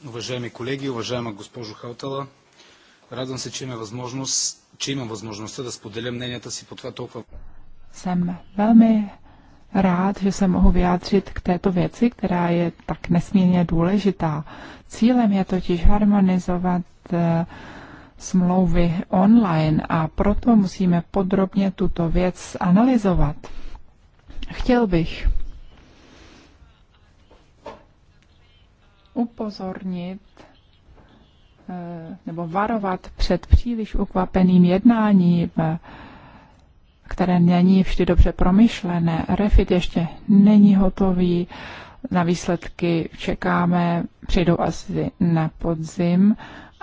Уважаеми колеги, уважаема госпожо Халтала, радвам се, че, има възможност, че имам възможността да споделя мненията си по това толкова. Съм velmi rád, že se mohu vyjádřit k této věci, která je tak nesmírně důležitá. Cílem je totiž harmonizovat eh, smlouvy online a proto musíme podrobně tuto věc analyzovat. Chtěl bych upozornit eh, nebo varovat před příliš ukvapeným jednáním eh, které není vždy dobře promyšlené. Refit ještě není hotový, na výsledky čekáme, přijdou asi na podzim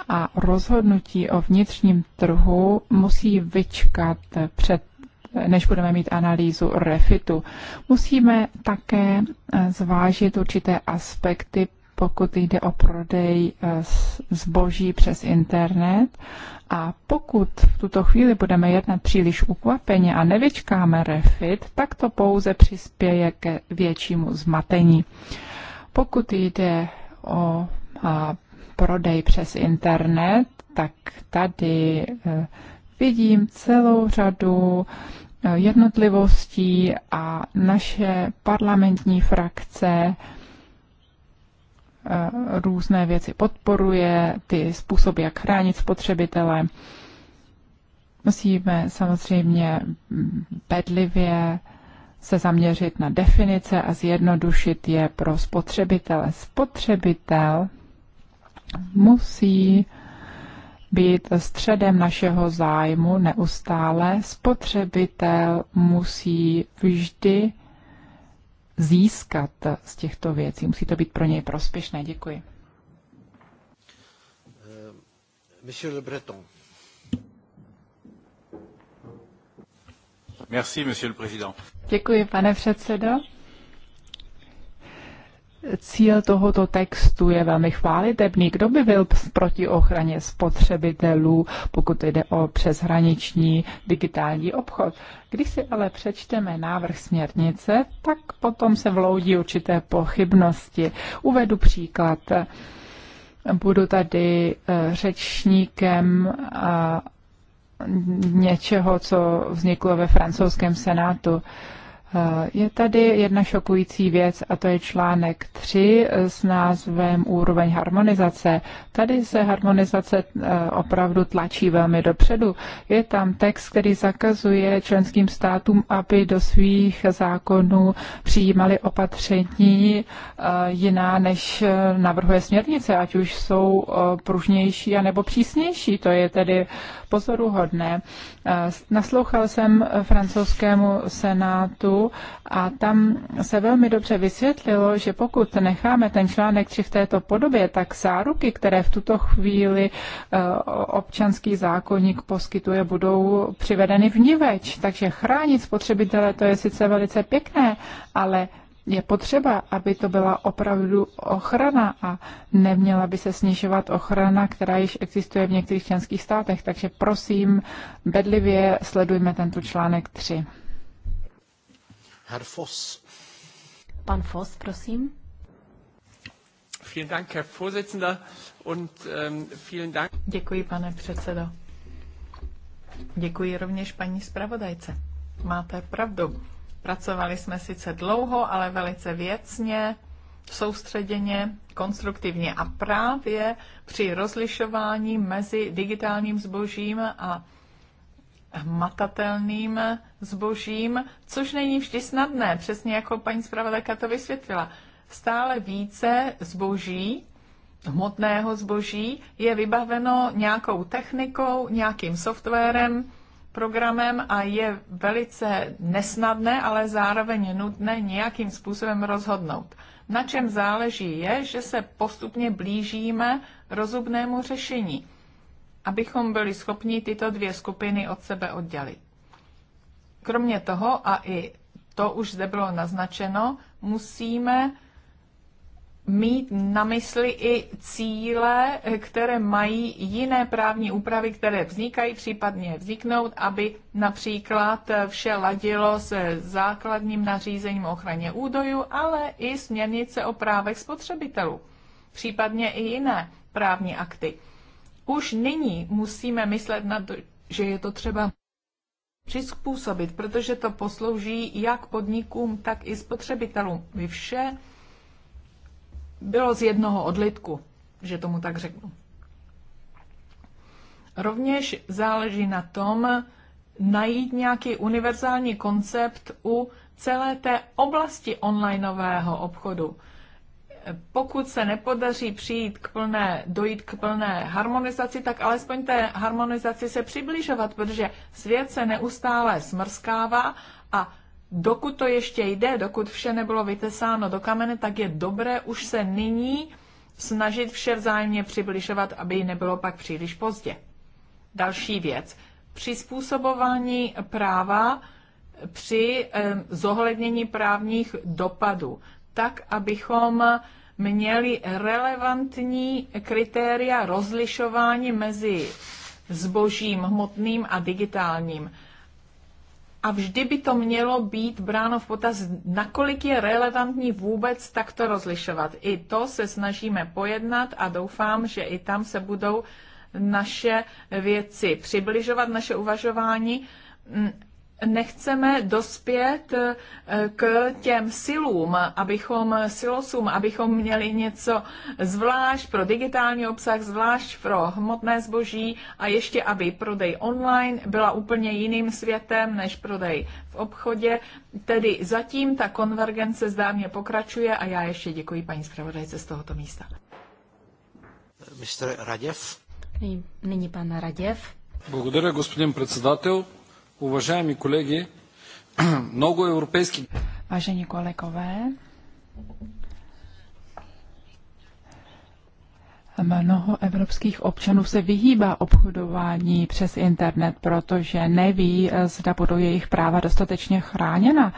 a rozhodnutí o vnitřním trhu musí vyčkat před než budeme mít analýzu refitu. Musíme také zvážit určité aspekty pokud jde o prodej eh, zboží přes internet. A pokud v tuto chvíli budeme jednat příliš ukvapeně a nevyčkáme refit, tak to pouze přispěje ke většímu zmatení. Pokud jde o prodej přes internet, tak tady eh, vidím celou řadu eh, jednotlivostí a naše parlamentní frakce Eh, různé věci podporuje, ty způsoby, jak chránit spotřebitele. Musíme samozřejmě bedlivě se zaměřit na definice a zjednodušit je pro spotřebitele. Spotřebitel musí být středem našeho zájmu neustále. Spotřebitel musí vždy získat z těchto věcí. Musí to být pro něj prospěšné. Děkuji. Eh, monsieur Le Breton. Merci, monsieur le président. Děkuji, pane předsedo cíl tohoto textu je velmi chválitebný. Kdo by byl proti ochraně spotřebitelů, pokud jde o přeshraniční digitální obchod? Když si ale přečteme návrh směrnice, tak potom se vloudí určité pochybnosti. Uvedu příklad. Budu tady eh, řečníkem něčeho, co vzniklo ve francouzském senátu. Eh, je tady jedna šokující věc a to je článek 3 eh, s názvem Úroveň harmonizace. Tady se harmonizace eh, opravdu tlačí velmi dopředu. Je tam text, který zakazuje členským státům, aby do svých zákonů přijímali opatření jiná, než navrhuje směrnice, ať už jsou pružnější a nebo přísnější. To je tedy pozoruhodné. Naslouchal jsem francouzskému senátu a tam se velmi dobře vysvětlilo, že pokud necháme ten článek 3 v této podobě, tak záruky, které v tuto chvíli eh, občanský zákonník poskytuje, budou přivedeny v niveč. Takže chránit spotřebitele, to je sice velice pěkné, ale je potřeba, aby to byla opravdu ochrana a neměla by se snižovat ochrana, která již existuje v některých členských státech. Takže prosím, bedlivě sledujme tento článek 3. Herr Voss. Pan Voss, prosím. Vielen Dank, Herr Vorsitzender, und ähm, vielen Dank. Děkuji, pane předsedo. Děkuji rovněž paní zpravodajce. Máte pravdu. Pracovali jsme sice dlouho, ale velice věcně, soustředěně, konstruktivně a právě při rozlišování mezi digitálním zbožím a hmatatelným zbožím, což není vždy snadné, přesně jako paní zpravodajka to vysvětlila. Stále více zboží, hmotného zboží, je vybaveno nějakou technikou, nějakým softwarem, programem a je velice nesnadné, ale zároveň nutné nějakým způsobem rozhodnout. Na čem záleží je, že se postupně blížíme rozumnému řešení abychom byli schopni tyto dvě skupiny od sebe oddělit. Kromě toho, a i to už zde bylo naznačeno, musíme mít na mysli i cíle, které mají jiné právní úpravy, které vznikají, případně vzniknout, aby například vše ladilo se základním nařízením o ochraně údajů, ale i směrnice o právech spotřebitelů, případně i jiné právní akty. Už nyní musíme myslet na to, že je to třeba přizpůsobit, protože to poslouží jak podnikům, tak i spotřebitelům. Vy vše bylo z jednoho odlitku, že tomu tak řeknu. Rovněž záleží na tom, najít nějaký univerzální koncept u celé té oblasti onlineového obchodu pokud se nepodaří přijít k plné, dojít k plné harmonizaci, tak alespoň té harmonizaci se přibližovat, protože svět se neustále smrskává a dokud to ještě jde, dokud vše nebylo vytesáno do kamene, tak je dobré už se nyní snažit vše vzájemně přibližovat, aby nebylo pak příliš pozdě. Další věc. Přizpůsobování práva při eh, zohlednění právních dopadů tak, abychom měli relevantní kritéria rozlišování mezi zbožím hmotným a digitálním. A vždy by to mělo být bráno v potaz, nakolik je relevantní vůbec takto rozlišovat. I to se snažíme pojednat a doufám, že i tam se budou naše věci přibližovat, naše uvažování mm, nechceme dospět eh, k těm silům, abychom silosům, abychom měli něco zvlášť pro digitální obsah, zvlášť pro hmotné zboží a ještě, aby prodej online byla úplně jiným světem než prodej v obchodě. Tedy zatím ta konvergence zdávně pokračuje a já ještě děkuji paní zpravodajce z tohoto místa. Mr. Raděv. Nyní pan Raděv. Благодаря, господин председател. Уважаеми колеги, много Vážení kolegové, Mnoho evropských občanů se vyhýbá obchodování přes internet, protože neví, zda budou jejich práva dostatečně chráněna.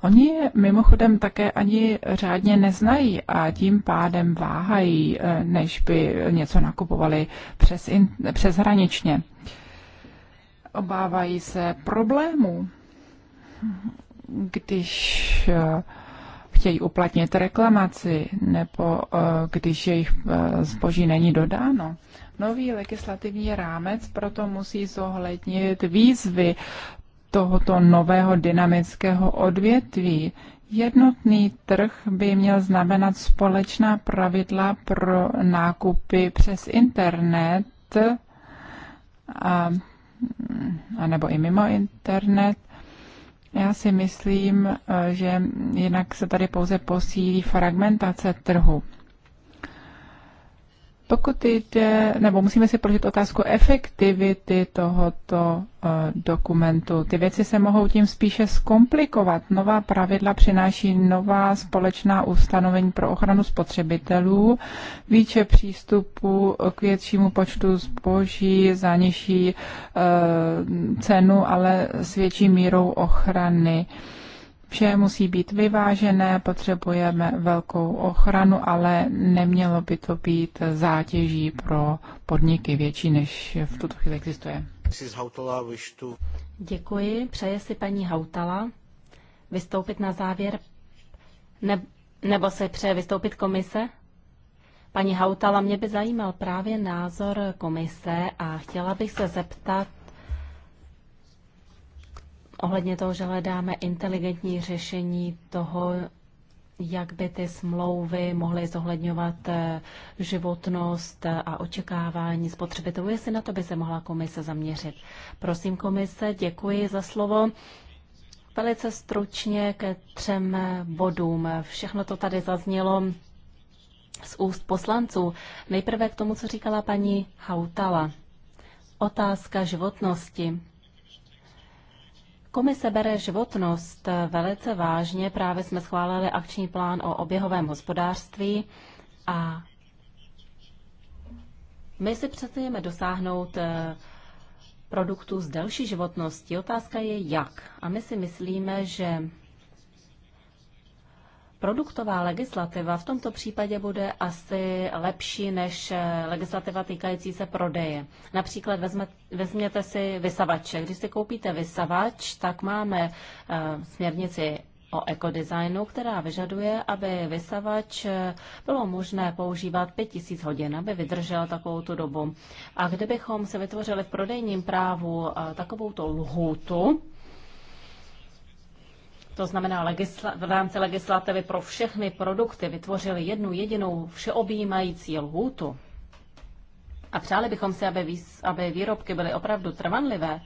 Oni mimochodem také ani řádně neznají a tím pádem váhají, než by něco nakupovali přes, in, přes hraničně obávají se problémů, když eh, chtějí uplatnit reklamaci nebo eh, když jejich eh, zboží není dodáno. Nový legislativní rámec proto musí zohlednit výzvy tohoto nového dynamického odvětví. Jednotný trh by měl znamenat společná pravidla pro nákupy přes internet a anebo i mimo internet. Já si myslím, eh, že jinak se tady pouze posílí fragmentace trhu. Pokud jde, nebo musíme si položit otázku efektivity tohoto eh, dokumentu. Ty věci se mohou tím spíše zkomplikovat. Nová pravidla přináší nová společná ustanovení pro ochranu spotřebitelů, více přístupu k většímu počtu zboží za nižší eh, cenu, ale s větší mírou ochrany. Vše musí být vyvážené, potřebujeme velkou ochranu, ale nemělo by to být zátěží pro podniky větší, než v tuto chvíli existuje. Děkuji. Přeje si paní Hautala vystoupit na závěr? Ne, nebo se přeje vystoupit komise? Paní Hautala, mě by zajímal právě názor komise a chtěla bych se zeptat, ohledně toho, že hledáme inteligentní řešení toho, jak by ty smlouvy mohly zohledňovat eh, životnost eh, a očekávání spotřebitelů, jestli na to by se mohla komise zaměřit. Prosím komise, děkuji za slovo. Velice stručně ke třem eh, bodům. Všechno to tady zaznělo z úst poslanců. Nejprve k tomu, co říkala paní Hautala. Otázka životnosti. Komise bere životnost velice vážně. Právě jsme schválili akční plán o oběhovém hospodářství a my si přece dosáhnout eh, produktů s delší životností. Otázka je jak. A my si myslíme, že produktová legislativa v tomto případě bude asi lepší než eh, legislativa týkající se prodeje. Například vezme, vezměte si vysavače. Když si koupíte vysavač, tak máme uh, směrnici o ekodesignu, která vyžaduje, aby vysavač eh, bylo možné používat 5000 hodin, aby vydržel takovou tu dobu. A kdybychom se vytvořili v prodejním právu takovou tu lhůtu, to znamená v rámci legislativy pro všechny produkty, vytvořili jednu jedinou všeobjímající lhůtu a přáli bychom si, aby výrobky byly opravdu trvanlivé,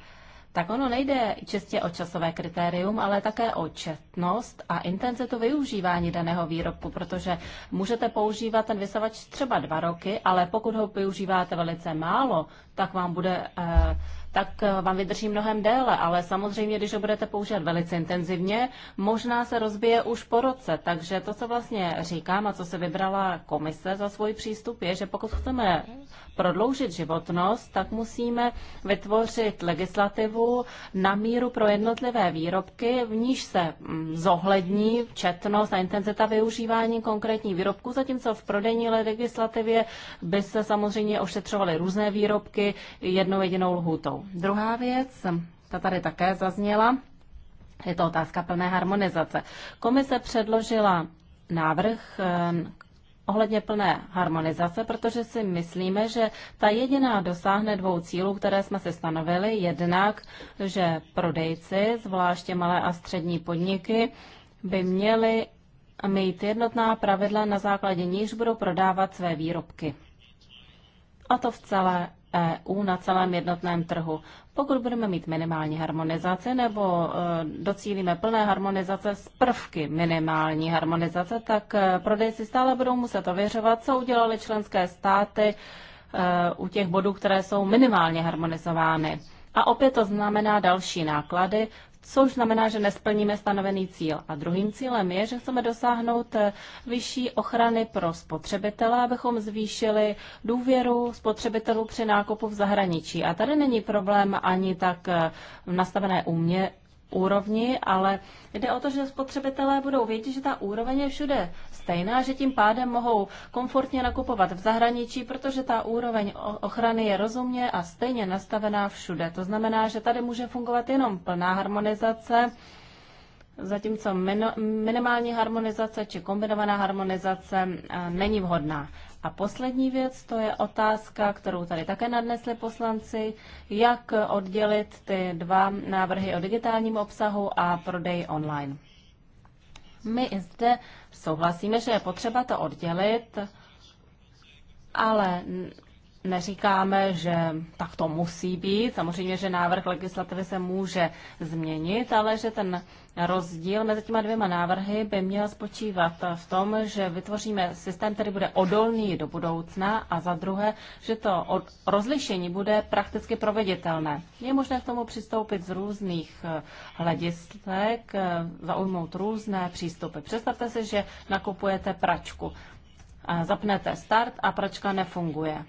tak ono nejde čistě o časové kritérium, ale také o četnost a intenzitu využívání daného výrobku, protože můžete používat ten vysavač třeba dva roky, ale pokud ho používáte velice málo, tak vám bude eh, tak vám vydrží mnohem déle, ale samozřejmě, když ho budete používat velice intenzivně, možná se rozbije už po roce. Takže to, co vlastně říkám a co se vybrala komise za svůj přístup, je, že pokud chceme prodloužit životnost, tak musíme vytvořit legislativu, úpravu na míru pro jednotlivé výrobky, v níž se mm, zohlední četnost a intenzita využívání konkrétní výrobků, zatímco v prodejní legislativě by se samozřejmě ošetřovaly různé výrobky jednou jedinou lhůtou. Druhá věc, ta tady také zazněla, je to otázka plné harmonizace. Komise předložila návrh eh, ohledně plné harmonizace, protože si myslíme, že ta jediná dosáhne dvou cílů, které jsme si stanovili. Jednak, že prodejci, zvláště malé a střední podniky, by měli mít jednotná pravidla, na základě níž budou prodávat své výrobky. A to v celé EU na celém jednotném trhu. Pokud budeme mít minimální harmonizaci nebo e, docílíme plné harmonizace s prvky minimální harmonizace, tak e, prodejci stále budou muset ověřovat, co udělali členské státy e, u těch bodů, které jsou minimálně harmonizovány. A opět to znamená další náklady, což znamená, že nesplníme stanovený cíl. A druhým cílem je, že chceme dosáhnout eh, vyšší ochrany pro spotřebitele, abychom zvýšili důvěru spotřebitelů při nákupu v zahraničí. A tady není problém ani tak v eh, nastavené úmě, úrovni, ale jde o to, že spotřebitelé budou vědět, že ta úroveň je všude stejná, že tím pádem mohou komfortně nakupovat v zahraničí, protože ta úroveň ochrany je rozumně a stejně nastavená všude. To znamená, že tady může fungovat jenom plná harmonizace, zatímco minimální harmonizace či kombinovaná harmonizace není vhodná. A poslední věc, to je otázka, kterou tady také nadnesli poslanci, jak oddělit ty dva návrhy o digitálním obsahu a prodej online. My i zde souhlasíme, že je potřeba to oddělit, ale neříkáme, že tak to musí být. Samozřejmě, že návrh legislativy se může změnit, ale že ten rozdíl mezi těma dvěma návrhy by měl spočívat v tom, že vytvoříme systém, který bude odolný do budoucna a za druhé, že to rozlišení bude prakticky proveditelné. Je možné k tomu přistoupit z různých eh, hledisek, eh, zaujmout různé přístupy. Představte si, že nakupujete pračku. Zapnete start a pračka nefunguje.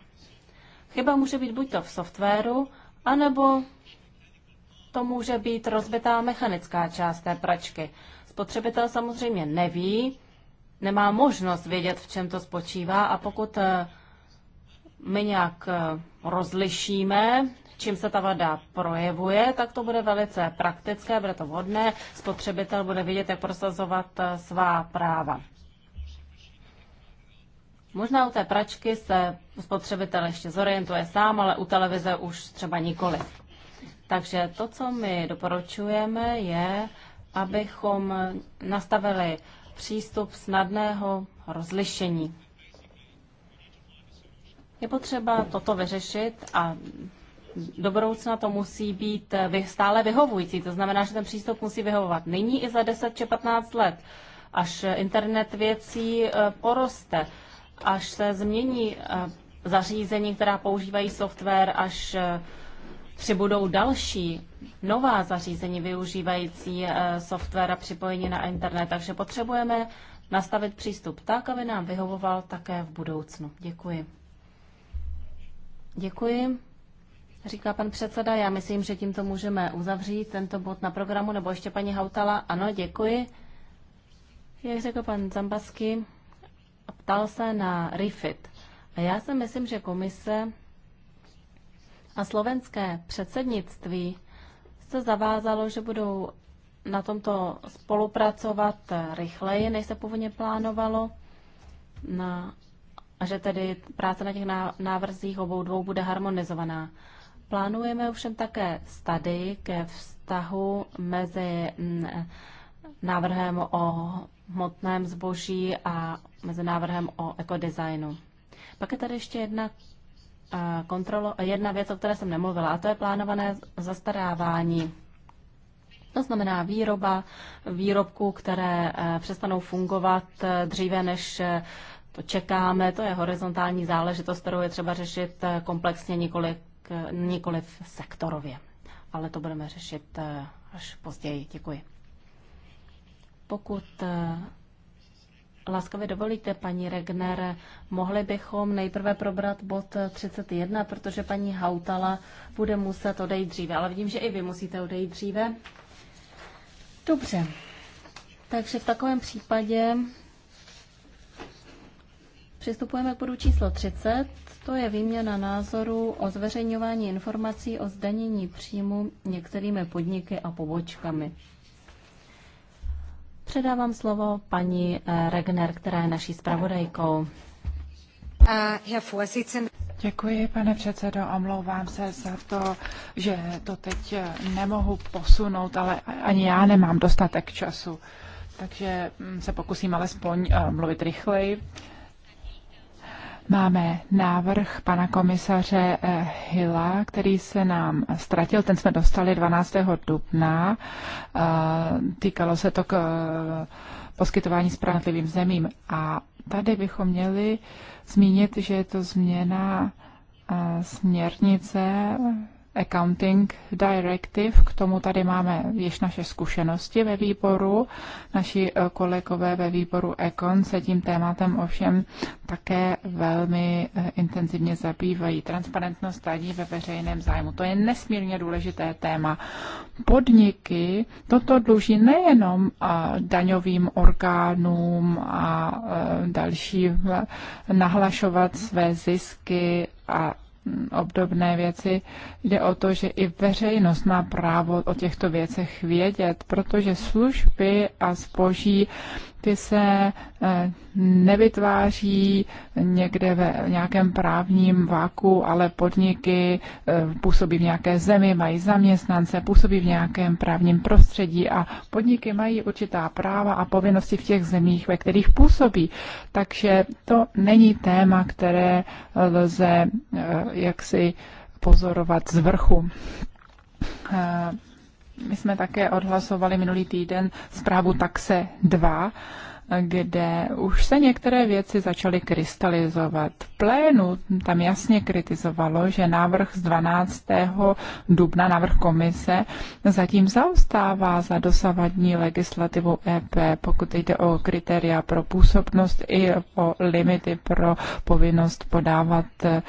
Chyba může být buď to v softwaru, anebo to může být rozbitá mechanická část té pračky. Spotřebitel samozřejmě neví, nemá možnost vědět, v čem to spočívá a pokud eh, my nějak eh, rozlišíme, čím se ta vada projevuje, tak to bude velice praktické, bude to vhodné, spotřebitel bude vidět, jak prosazovat eh, svá práva. Možná u té pračky se spotřebitel ještě zorientuje sám, ale u televize už třeba nikoli. Takže to, co my doporučujeme, je, abychom nastavili přístup snadného rozlišení. Je potřeba toto vyřešit a do budoucna to musí být stále vyhovující. To znamená, že ten přístup musí vyhovovat nyní i za 10 či 15 let, až internet věcí eh, poroste až se změní eh, zařízení, která používají software, až eh, přibudou další nová zařízení využívající eh, software a připojení na internet. Takže potřebujeme nastavit přístup tak, aby nám vyhovoval také v budoucnu. Děkuji. Děkuji. Říká pan předseda, já myslím, že tímto můžeme uzavřít tento bod na programu, nebo ještě paní Hautala. Ano, děkuji. Jak řekl pan Zambasky, ptal se na rifit. A já si myslím, že komise a slovenské předsednictví se zavázalo, že budou na tomto spolupracovat rychleji, než se původně plánovalo, na, a že tedy práce na těch návrzích obou dvou bude harmonizovaná. Plánujeme ovšem také stady ke vztahu mezi mm, návrhem o hmotném zboží a mezi návrhem o ekodesignu. Pak je tady ještě jedna, eh, kontrolo, jedna věc, o které jsem nemluvila, a to je plánované zastarávání. To znamená výroba výrobků, které eh, přestanou fungovat eh, dříve, než to čekáme. To je horizontální záležitost, kterou je třeba řešit komplexně, nikoliv, nikoliv sektorově. Ale to budeme řešit až později. Děkuji. Pokud Láskavě dovolíte, paní Regner, mohli bychom nejprve probrat bod 31, protože paní Hautala bude muset odejít dříve, ale vidím, že i vy musíte odejít dříve. Dobře, takže v takovém případě Přistupujeme k bodu číslo 30, to je výměna názoru o zveřejňování informací o zdanění příjmu některými podniky a pobočkami. Předávám slovo paní eh, Regner, která je naší zpravodajkou. Děkuji, pane předsedo. Omlouvám se za to, že to teď eh, nemohu posunout, ale ani já nemám dostatek času. Takže mm, se pokusím alespoň eh, mluvit rychleji. Máme návrh pana komisaře eh, Hilla, který se nám ztratil. Ten jsme dostali 12. dubna. Eh, týkalo se to k eh, poskytování spravedlivým zemím. A tady bychom měli zmínit, že je to změna směrnice Accounting Directive. K tomu tady máme již naše zkušenosti ve výboru. Naši eh, kolegové ve výboru Econ se tím tématem ovšem také velmi eh, intenzivně zabývají. Transparentnost daní ve veřejném zájmu. To je nesmírně důležité téma. Podniky toto dluží nejenom eh, daňovým orgánům a dalším nahlašovat své zisky a obdobné věci. Jde o to, že i veřejnost má právo o těchto věcech vědět, protože služby a zboží ty se eh, nevytváří někde ve nějakém právním váku, ale podniky eh, působí v nějaké zemi, mají zaměstnance, působí v nějakém právním prostředí a podniky mají určitá práva a povinnosti v těch zemích, ve kterých působí. Takže to není téma, které lze eh, jaksi pozorovat z vrchu my jsme také odhlasovali minulý týden zprávu Taxe 2 kde už se některé věci začaly krystalizovat. Plénu tam jasně kritizovalo, že návrh z 12. dubna, návrh komise, zatím zaostává za dosavadní legislativu EP, pokud jde o kritéria pro působnost i o limity pro povinnost podávat eh,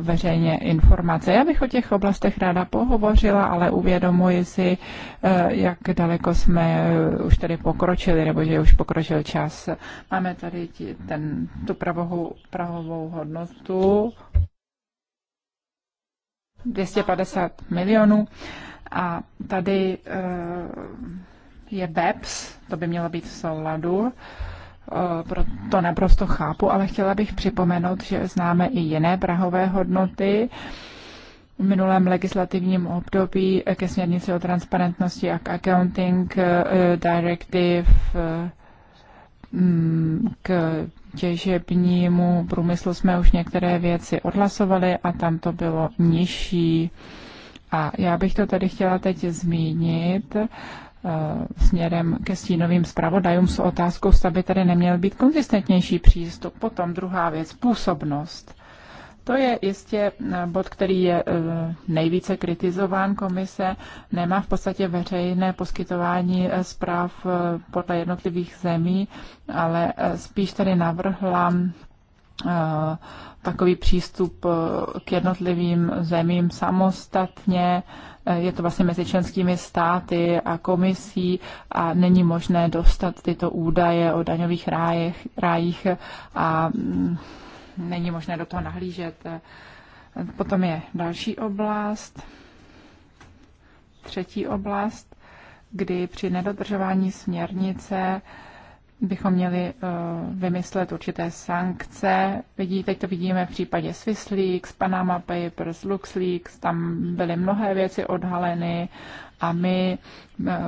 veřejně informace. Já bych o těch oblastech ráda pohovořila, ale uvědomuji si, eh, jak daleko jsme eh, už tady pokročili, nebo že už pokročil čas. Máme tady ten, tu pravohu, pravovou hodnotu 250 milionů a tady eh, je BEPS, to by mělo být v souladu eh, to naprosto chápu, ale chtěla bych připomenout, že známe i jiné prahové hodnoty. V minulém legislativním období eh, ke směrnici o transparentnosti a accounting directive Mm, k těžebnímu průmyslu jsme už některé věci odhlasovali a tam to bylo nižší. A já bych to tady chtěla teď zmínit eh, směrem ke stínovým zpravodajům s otázkou, zda by tady neměl být konzistentnější přístup. Potom druhá věc, působnost. To je jistě eh, bod, který je eh, nejvíce kritizován komise. Nemá v podstatě veřejné poskytování eh, zpráv podle jednotlivých zemí, ale spíš tady navrhla takový přístup k jednotlivým zemím samostatně. Je to vlastně mezi členskými státy a komisí a není možné dostat tyto údaje o daňových rájech, rájích a mm, není možné do toho nahlížet. Potom je další oblast, třetí oblast, kdy při nedodržování směrnice bychom měli eh, vymyslet určité sankce. Vidí, teď to vidíme v případě Swiss Leaks, Panama Papers, LuxLeaks, tam byly mnohé věci odhaleny a my eh,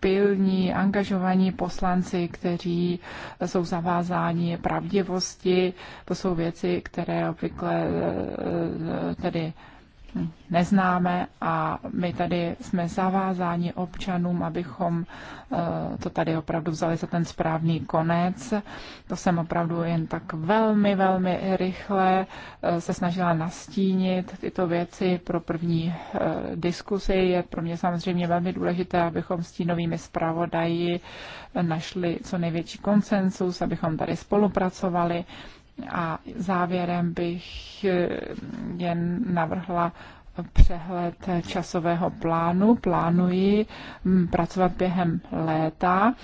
pilní, angažovaní poslanci, kteří jsou zavázáni pravdivosti, to jsou věci, které obvykle eh, eh, tedy neznáme a my tady jsme zavázáni občanům, abychom eh, to tady opravdu vzali za ten správný konec. To jsem opravdu jen tak velmi, velmi rychle eh, se snažila nastínit tyto věci pro první eh, diskusi. Je pro mě samozřejmě velmi důležité, abychom s tínovými zpravodaji našli co největší konsensus, abychom tady spolupracovali a závěrem bych eh, jen navrhla přehled časového plánu. Plánuji mm, pracovat během léta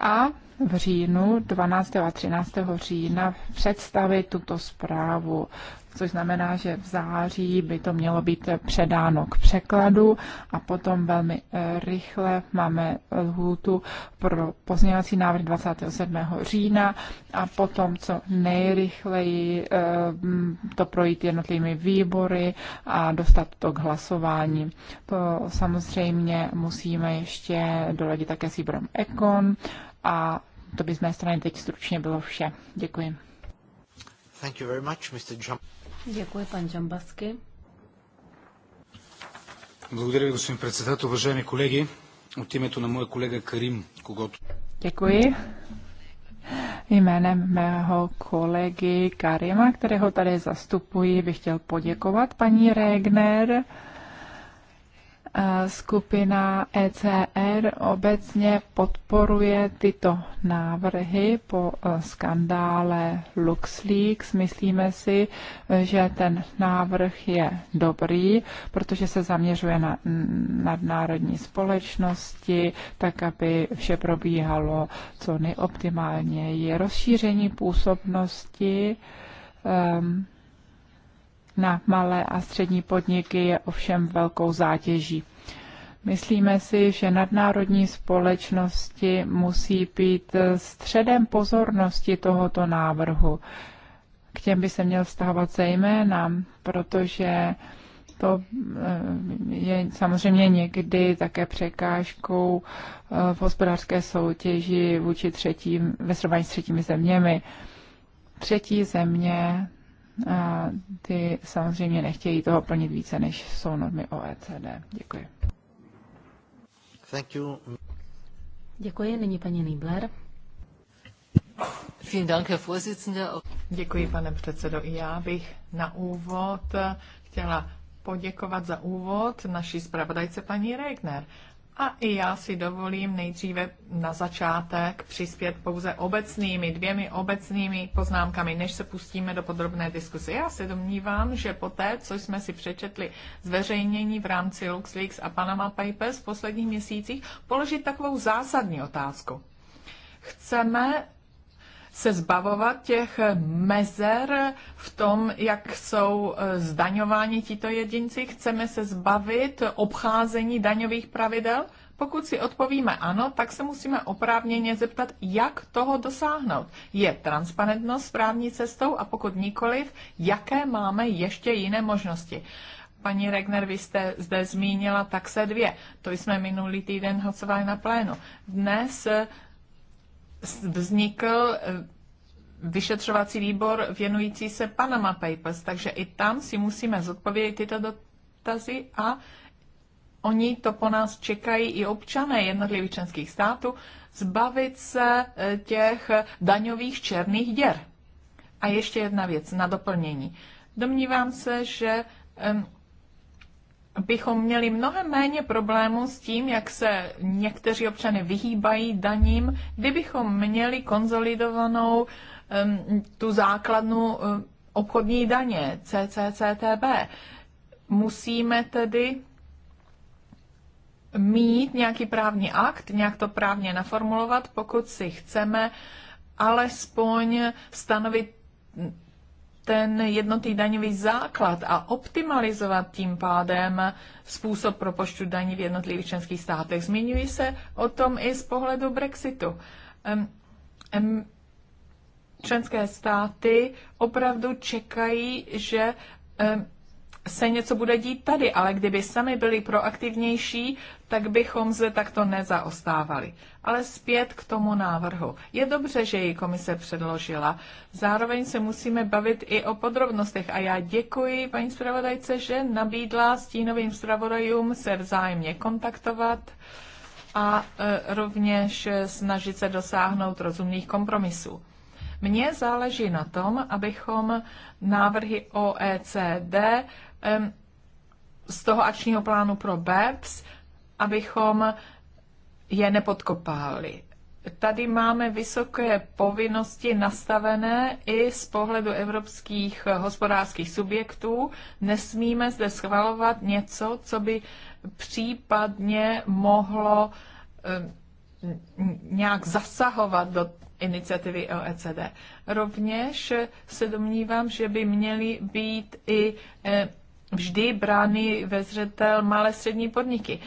a v říjnu, 12. a 13. října, představit tuto zprávu což znamená, že v září by to mělo být předáno k překladu a potom velmi eh, rychle máme lhůtu pro pozměňovací návrh 27. října a potom co nejrychleji eh, mm, to projít jednotlivými výbory a dostat to k hlasování. To samozřejmě musíme ještě doladit také s výborem Ekon a to by z mé strany teď stručně bylo vše. Děkuji. Thank you very much, Mr. Jump. Děkuji, pan Džambasky. Благодаря ви, господин председател. Уважаеми колеги, от името на моя колега Карим, когато... Děkuji. Jménem mého kolegy Karima, kterého tady zastupuji, bych chtěl poděkovat paní Regner Skupina ECR obecně podporuje tyto návrhy po e, skandále LuxLeaks. Myslíme si, že ten návrh je dobrý, protože se zaměřuje na nadnárodní společnosti, tak aby vše probíhalo co nejoptimálněji. Rozšíření působnosti um, na malé a střední podniky je ovšem velkou zátěží. Myslíme si, že nadnárodní společnosti musí být středem pozornosti tohoto návrhu. K těm by se měl vztahovat zejména, protože to eh, je samozřejmě někdy také překážkou eh, v hospodářské soutěži vůči třetím, ve srovnání s třetími zeměmi. Třetí země ty samozřejmě nechtějí toho plnit více, než jsou normy OECD. Děkuji. Thank you. Děkuji, nyní paní Niebler. Děkuji, pane předsedo. Já bych na úvod chtěla poděkovat za úvod naší zpravodajce paní Regner a i já si dovolím nejdříve na začátek přispět pouze obecnými, dvěmi obecnými poznámkami, než se pustíme do podrobné diskuse. Já se domnívám, že po té, co jsme si přečetli zveřejnění v rámci LuxLeaks a Panama Papers v posledních měsících, položit takovou zásadní otázku. Chceme se zbavovat těch mezer v tom, jak jsou e, zdaňováni tito jedinci? Chceme se zbavit obcházení daňových pravidel? Pokud si odpovíme ano, tak se musíme oprávněně zeptat, jak toho dosáhnout. Je transparentnost správní cestou a pokud nikoliv, jaké máme ještě jiné možnosti? Paní Regner, vy jste zde zmínila taxe dvě. To jsme minulý týden hlasovali na plénu. Dnes vznikl eh, vyšetřovací výbor věnující se Panama Papers, takže i tam si musíme zodpovědět tyto dotazy a oni to po nás čekají i občané jednotlivých členských států, zbavit se eh, těch eh, daňových černých děr. A ještě jedna věc na doplnění. Domnívám se, že bychom měli mnohem méně problémů s tím, jak se někteří občany vyhýbají daním, kdybychom měli konzolidovanou um, tu základnu um, obchodní daně, CCCTB. Musíme tedy mít nějaký právní akt, nějak to právně naformulovat, pokud si chceme alespoň stanovit ten jednotný daňový základ a optimalizovat tím pádem způsob propočtu daní v jednotlivých členských státech. Zmiňuji se o tom i z pohledu Brexitu. členské státy opravdu čekají, že se něco bude dít tady, ale kdyby sami byli proaktivnější, tak bychom se takto nezaostávali. Ale zpět k tomu návrhu. Je dobře, že ji komise předložila. Zároveň se musíme bavit i o podrobnostech a já děkuji paní zpravodajce, že nabídla stínovým zpravodajům se vzájemně kontaktovat a e, rovněž snažit se dosáhnout rozumných kompromisů. Mně záleží na tom, abychom návrhy OECD z toho akčního plánu pro BEPS, abychom je nepodkopáli. Tady máme vysoké povinnosti nastavené i z pohledu evropských hospodářských subjektů. Nesmíme zde schvalovat něco, co by případně mohlo nějak zasahovat do iniciativy OECD. Rovněž se domnívám, že by měly být i vždy brány ve zřetel malé střední podniky.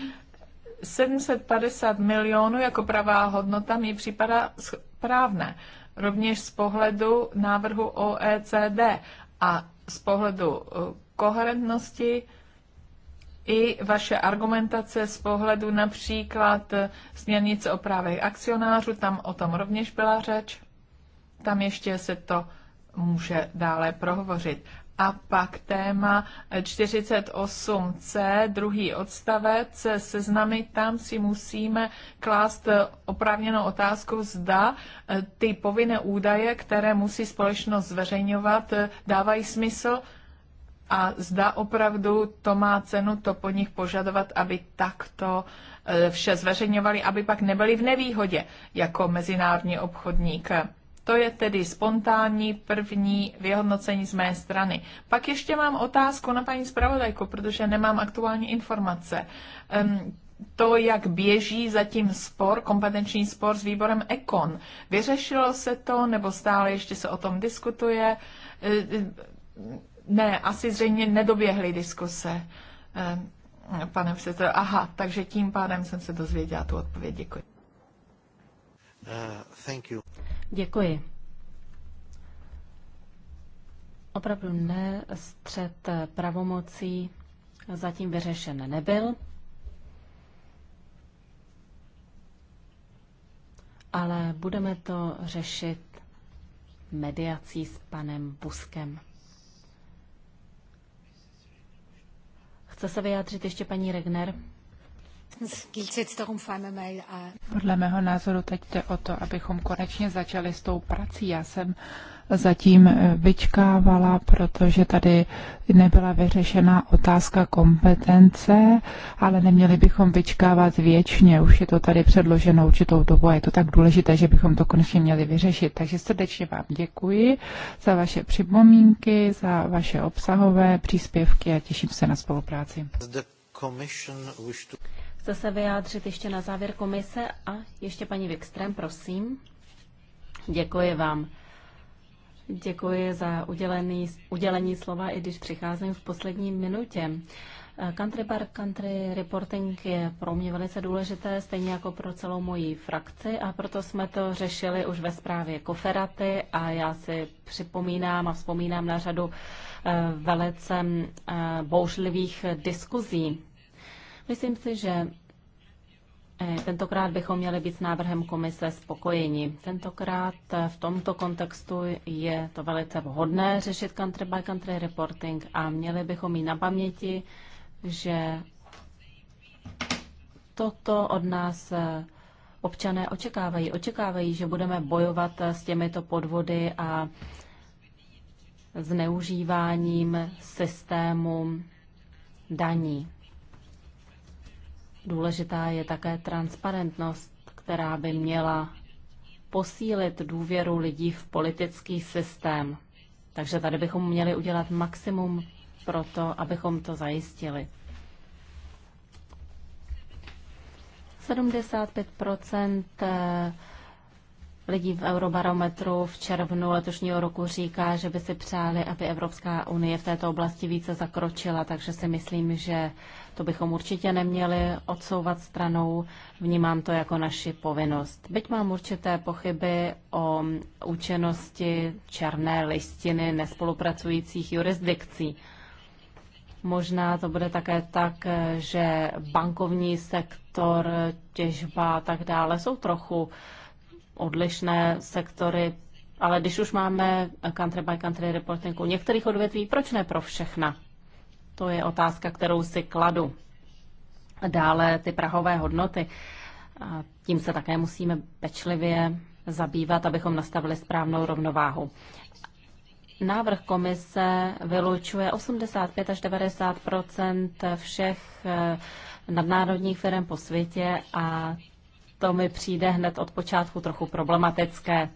750 milionů jako pravá hodnota mi připadá správné, rovněž z pohledu návrhu OECD a z pohledu eh, koherentnosti i vaše argumentace z pohledu například eh, směrnice o právech akcionářů, tam o tom rovněž byla řeč, tam ještě se to může dále prohovořit. A pak téma 48c, druhý odstavec, seznamy, tam si musíme klást oprávněnou otázku, zda e, ty povinné údaje, které musí společnost zveřejňovat, e, dávají smysl a zda opravdu to má cenu to po nich požadovat, aby takto e, vše zveřejňovali, aby pak nebyli v nevýhodě jako mezinárodní obchodník. To je tedy spontánní první vyhodnocení z mé strany. Pak ještě mám otázku na paní zpravodajku, protože nemám aktuální informace. Um, to, jak běží zatím spor, kompetenční spor s výborem Ekon. Vyřešilo se to, nebo stále ještě se o tom diskutuje? E, e, ne, asi zřejmě nedoběhly diskuse, e, pane předsedo. Aha, takže tím pádem jsem se dozvěděla tu odpověď. Děkuji. Uh, thank you. Děkuji. Opravdu ne, střed pravomocí zatím vyřešen nebyl, ale budeme to řešit mediací s panem Buskem. Chce se vyjádřit ještě paní Regner? Äh, Podle mého názoru teď jde o to, abychom konečně začali s tou prací. Já jsem zatím eh, vyčkávala, protože tady nebyla vyřešena otázka kompetence, ale neměli bychom vyčkávat věčně. Už je to tady předloženo určitou dobu a je to tak důležité, že bychom to konečně měli vyřešit. Takže srdečně vám děkuji za vaše připomínky, za vaše obsahové příspěvky a těším se na spolupráci chce se vyjádřit ještě na závěr komise a ještě paní Wikström, prosím. Děkuji vám. Děkuji za udělený, udělení slova, i když přicházím v poslední minutě. Country bar country reporting je pro mě velice důležité, stejně jako pro celou moji frakci a proto jsme to řešili už ve zprávě Koferaty a já si připomínám a vzpomínám na řadu eh, velice eh, bouřlivých diskuzí Myslím si, že eh, tentokrát bychom měli být s návrhem komise spokojeni. Tentokrát eh, v tomto kontextu je to velice vhodné řešit country by country reporting a měli bychom mít na paměti, že toto od nás eh, občané očekávají. Očekávají, že budeme bojovat s těmito podvody a zneužíváním systému daní. Důležitá je také transparentnost, která by měla posílit důvěru lidí v politický systém. Takže tady bychom měli udělat maximum pro to, abychom to zajistili. 75 lidí v Eurobarometru v červnu letošního roku říká, že by si přáli, aby Evropská unie v této oblasti více zakročila, takže si myslím, že to bychom určitě neměli odsouvat stranou. Vnímám to jako naši povinnost. Byť mám určité pochyby o účinnosti černé listiny nespolupracujících jurisdikcí. Možná to bude také tak, že bankovní sektor, těžba a tak dále jsou trochu uh, odlišné sektory, ale když už máme country by country reporting u některých odvětví, proč ne pro všechna? To je otázka, kterou si kladu. Dále ty prahové hodnoty. A tím se také musíme pečlivě zabývat, abychom nastavili správnou rovnováhu. Návrh komise vylučuje 85 až 90 všech eh, nadnárodních firm po světě a to mi přijde hned od počátku trochu problematické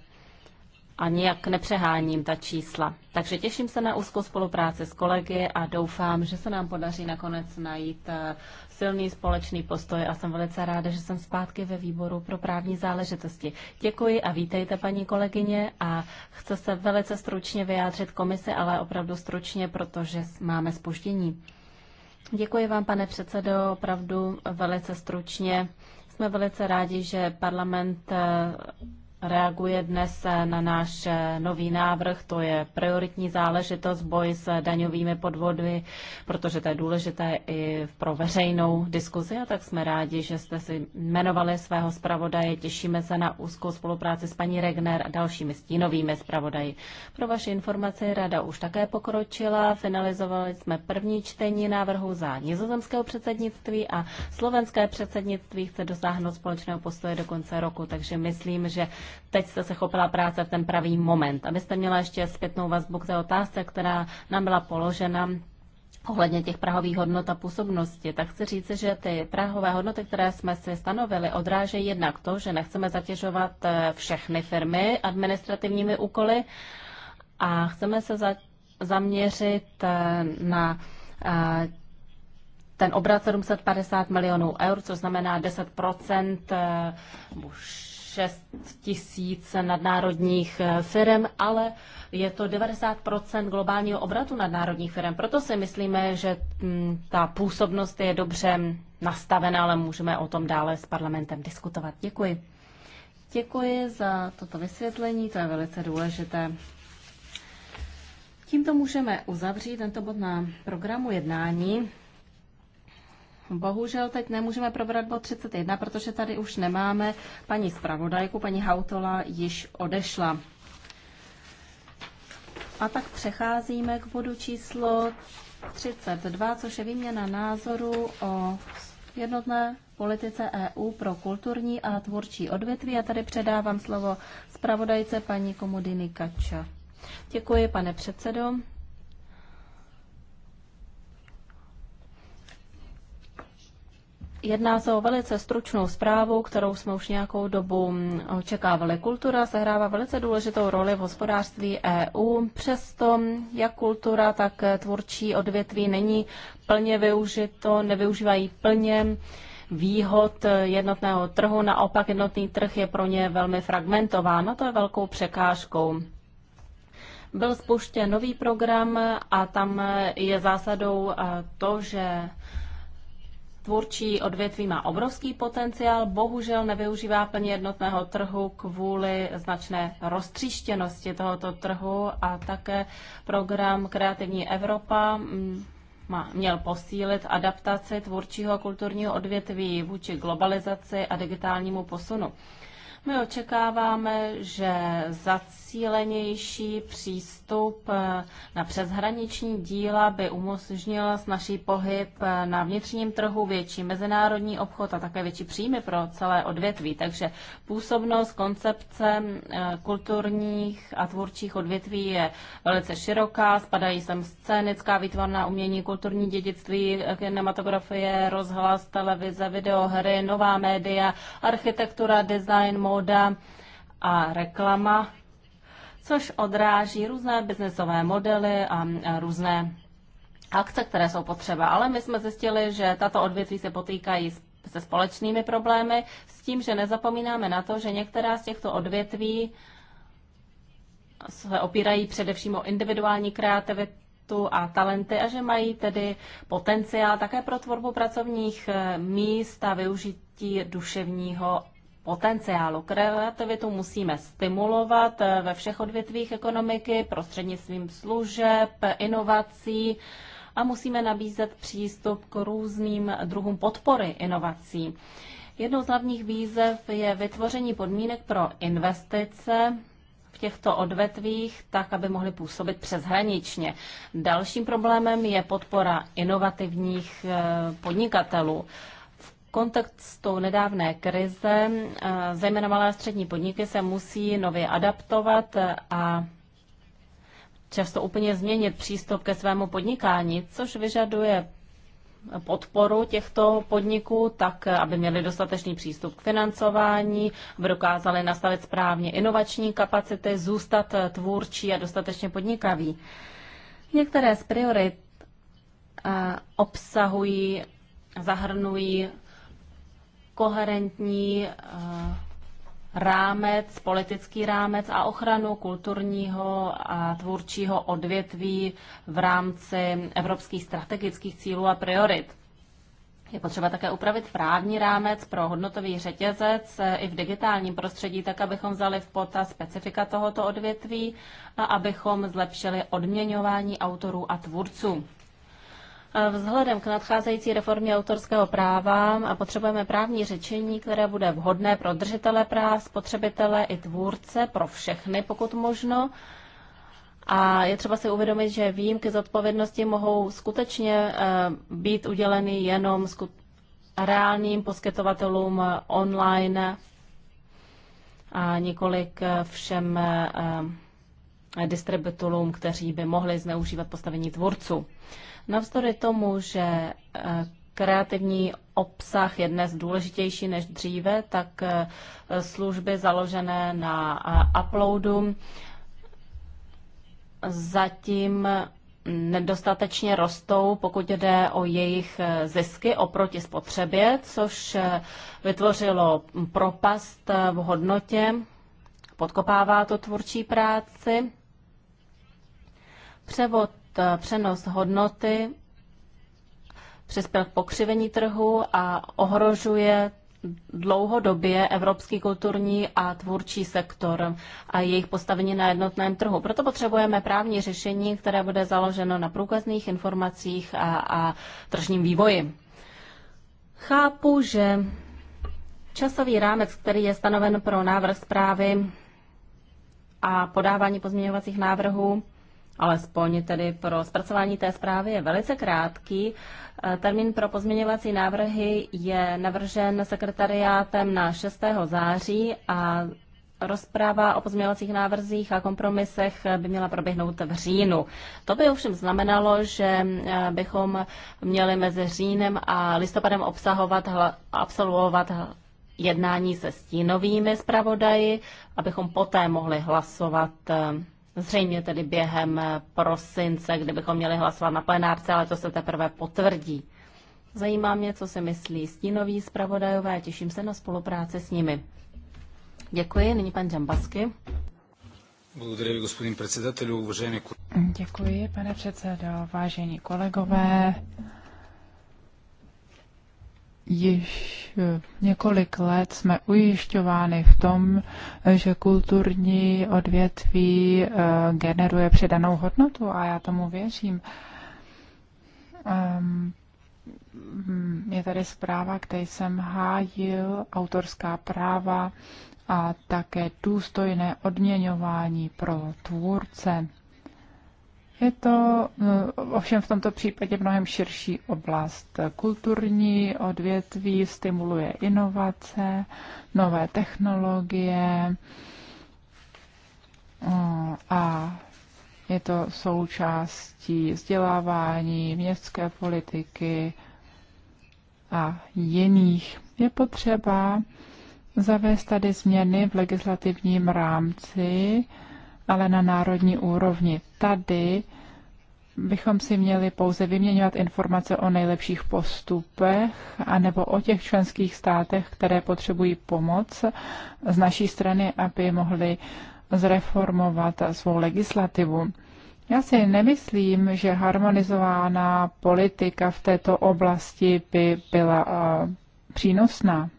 a nijak nepřeháním ta čísla. Takže těším se na úzkou spolupráci s kolegy a doufám, že se nám podaří nakonec najít eh, silný společný postoj a jsem velice ráda, že jsem zpátky ve výboru pro právní záležitosti. Děkuji a vítejte, paní kolegyně, a chce se velice stručně vyjádřit komisi, ale opravdu stručně, protože máme spoždění. Děkuji vám, pane předsedo, opravdu velice stručně. Jsme velice rádi, že parlament eh, reaguje dnes na náš nový návrh, to je prioritní záležitost boj s daňovými podvody, protože to je důležité i pro veřejnou diskuzi a tak jsme rádi, že jste si jmenovali svého zpravodaje. Těšíme se na úzkou spolupráci s paní Regner a dalšími stínovými zpravodaji. Pro vaši informaci rada už také pokročila, finalizovali jsme první čtení návrhu za nizozemského předsednictví a slovenské předsednictví chce dosáhnout společného postoje do konce roku, takže myslím, že teď jste se chopila práce v ten pravý moment. Abyste měla ještě zpětnou vazbu k té otázce, která nám byla položena ohledně těch prahových hodnot a působnosti, tak chci říct, že ty prahové hodnoty, které jsme si stanovili, odrážejí jednak to, že nechceme zatěžovat eh, všechny firmy administrativními úkoly a chceme se za, zaměřit eh, na eh, ten obrat 750 milionů eur, což znamená 10 už 6 tisíc nadnárodních eh, firm, ale je to 90 globálního obratu nadnárodních firm. Proto si myslíme, že mm, ta působnost je dobře nastavena, ale můžeme o tom dále s parlamentem diskutovat. Děkuji. Děkuji za toto vysvětlení, to je velice důležité. Tímto můžeme uzavřít tento bod na programu jednání. Bohužel teď nemůžeme probrat bod 31, protože tady už nemáme paní zpravodajku, paní Hautola již odešla. A tak přecházíme k bodu číslo 32, což je výměna názoru o jednotné politice EU pro kulturní a tvůrčí odvětví. A tady předávám slovo zpravodajce paní Komodiny Kača. Děkuji, pane předsedo. Jedná se o velice stručnou zprávu, kterou jsme už nějakou dobu mm, očekávali. Kultura sehrává velice důležitou roli v hospodářství EU, přesto jak kultura, tak tvůrčí odvětví není plně využito, nevyužívají plně výhod jednotného trhu, naopak jednotný trh je pro ně velmi fragmentován a to je velkou překážkou. Byl spuštěn nový program a tam je zásadou eh, to, že tvůrčí odvětví má obrovský potenciál, bohužel nevyužívá plně jednotného trhu kvůli značné roztříštěnosti tohoto trhu a také program Kreativní Evropa mm, má, měl posílit adaptaci tvůrčího kulturního odvětví vůči globalizaci a digitálnímu posunu. My očekáváme, že za Cílenější přístup eh, na přeshraniční díla by umožnil snažší pohyb eh, na vnitřním trhu, větší mezinárodní obchod a také větší příjmy pro celé odvětví. Takže působnost koncepce eh, kulturních a tvůrčích odvětví je velice široká. Spadají sem scénická výtvarná umění, kulturní dědictví, kinematografie, rozhlas, televize, videohry, nová média, architektura, design, móda a reklama což odráží různé biznesové modely a různé akce, které jsou potřeba. Ale my jsme zjistili, že tato odvětví se potýkají se společnými problémy, s tím, že nezapomínáme na to, že některá z těchto odvětví se opírají především o individuální kreativitu a talenty a že mají tedy potenciál také pro tvorbu pracovních eh, míst a využití duševního potenciálu. Kreativitu musíme stimulovat eh, ve všech odvětvích ekonomiky prostřednictvím služeb, inovací a musíme nabízet přístup k různým druhům podpory inovací. Jednou z hlavních výzev je vytvoření podmínek pro investice v těchto odvetvích, tak aby mohly působit přeshraničně. Dalším problémem je podpora inovativních eh, podnikatelů kontextu nedávné krize eh, zejména malé a střední podniky se musí nově adaptovat a často úplně změnit přístup ke svému podnikání, což vyžaduje podporu těchto podniků, tak eh, aby měli dostatečný přístup k financování, aby dokázali nastavit správně inovační kapacity, zůstat eh, tvůrčí a dostatečně podnikaví. Některé z priorit obsahují, zahrnují koherentní eh, rámec, politický rámec a ochranu kulturního a tvůrčího odvětví v rámci evropských strategických cílů a priorit. Je potřeba také upravit právní rámec pro hodnotový řetězec eh, i v digitálním prostředí, tak abychom vzali v potaz specifika tohoto odvětví a abychom zlepšili odměňování autorů a tvůrců. Vzhledem k nadcházející reformě autorského práva a potřebujeme právní řečení, které bude vhodné pro držitele práv, spotřebitele i tvůrce, pro všechny, pokud možno. A je třeba si uvědomit, že výjimky z odpovědnosti mohou skutečně eh, být uděleny jenom reálným poskytovatelům eh, online a několik eh, všem distributorům, kteří by mohli zneužívat postavení tvůrců. Navzdory tomu, že eh, kreativní obsah je dnes důležitější než dříve, tak eh, služby založené na eh, uploadu zatím nedostatečně rostou, pokud jde o jejich zisky oproti spotřebě, což vytvořilo propast v hodnotě, podkopává to tvůrčí práci. Převod E, přenos hodnoty přispěl k pokřivení trhu a ohrožuje dlouhodobě evropský kulturní a tvůrčí sektor a jejich postavení na jednotném trhu. Proto potřebujeme právní řešení, které bude založeno na průkazných informacích a, a tržním vývoji. Chápu, že časový rámec, který je stanoven pro návrh zprávy a podávání pozměňovacích návrhů, alespoň tedy pro zpracování té zprávy, je velice krátký. Eh, termín pro pozměňovací návrhy je navržen sekretariátem na 6. září a Rozpráva o pozměňovacích návrzích a kompromisech eh, by měla proběhnout v říjnu. To by ovšem znamenalo, že eh, bychom měli mezi říjnem a listopadem obsahovat, absolvovat jednání se stínovými zpravodaji, abychom poté mohli hlasovat Zřejmě tedy během eh, prosince, kdybychom měli hlasovat na plenárce, ale to se teprve potvrdí. Zajímá mě, co si myslí stínoví zpravodajové a těším se na spolupráci s nimi. Děkuji, nyní pan Džambasky. Děkuji, pane předsedo, vážení kolegové již eh, několik let jsme ujišťovány v tom, eh, že kulturní odvětví eh, generuje přidanou hodnotu a já tomu věřím. Ehm, mm, je tady zpráva, kde jsem hájil autorská práva a také důstojné odměňování pro tvůrce. Je to eh, ovšem v tomto případě mnohem širší oblast. Kulturní odvětví stimuluje inovace, nové technologie eh, a je to součástí vzdělávání, městské politiky a jiných. Je potřeba zavést tady změny v legislativním rámci, ale na národní úrovni tady bychom si měli pouze vyměňovat informace o nejlepších postupech anebo o těch členských státech, které potřebují pomoc z naší strany, aby mohli zreformovat svou legislativu. Já si nemyslím, že harmonizovaná politika v této oblasti by byla eh, přínosná.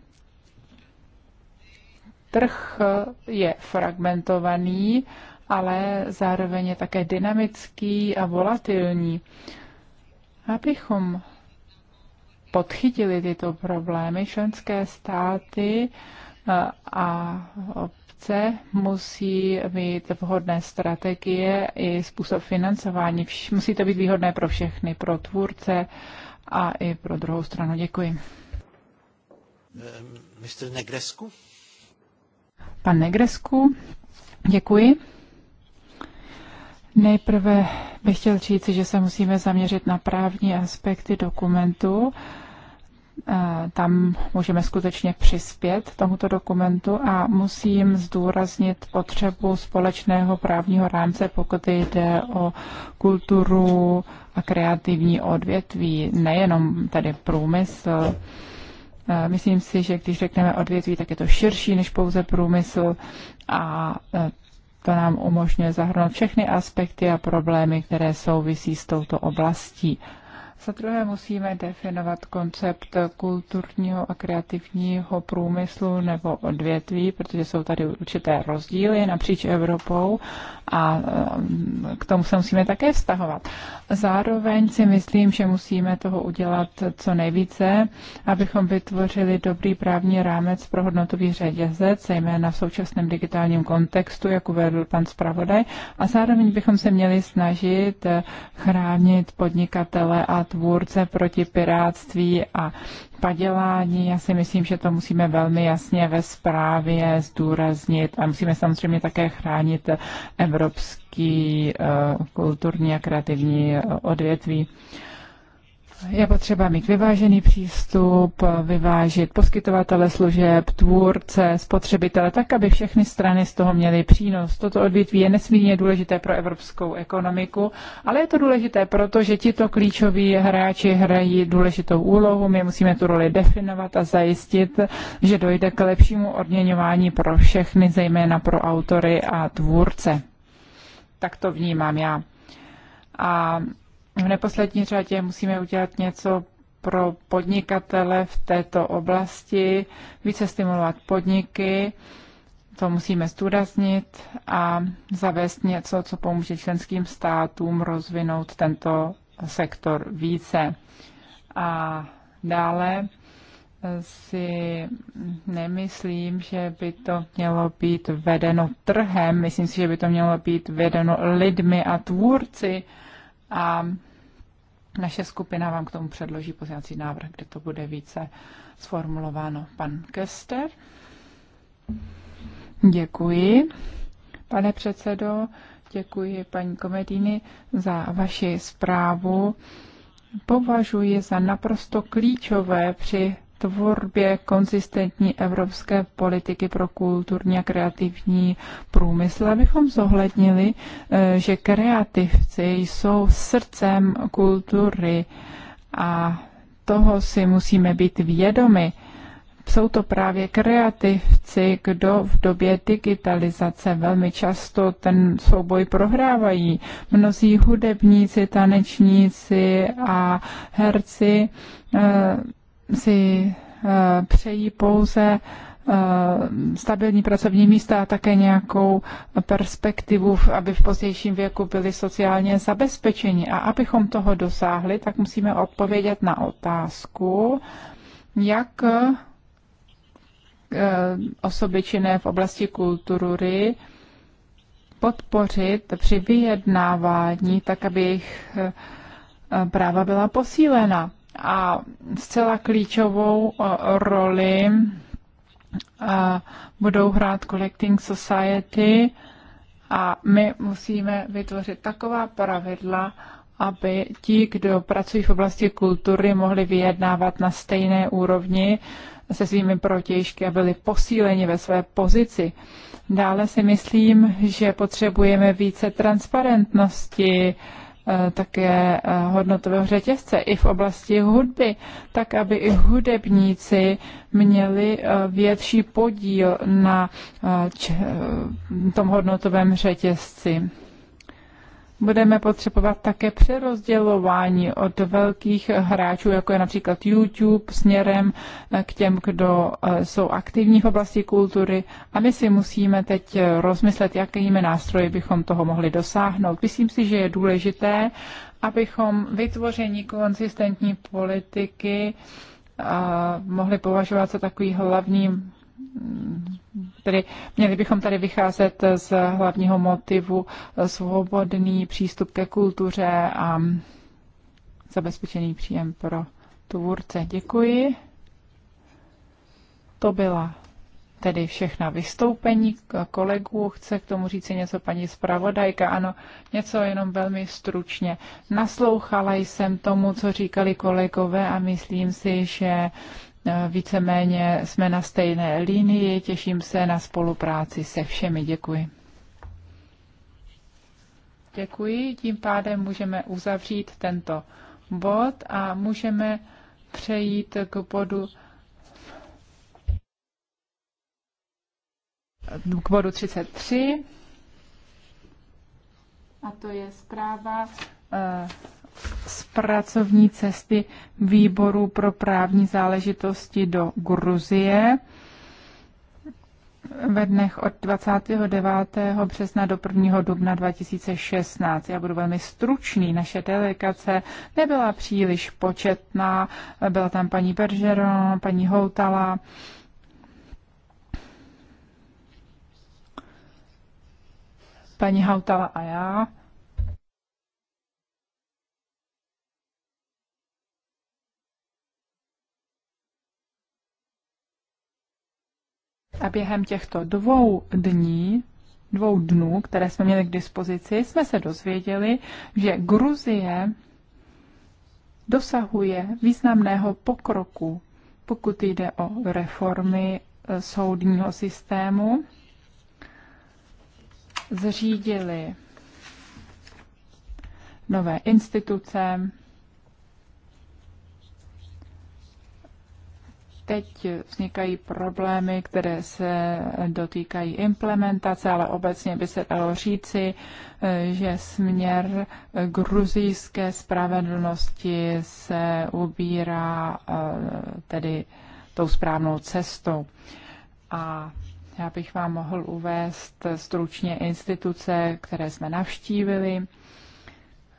Trh je fragmentovaný ale zároveň je také dynamický a volatilní. Abychom podchytili tyto problémy, členské státy eh, a obce musí mít vhodné strategie i způsob financování. Musí to být výhodné pro všechny, pro tvůrce a i pro druhou stranu. Děkuji. Eh, Mr. Negresku? Pan Negresku, děkuji. Nejprve bych chtěl říct, že se musíme zaměřit na právní aspekty dokumentu. Tam můžeme skutečně přispět tomuto dokumentu a musím zdůraznit potřebu společného právního rámce, pokud jde o kulturu a kreativní odvětví, nejenom tady průmysl. Myslím si, že když řekneme odvětví, tak je to širší než pouze průmysl a to nám umožňuje zahrnout všechny aspekty a problémy, které souvisí s touto oblastí. Za druhé musíme definovat koncept kulturního a kreativního průmyslu nebo odvětví, protože jsou tady určité rozdíly napříč Evropou a e, k tomu se musíme také vztahovat. Zároveň si myslím, že musíme toho udělat co nejvíce, abychom vytvořili dobrý právní rámec pro hodnotový řetězec, zejména v současném digitálním kontextu, jak uvedl pan zpravodaj, a zároveň bychom se měli snažit chránit podnikatele a tvůrce proti piráctví a padělání. Já si myslím, že to musíme velmi jasně ve zprávě zdůraznit a musíme samozřejmě také chránit evropský eh, kulturní a kreativní eh, odvětví. Je potřeba mít vyvážený přístup, vyvážit poskytovatele služeb, tvůrce, spotřebitele, tak, aby všechny strany z toho měly přínos. Toto odvětví je nesmírně důležité pro evropskou ekonomiku, ale je to důležité proto, že tito klíčoví hráči hrají důležitou úlohu. My musíme tu roli definovat a zajistit, že dojde k lepšímu odměňování pro všechny, zejména pro autory a tvůrce. Tak to vnímám já. A v neposlední řadě musíme udělat něco pro podnikatele v této oblasti, více stimulovat podniky, to musíme zdůraznit a zavést něco, co pomůže členským státům rozvinout tento sektor více. A dále si nemyslím, že by to mělo být vedeno trhem, myslím si, že by to mělo být vedeno lidmi a tvůrci, a naše skupina vám k tomu předloží pozměňovací návrh, kde to bude více sformulováno. Pan Kester. Děkuji, pane předsedo. Děkuji, paní Komedíny, za vaši zprávu. Považuji za naprosto klíčové při tvorbě konzistentní evropské politiky pro kulturní a kreativní průmysl, abychom zohlednili, eh, že kreativci jsou srdcem kultury a toho si musíme být vědomi. Jsou to právě kreativci, kdo v době digitalizace velmi často ten souboj prohrávají. Mnozí hudebníci, tanečníci a herci eh, si eh, přejí pouze eh, stabilní pracovní místa a také nějakou perspektivu, aby v pozdějším věku byli sociálně zabezpečeni. A abychom toho dosáhli, tak musíme odpovědět na otázku, jak eh, osoby činné v oblasti kultury podpořit při vyjednávání, tak aby jejich práva byla posílena a zcela klíčovou eh, roli eh, budou hrát Collecting Society a my musíme vytvořit taková pravidla, aby ti, kdo pracují v oblasti kultury, mohli vyjednávat na stejné úrovni se svými protěžky a byli posíleni ve své pozici. Dále si myslím, že potřebujeme více transparentnosti, Eh, také eh, hodnotového řetězce i v oblasti hudby, tak aby i hudebníci měli eh, větší podíl na tom hodnotovém řetězci budeme potřebovat také přerozdělování od velkých hráčů, jako je například YouTube, směrem eh, k těm, kdo eh, jsou aktivní v oblasti kultury. A my si musíme teď rozmyslet, jakými nástroji bychom toho mohli dosáhnout. Myslím si, že je důležité, abychom vytvoření konzistentní politiky eh, mohli považovat za takový hlavní Tedy měli bychom tady vycházet z hlavního motivu e, svobodný přístup ke kultuře a zabezpečený příjem pro tvůrce. Děkuji. To byla tedy všechna vystoupení kolegů. Chce k tomu říct něco paní zpravodajka? Ano, něco jenom velmi stručně. Naslouchala jsem tomu, co říkali kolegové a myslím si, že Eh, víceméně jsme na stejné linii, těším se na spolupráci se všemi. Děkuji. Děkuji, tím pádem můžeme uzavřít tento bod a můžeme přejít k bodu k bodu 33. A to je zpráva uh, z pracovní cesty výboru pro právní záležitosti do Gruzie ve dnech od 29. března do 1. dubna 2016. Já budu velmi stručný. Naše delegace nebyla příliš početná. Byla tam paní Bergeron, paní Houtala. Paní Houtala a já. A během těchto dvou dní, dvou dnů, které jsme měli k dispozici, jsme se dozvěděli, že Gruzie dosahuje významného pokroku, pokud jde o reformy eh, soudního systému. Zřídili nové instituce, teď vznikají problémy, které se dotýkají implementace, ale obecně by se dalo říci, že směr gruzijské spravedlnosti se ubírá eh, tedy tou správnou cestou. A já bych vám mohl uvést stručně instituce, které jsme navštívili.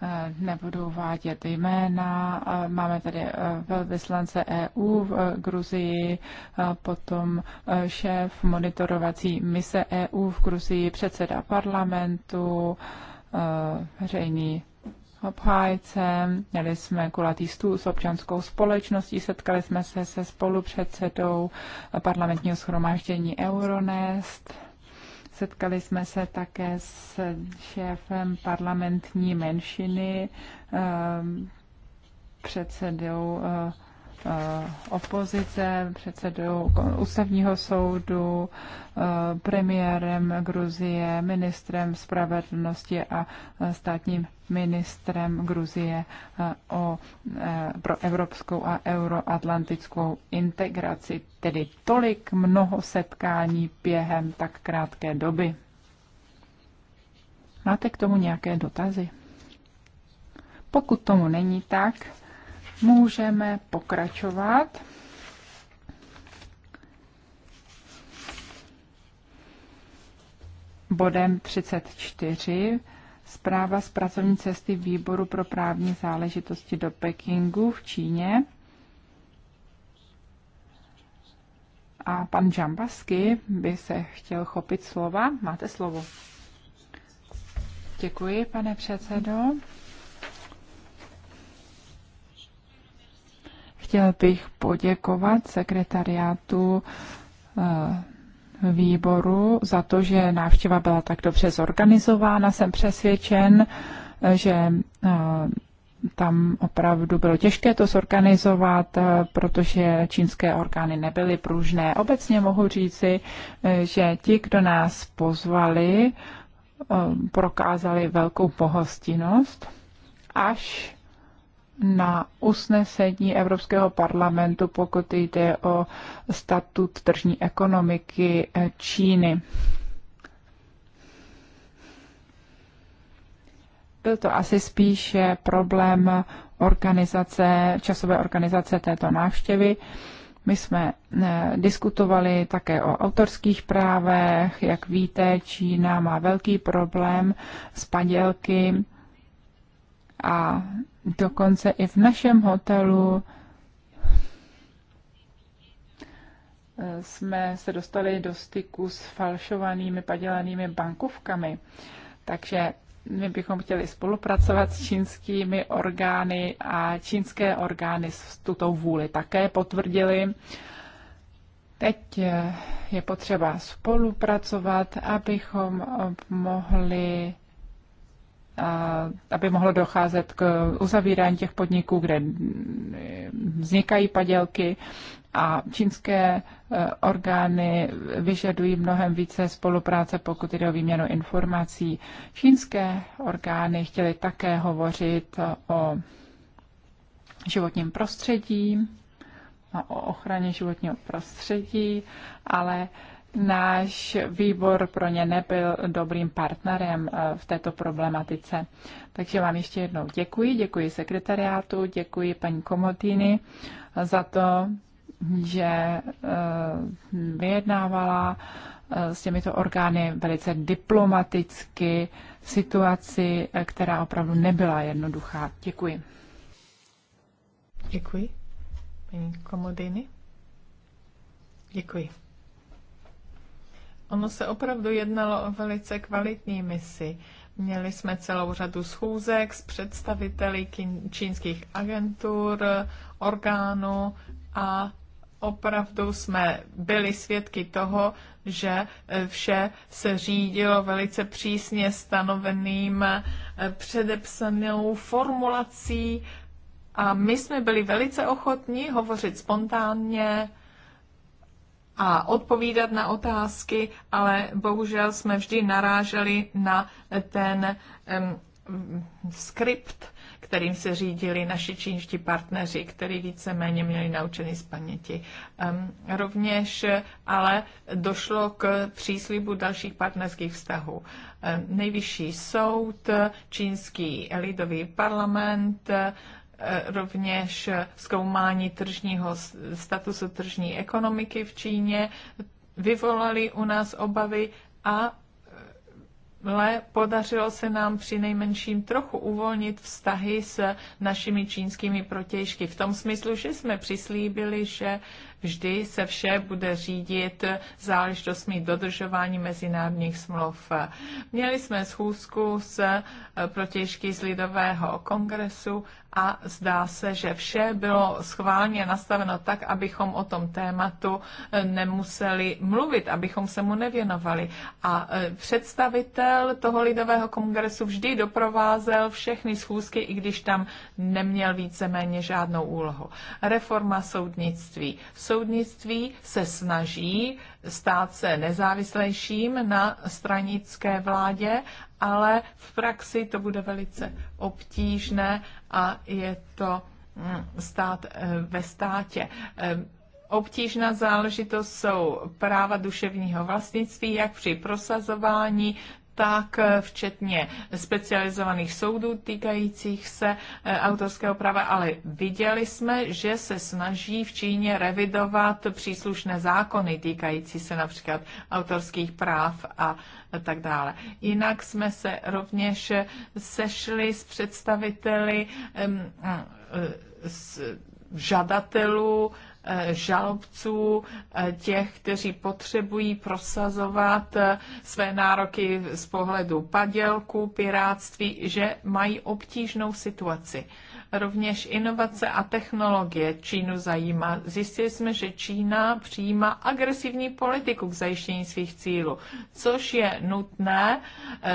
Eh, nebudu vádět jména. Eh, máme tady eh, velvyslance EU v Gruzii, potom šéf monitorovací mise EU v Gruzii, předseda parlamentu, veřejný obhájce, měli jsme kulatý stůl s občanskou společností, setkali jsme se se spolupředsedou parlamentního schromáždění Euronest Setkali jsme se také s šéfem parlamentní menšiny, eh, předsedou eh, Eh, opozice, předsedou ústavního soudu, eh, premiérem Gruzie, ministrem spravedlnosti a eh, státním ministrem Gruzie o, pro evropskou a euroatlantickou integraci. Tedy tolik mnoho setkání během tak krátké doby. Máte k tomu nějaké dotazy? Pokud tomu není tak, Můžeme pokračovat. Bodem 34. Zpráva z pracovní cesty Výboru pro právní záležitosti do Pekingu v Číně. A pan Džambasky by se chtěl chopit slova. Máte slovo. Děkuji, pane předsedo. Chtěl bych poděkovat sekretariátu eh, výboru za to, že návštěva byla tak dobře zorganizována. Jsem přesvědčen, eh, že eh, tam opravdu bylo těžké to zorganizovat, protože čínské orgány nebyly pružné. Obecně mohu říci, že ti, kdo nás pozvali, prokázali velkou pohostinnost, až na usnesení Evropského parlamentu, pokud jde o statut tržní ekonomiky eh, Číny. Byl to asi spíše problém organizace, časové organizace této návštěvy. My jsme eh, diskutovali také o autorských právech. Jak víte, Čína má velký problém s padělky a dokonce i v našem hotelu jsme se dostali do styku s falšovanými padělanými bankovkami. Takže my bychom chtěli spolupracovat s čínskými orgány a čínské orgány s tuto vůli také potvrdili. Teď je potřeba spolupracovat, abychom mohli aby mohlo docházet k uzavírání těch podniků, kde vznikají padělky a čínské e, orgány vyžadují mnohem více spolupráce, pokud jde o výměnu informací. Čínské orgány chtěly také hovořit o životním prostředí, o ochraně životního prostředí, ale náš výbor pro ně nebyl dobrým partnerem eh, v této problematice. Takže vám ještě jednou děkuji, děkuji sekretariátu, děkuji paní Komotýny za to, že eh, vyjednávala eh, s těmito orgány velice diplomaticky situaci, která opravdu nebyla jednoduchá. Děkuji. Děkuji. Paní Komodiny. Děkuji. Ono se opravdu jednalo o velice kvalitní misi. Měli jsme celou řadu schůzek s představiteli čínských agentur, orgánů a opravdu jsme byli svědky toho, že eh, vše se řídilo velice přísně stanoveným eh, předepsanou formulací a my jsme byli velice ochotní hovořit spontánně, a odpovídat na otázky, ale bohužel jsme vždy naráželi na ten um, skript, kterým se řídili naši čínští partneři, který víceméně měli naučený z paměti. Um, rovněž ale došlo k příslibu dalších partnerských vztahů. Um, nejvyšší soud, čínský lidový parlament, um, rovněž zkoumání tržního statusu tržní ekonomiky v Číně, vyvolali u nás obavy a ale e, podařilo se nám při nejmenším trochu uvolnit vztahy s našimi čínskými protějšky. V tom smyslu, že jsme přislíbili, že Vždy se vše bude řídit záležitostmi dodržování mezinárodních smluv. Měli jsme schůzku s eh, protěžky z Lidového kongresu a zdá se, že vše bylo schválně nastaveno tak, abychom o tom tématu eh, nemuseli mluvit, abychom se mu nevěnovali. A eh, představitel toho lidového kongresu vždy doprovázel všechny schůzky, i když tam neměl víceméně žádnou úlohu. Reforma soudnictví, soudnictví se snaží stát se nezávislejším na stranické vládě, ale v praxi to bude velice obtížné a je to mm, stát eh, ve státě. Eh, obtížná záležitost jsou práva duševního vlastnictví, jak při prosazování, tak eh, včetně specializovaných soudů týkajících se eh, autorského práva, ale viděli jsme, že se snaží v Číně revidovat příslušné zákony týkající se například autorských práv a tak dále. Jinak jsme se rovněž eh, sešli s představiteli s žadatelů Eh, žalobců, eh, těch, kteří potřebují prosazovat eh, své nároky z pohledu padělku, piráctví, že mají obtížnou situaci. Rovněž inovace a technologie Čínu zajímá. Zjistili jsme, že Čína přijímá agresivní politiku k zajištění svých cílů, což je nutné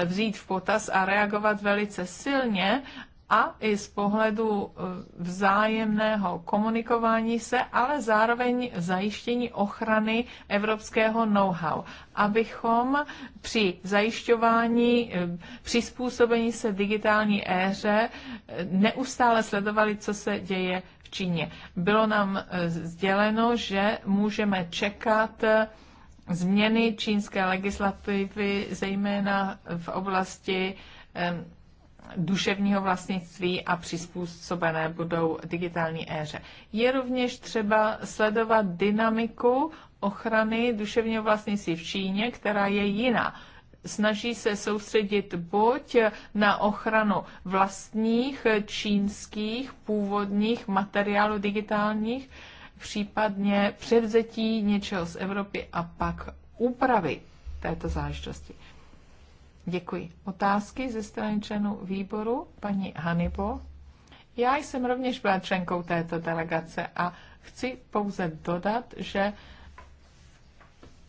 vzít v potaz a reagovat velice silně a i z pohledu eh, vzájemného komunikování se, ale zároveň zajištění ochrany evropského know-how, abychom při zajišťování eh, přizpůsobení se digitální éře eh, neustále sledovali, co se děje v Číně. Bylo nám sděleno, že můžeme čekat změny čínské legislativy, zejména v oblasti duševního vlastnictví a přizpůsobené budou digitální éře. Je rovněž třeba sledovat dynamiku ochrany duševního vlastnictví v Číně, která je jiná. Snaží se soustředit buď na ochranu vlastních čínských původních materiálů digitálních, případně převzetí něčeho z Evropy a pak úpravy této záležitosti. Děkuji. Otázky ze strany členů výboru, paní Hanibo. Já jsem rovněž byla členkou této delegace a chci pouze dodat, že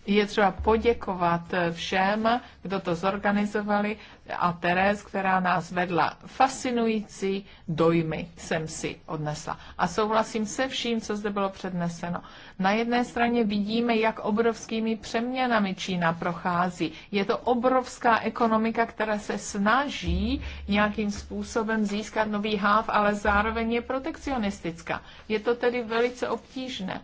je třeba poděkovat všem, kdo to zorganizovali a Teres, která nás vedla. Fascinující dojmy jsem si odnesla. A souhlasím se vším, co zde bylo předneseno. Na jedné straně vidíme, jak obrovskými přeměnami Čína prochází. Je to obrovská ekonomika, která se snaží nějakým způsobem získat nový háv, ale zároveň je protekcionistická. Je to tedy velice obtížné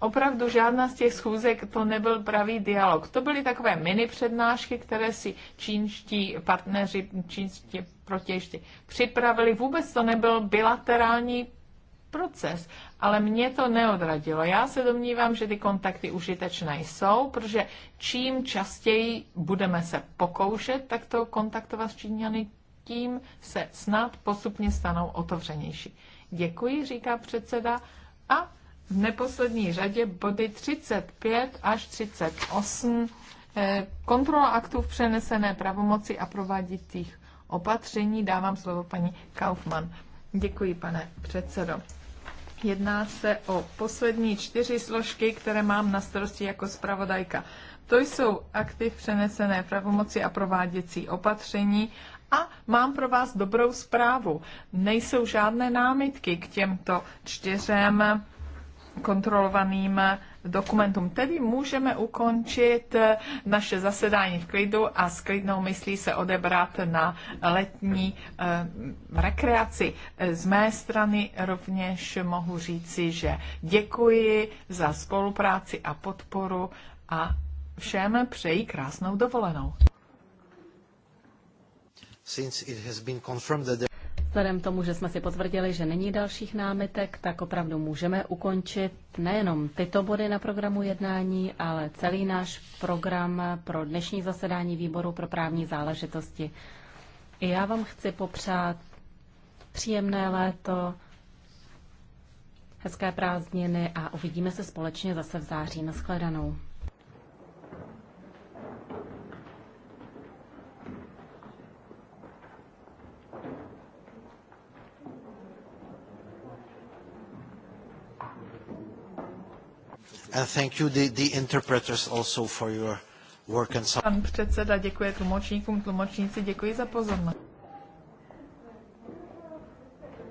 opravdu žádná z těch schůzek to nebyl pravý dialog. To byly takové mini přednášky, které si čínští partneři, čínští protěžci připravili. Vůbec to nebyl bilaterální proces, ale mě to neodradilo. Já se domnívám, že ty kontakty užitečné jsou, protože čím častěji budeme se pokoušet takto kontaktovat s Číňany, tím se snad postupně stanou otevřenější. Děkuji, říká předseda. A v neposlední řadě body 35 až 38 eh, kontrola aktů v přenesené pravomoci a prováděcích opatření. Dávám slovo paní Kaufmann. Děkuji, pane předsedo. Jedná se o poslední čtyři složky, které mám na starosti jako zpravodajka. To jsou v přenesené pravomoci a prováděcí opatření a mám pro vás dobrou zprávu. Nejsou žádné námitky k těmto čtyřem kontrolovaným dokumentům. Tedy můžeme ukončit naše zasedání v klidu a s klidnou myslí se odebrat na letní eh, rekreaci. Z mé strany rovněž mohu říci, že děkuji za spolupráci a podporu a všem přeji krásnou dovolenou. Since it has been confirmed that Vzhledem tomu, že jsme si potvrdili, že není dalších námitek, tak opravdu můžeme ukončit nejenom tyto body na programu jednání, ale celý náš program pro dnešní zasedání výboru pro právní záležitosti. I já vám chci popřát příjemné léto, hezké prázdniny a uvidíme se společně zase v září. Naschledanou. And thank you the, the interpreters also for your work and... Pan předseda děkuje tlumočníkům, tlumočníci děkuji za pozornost.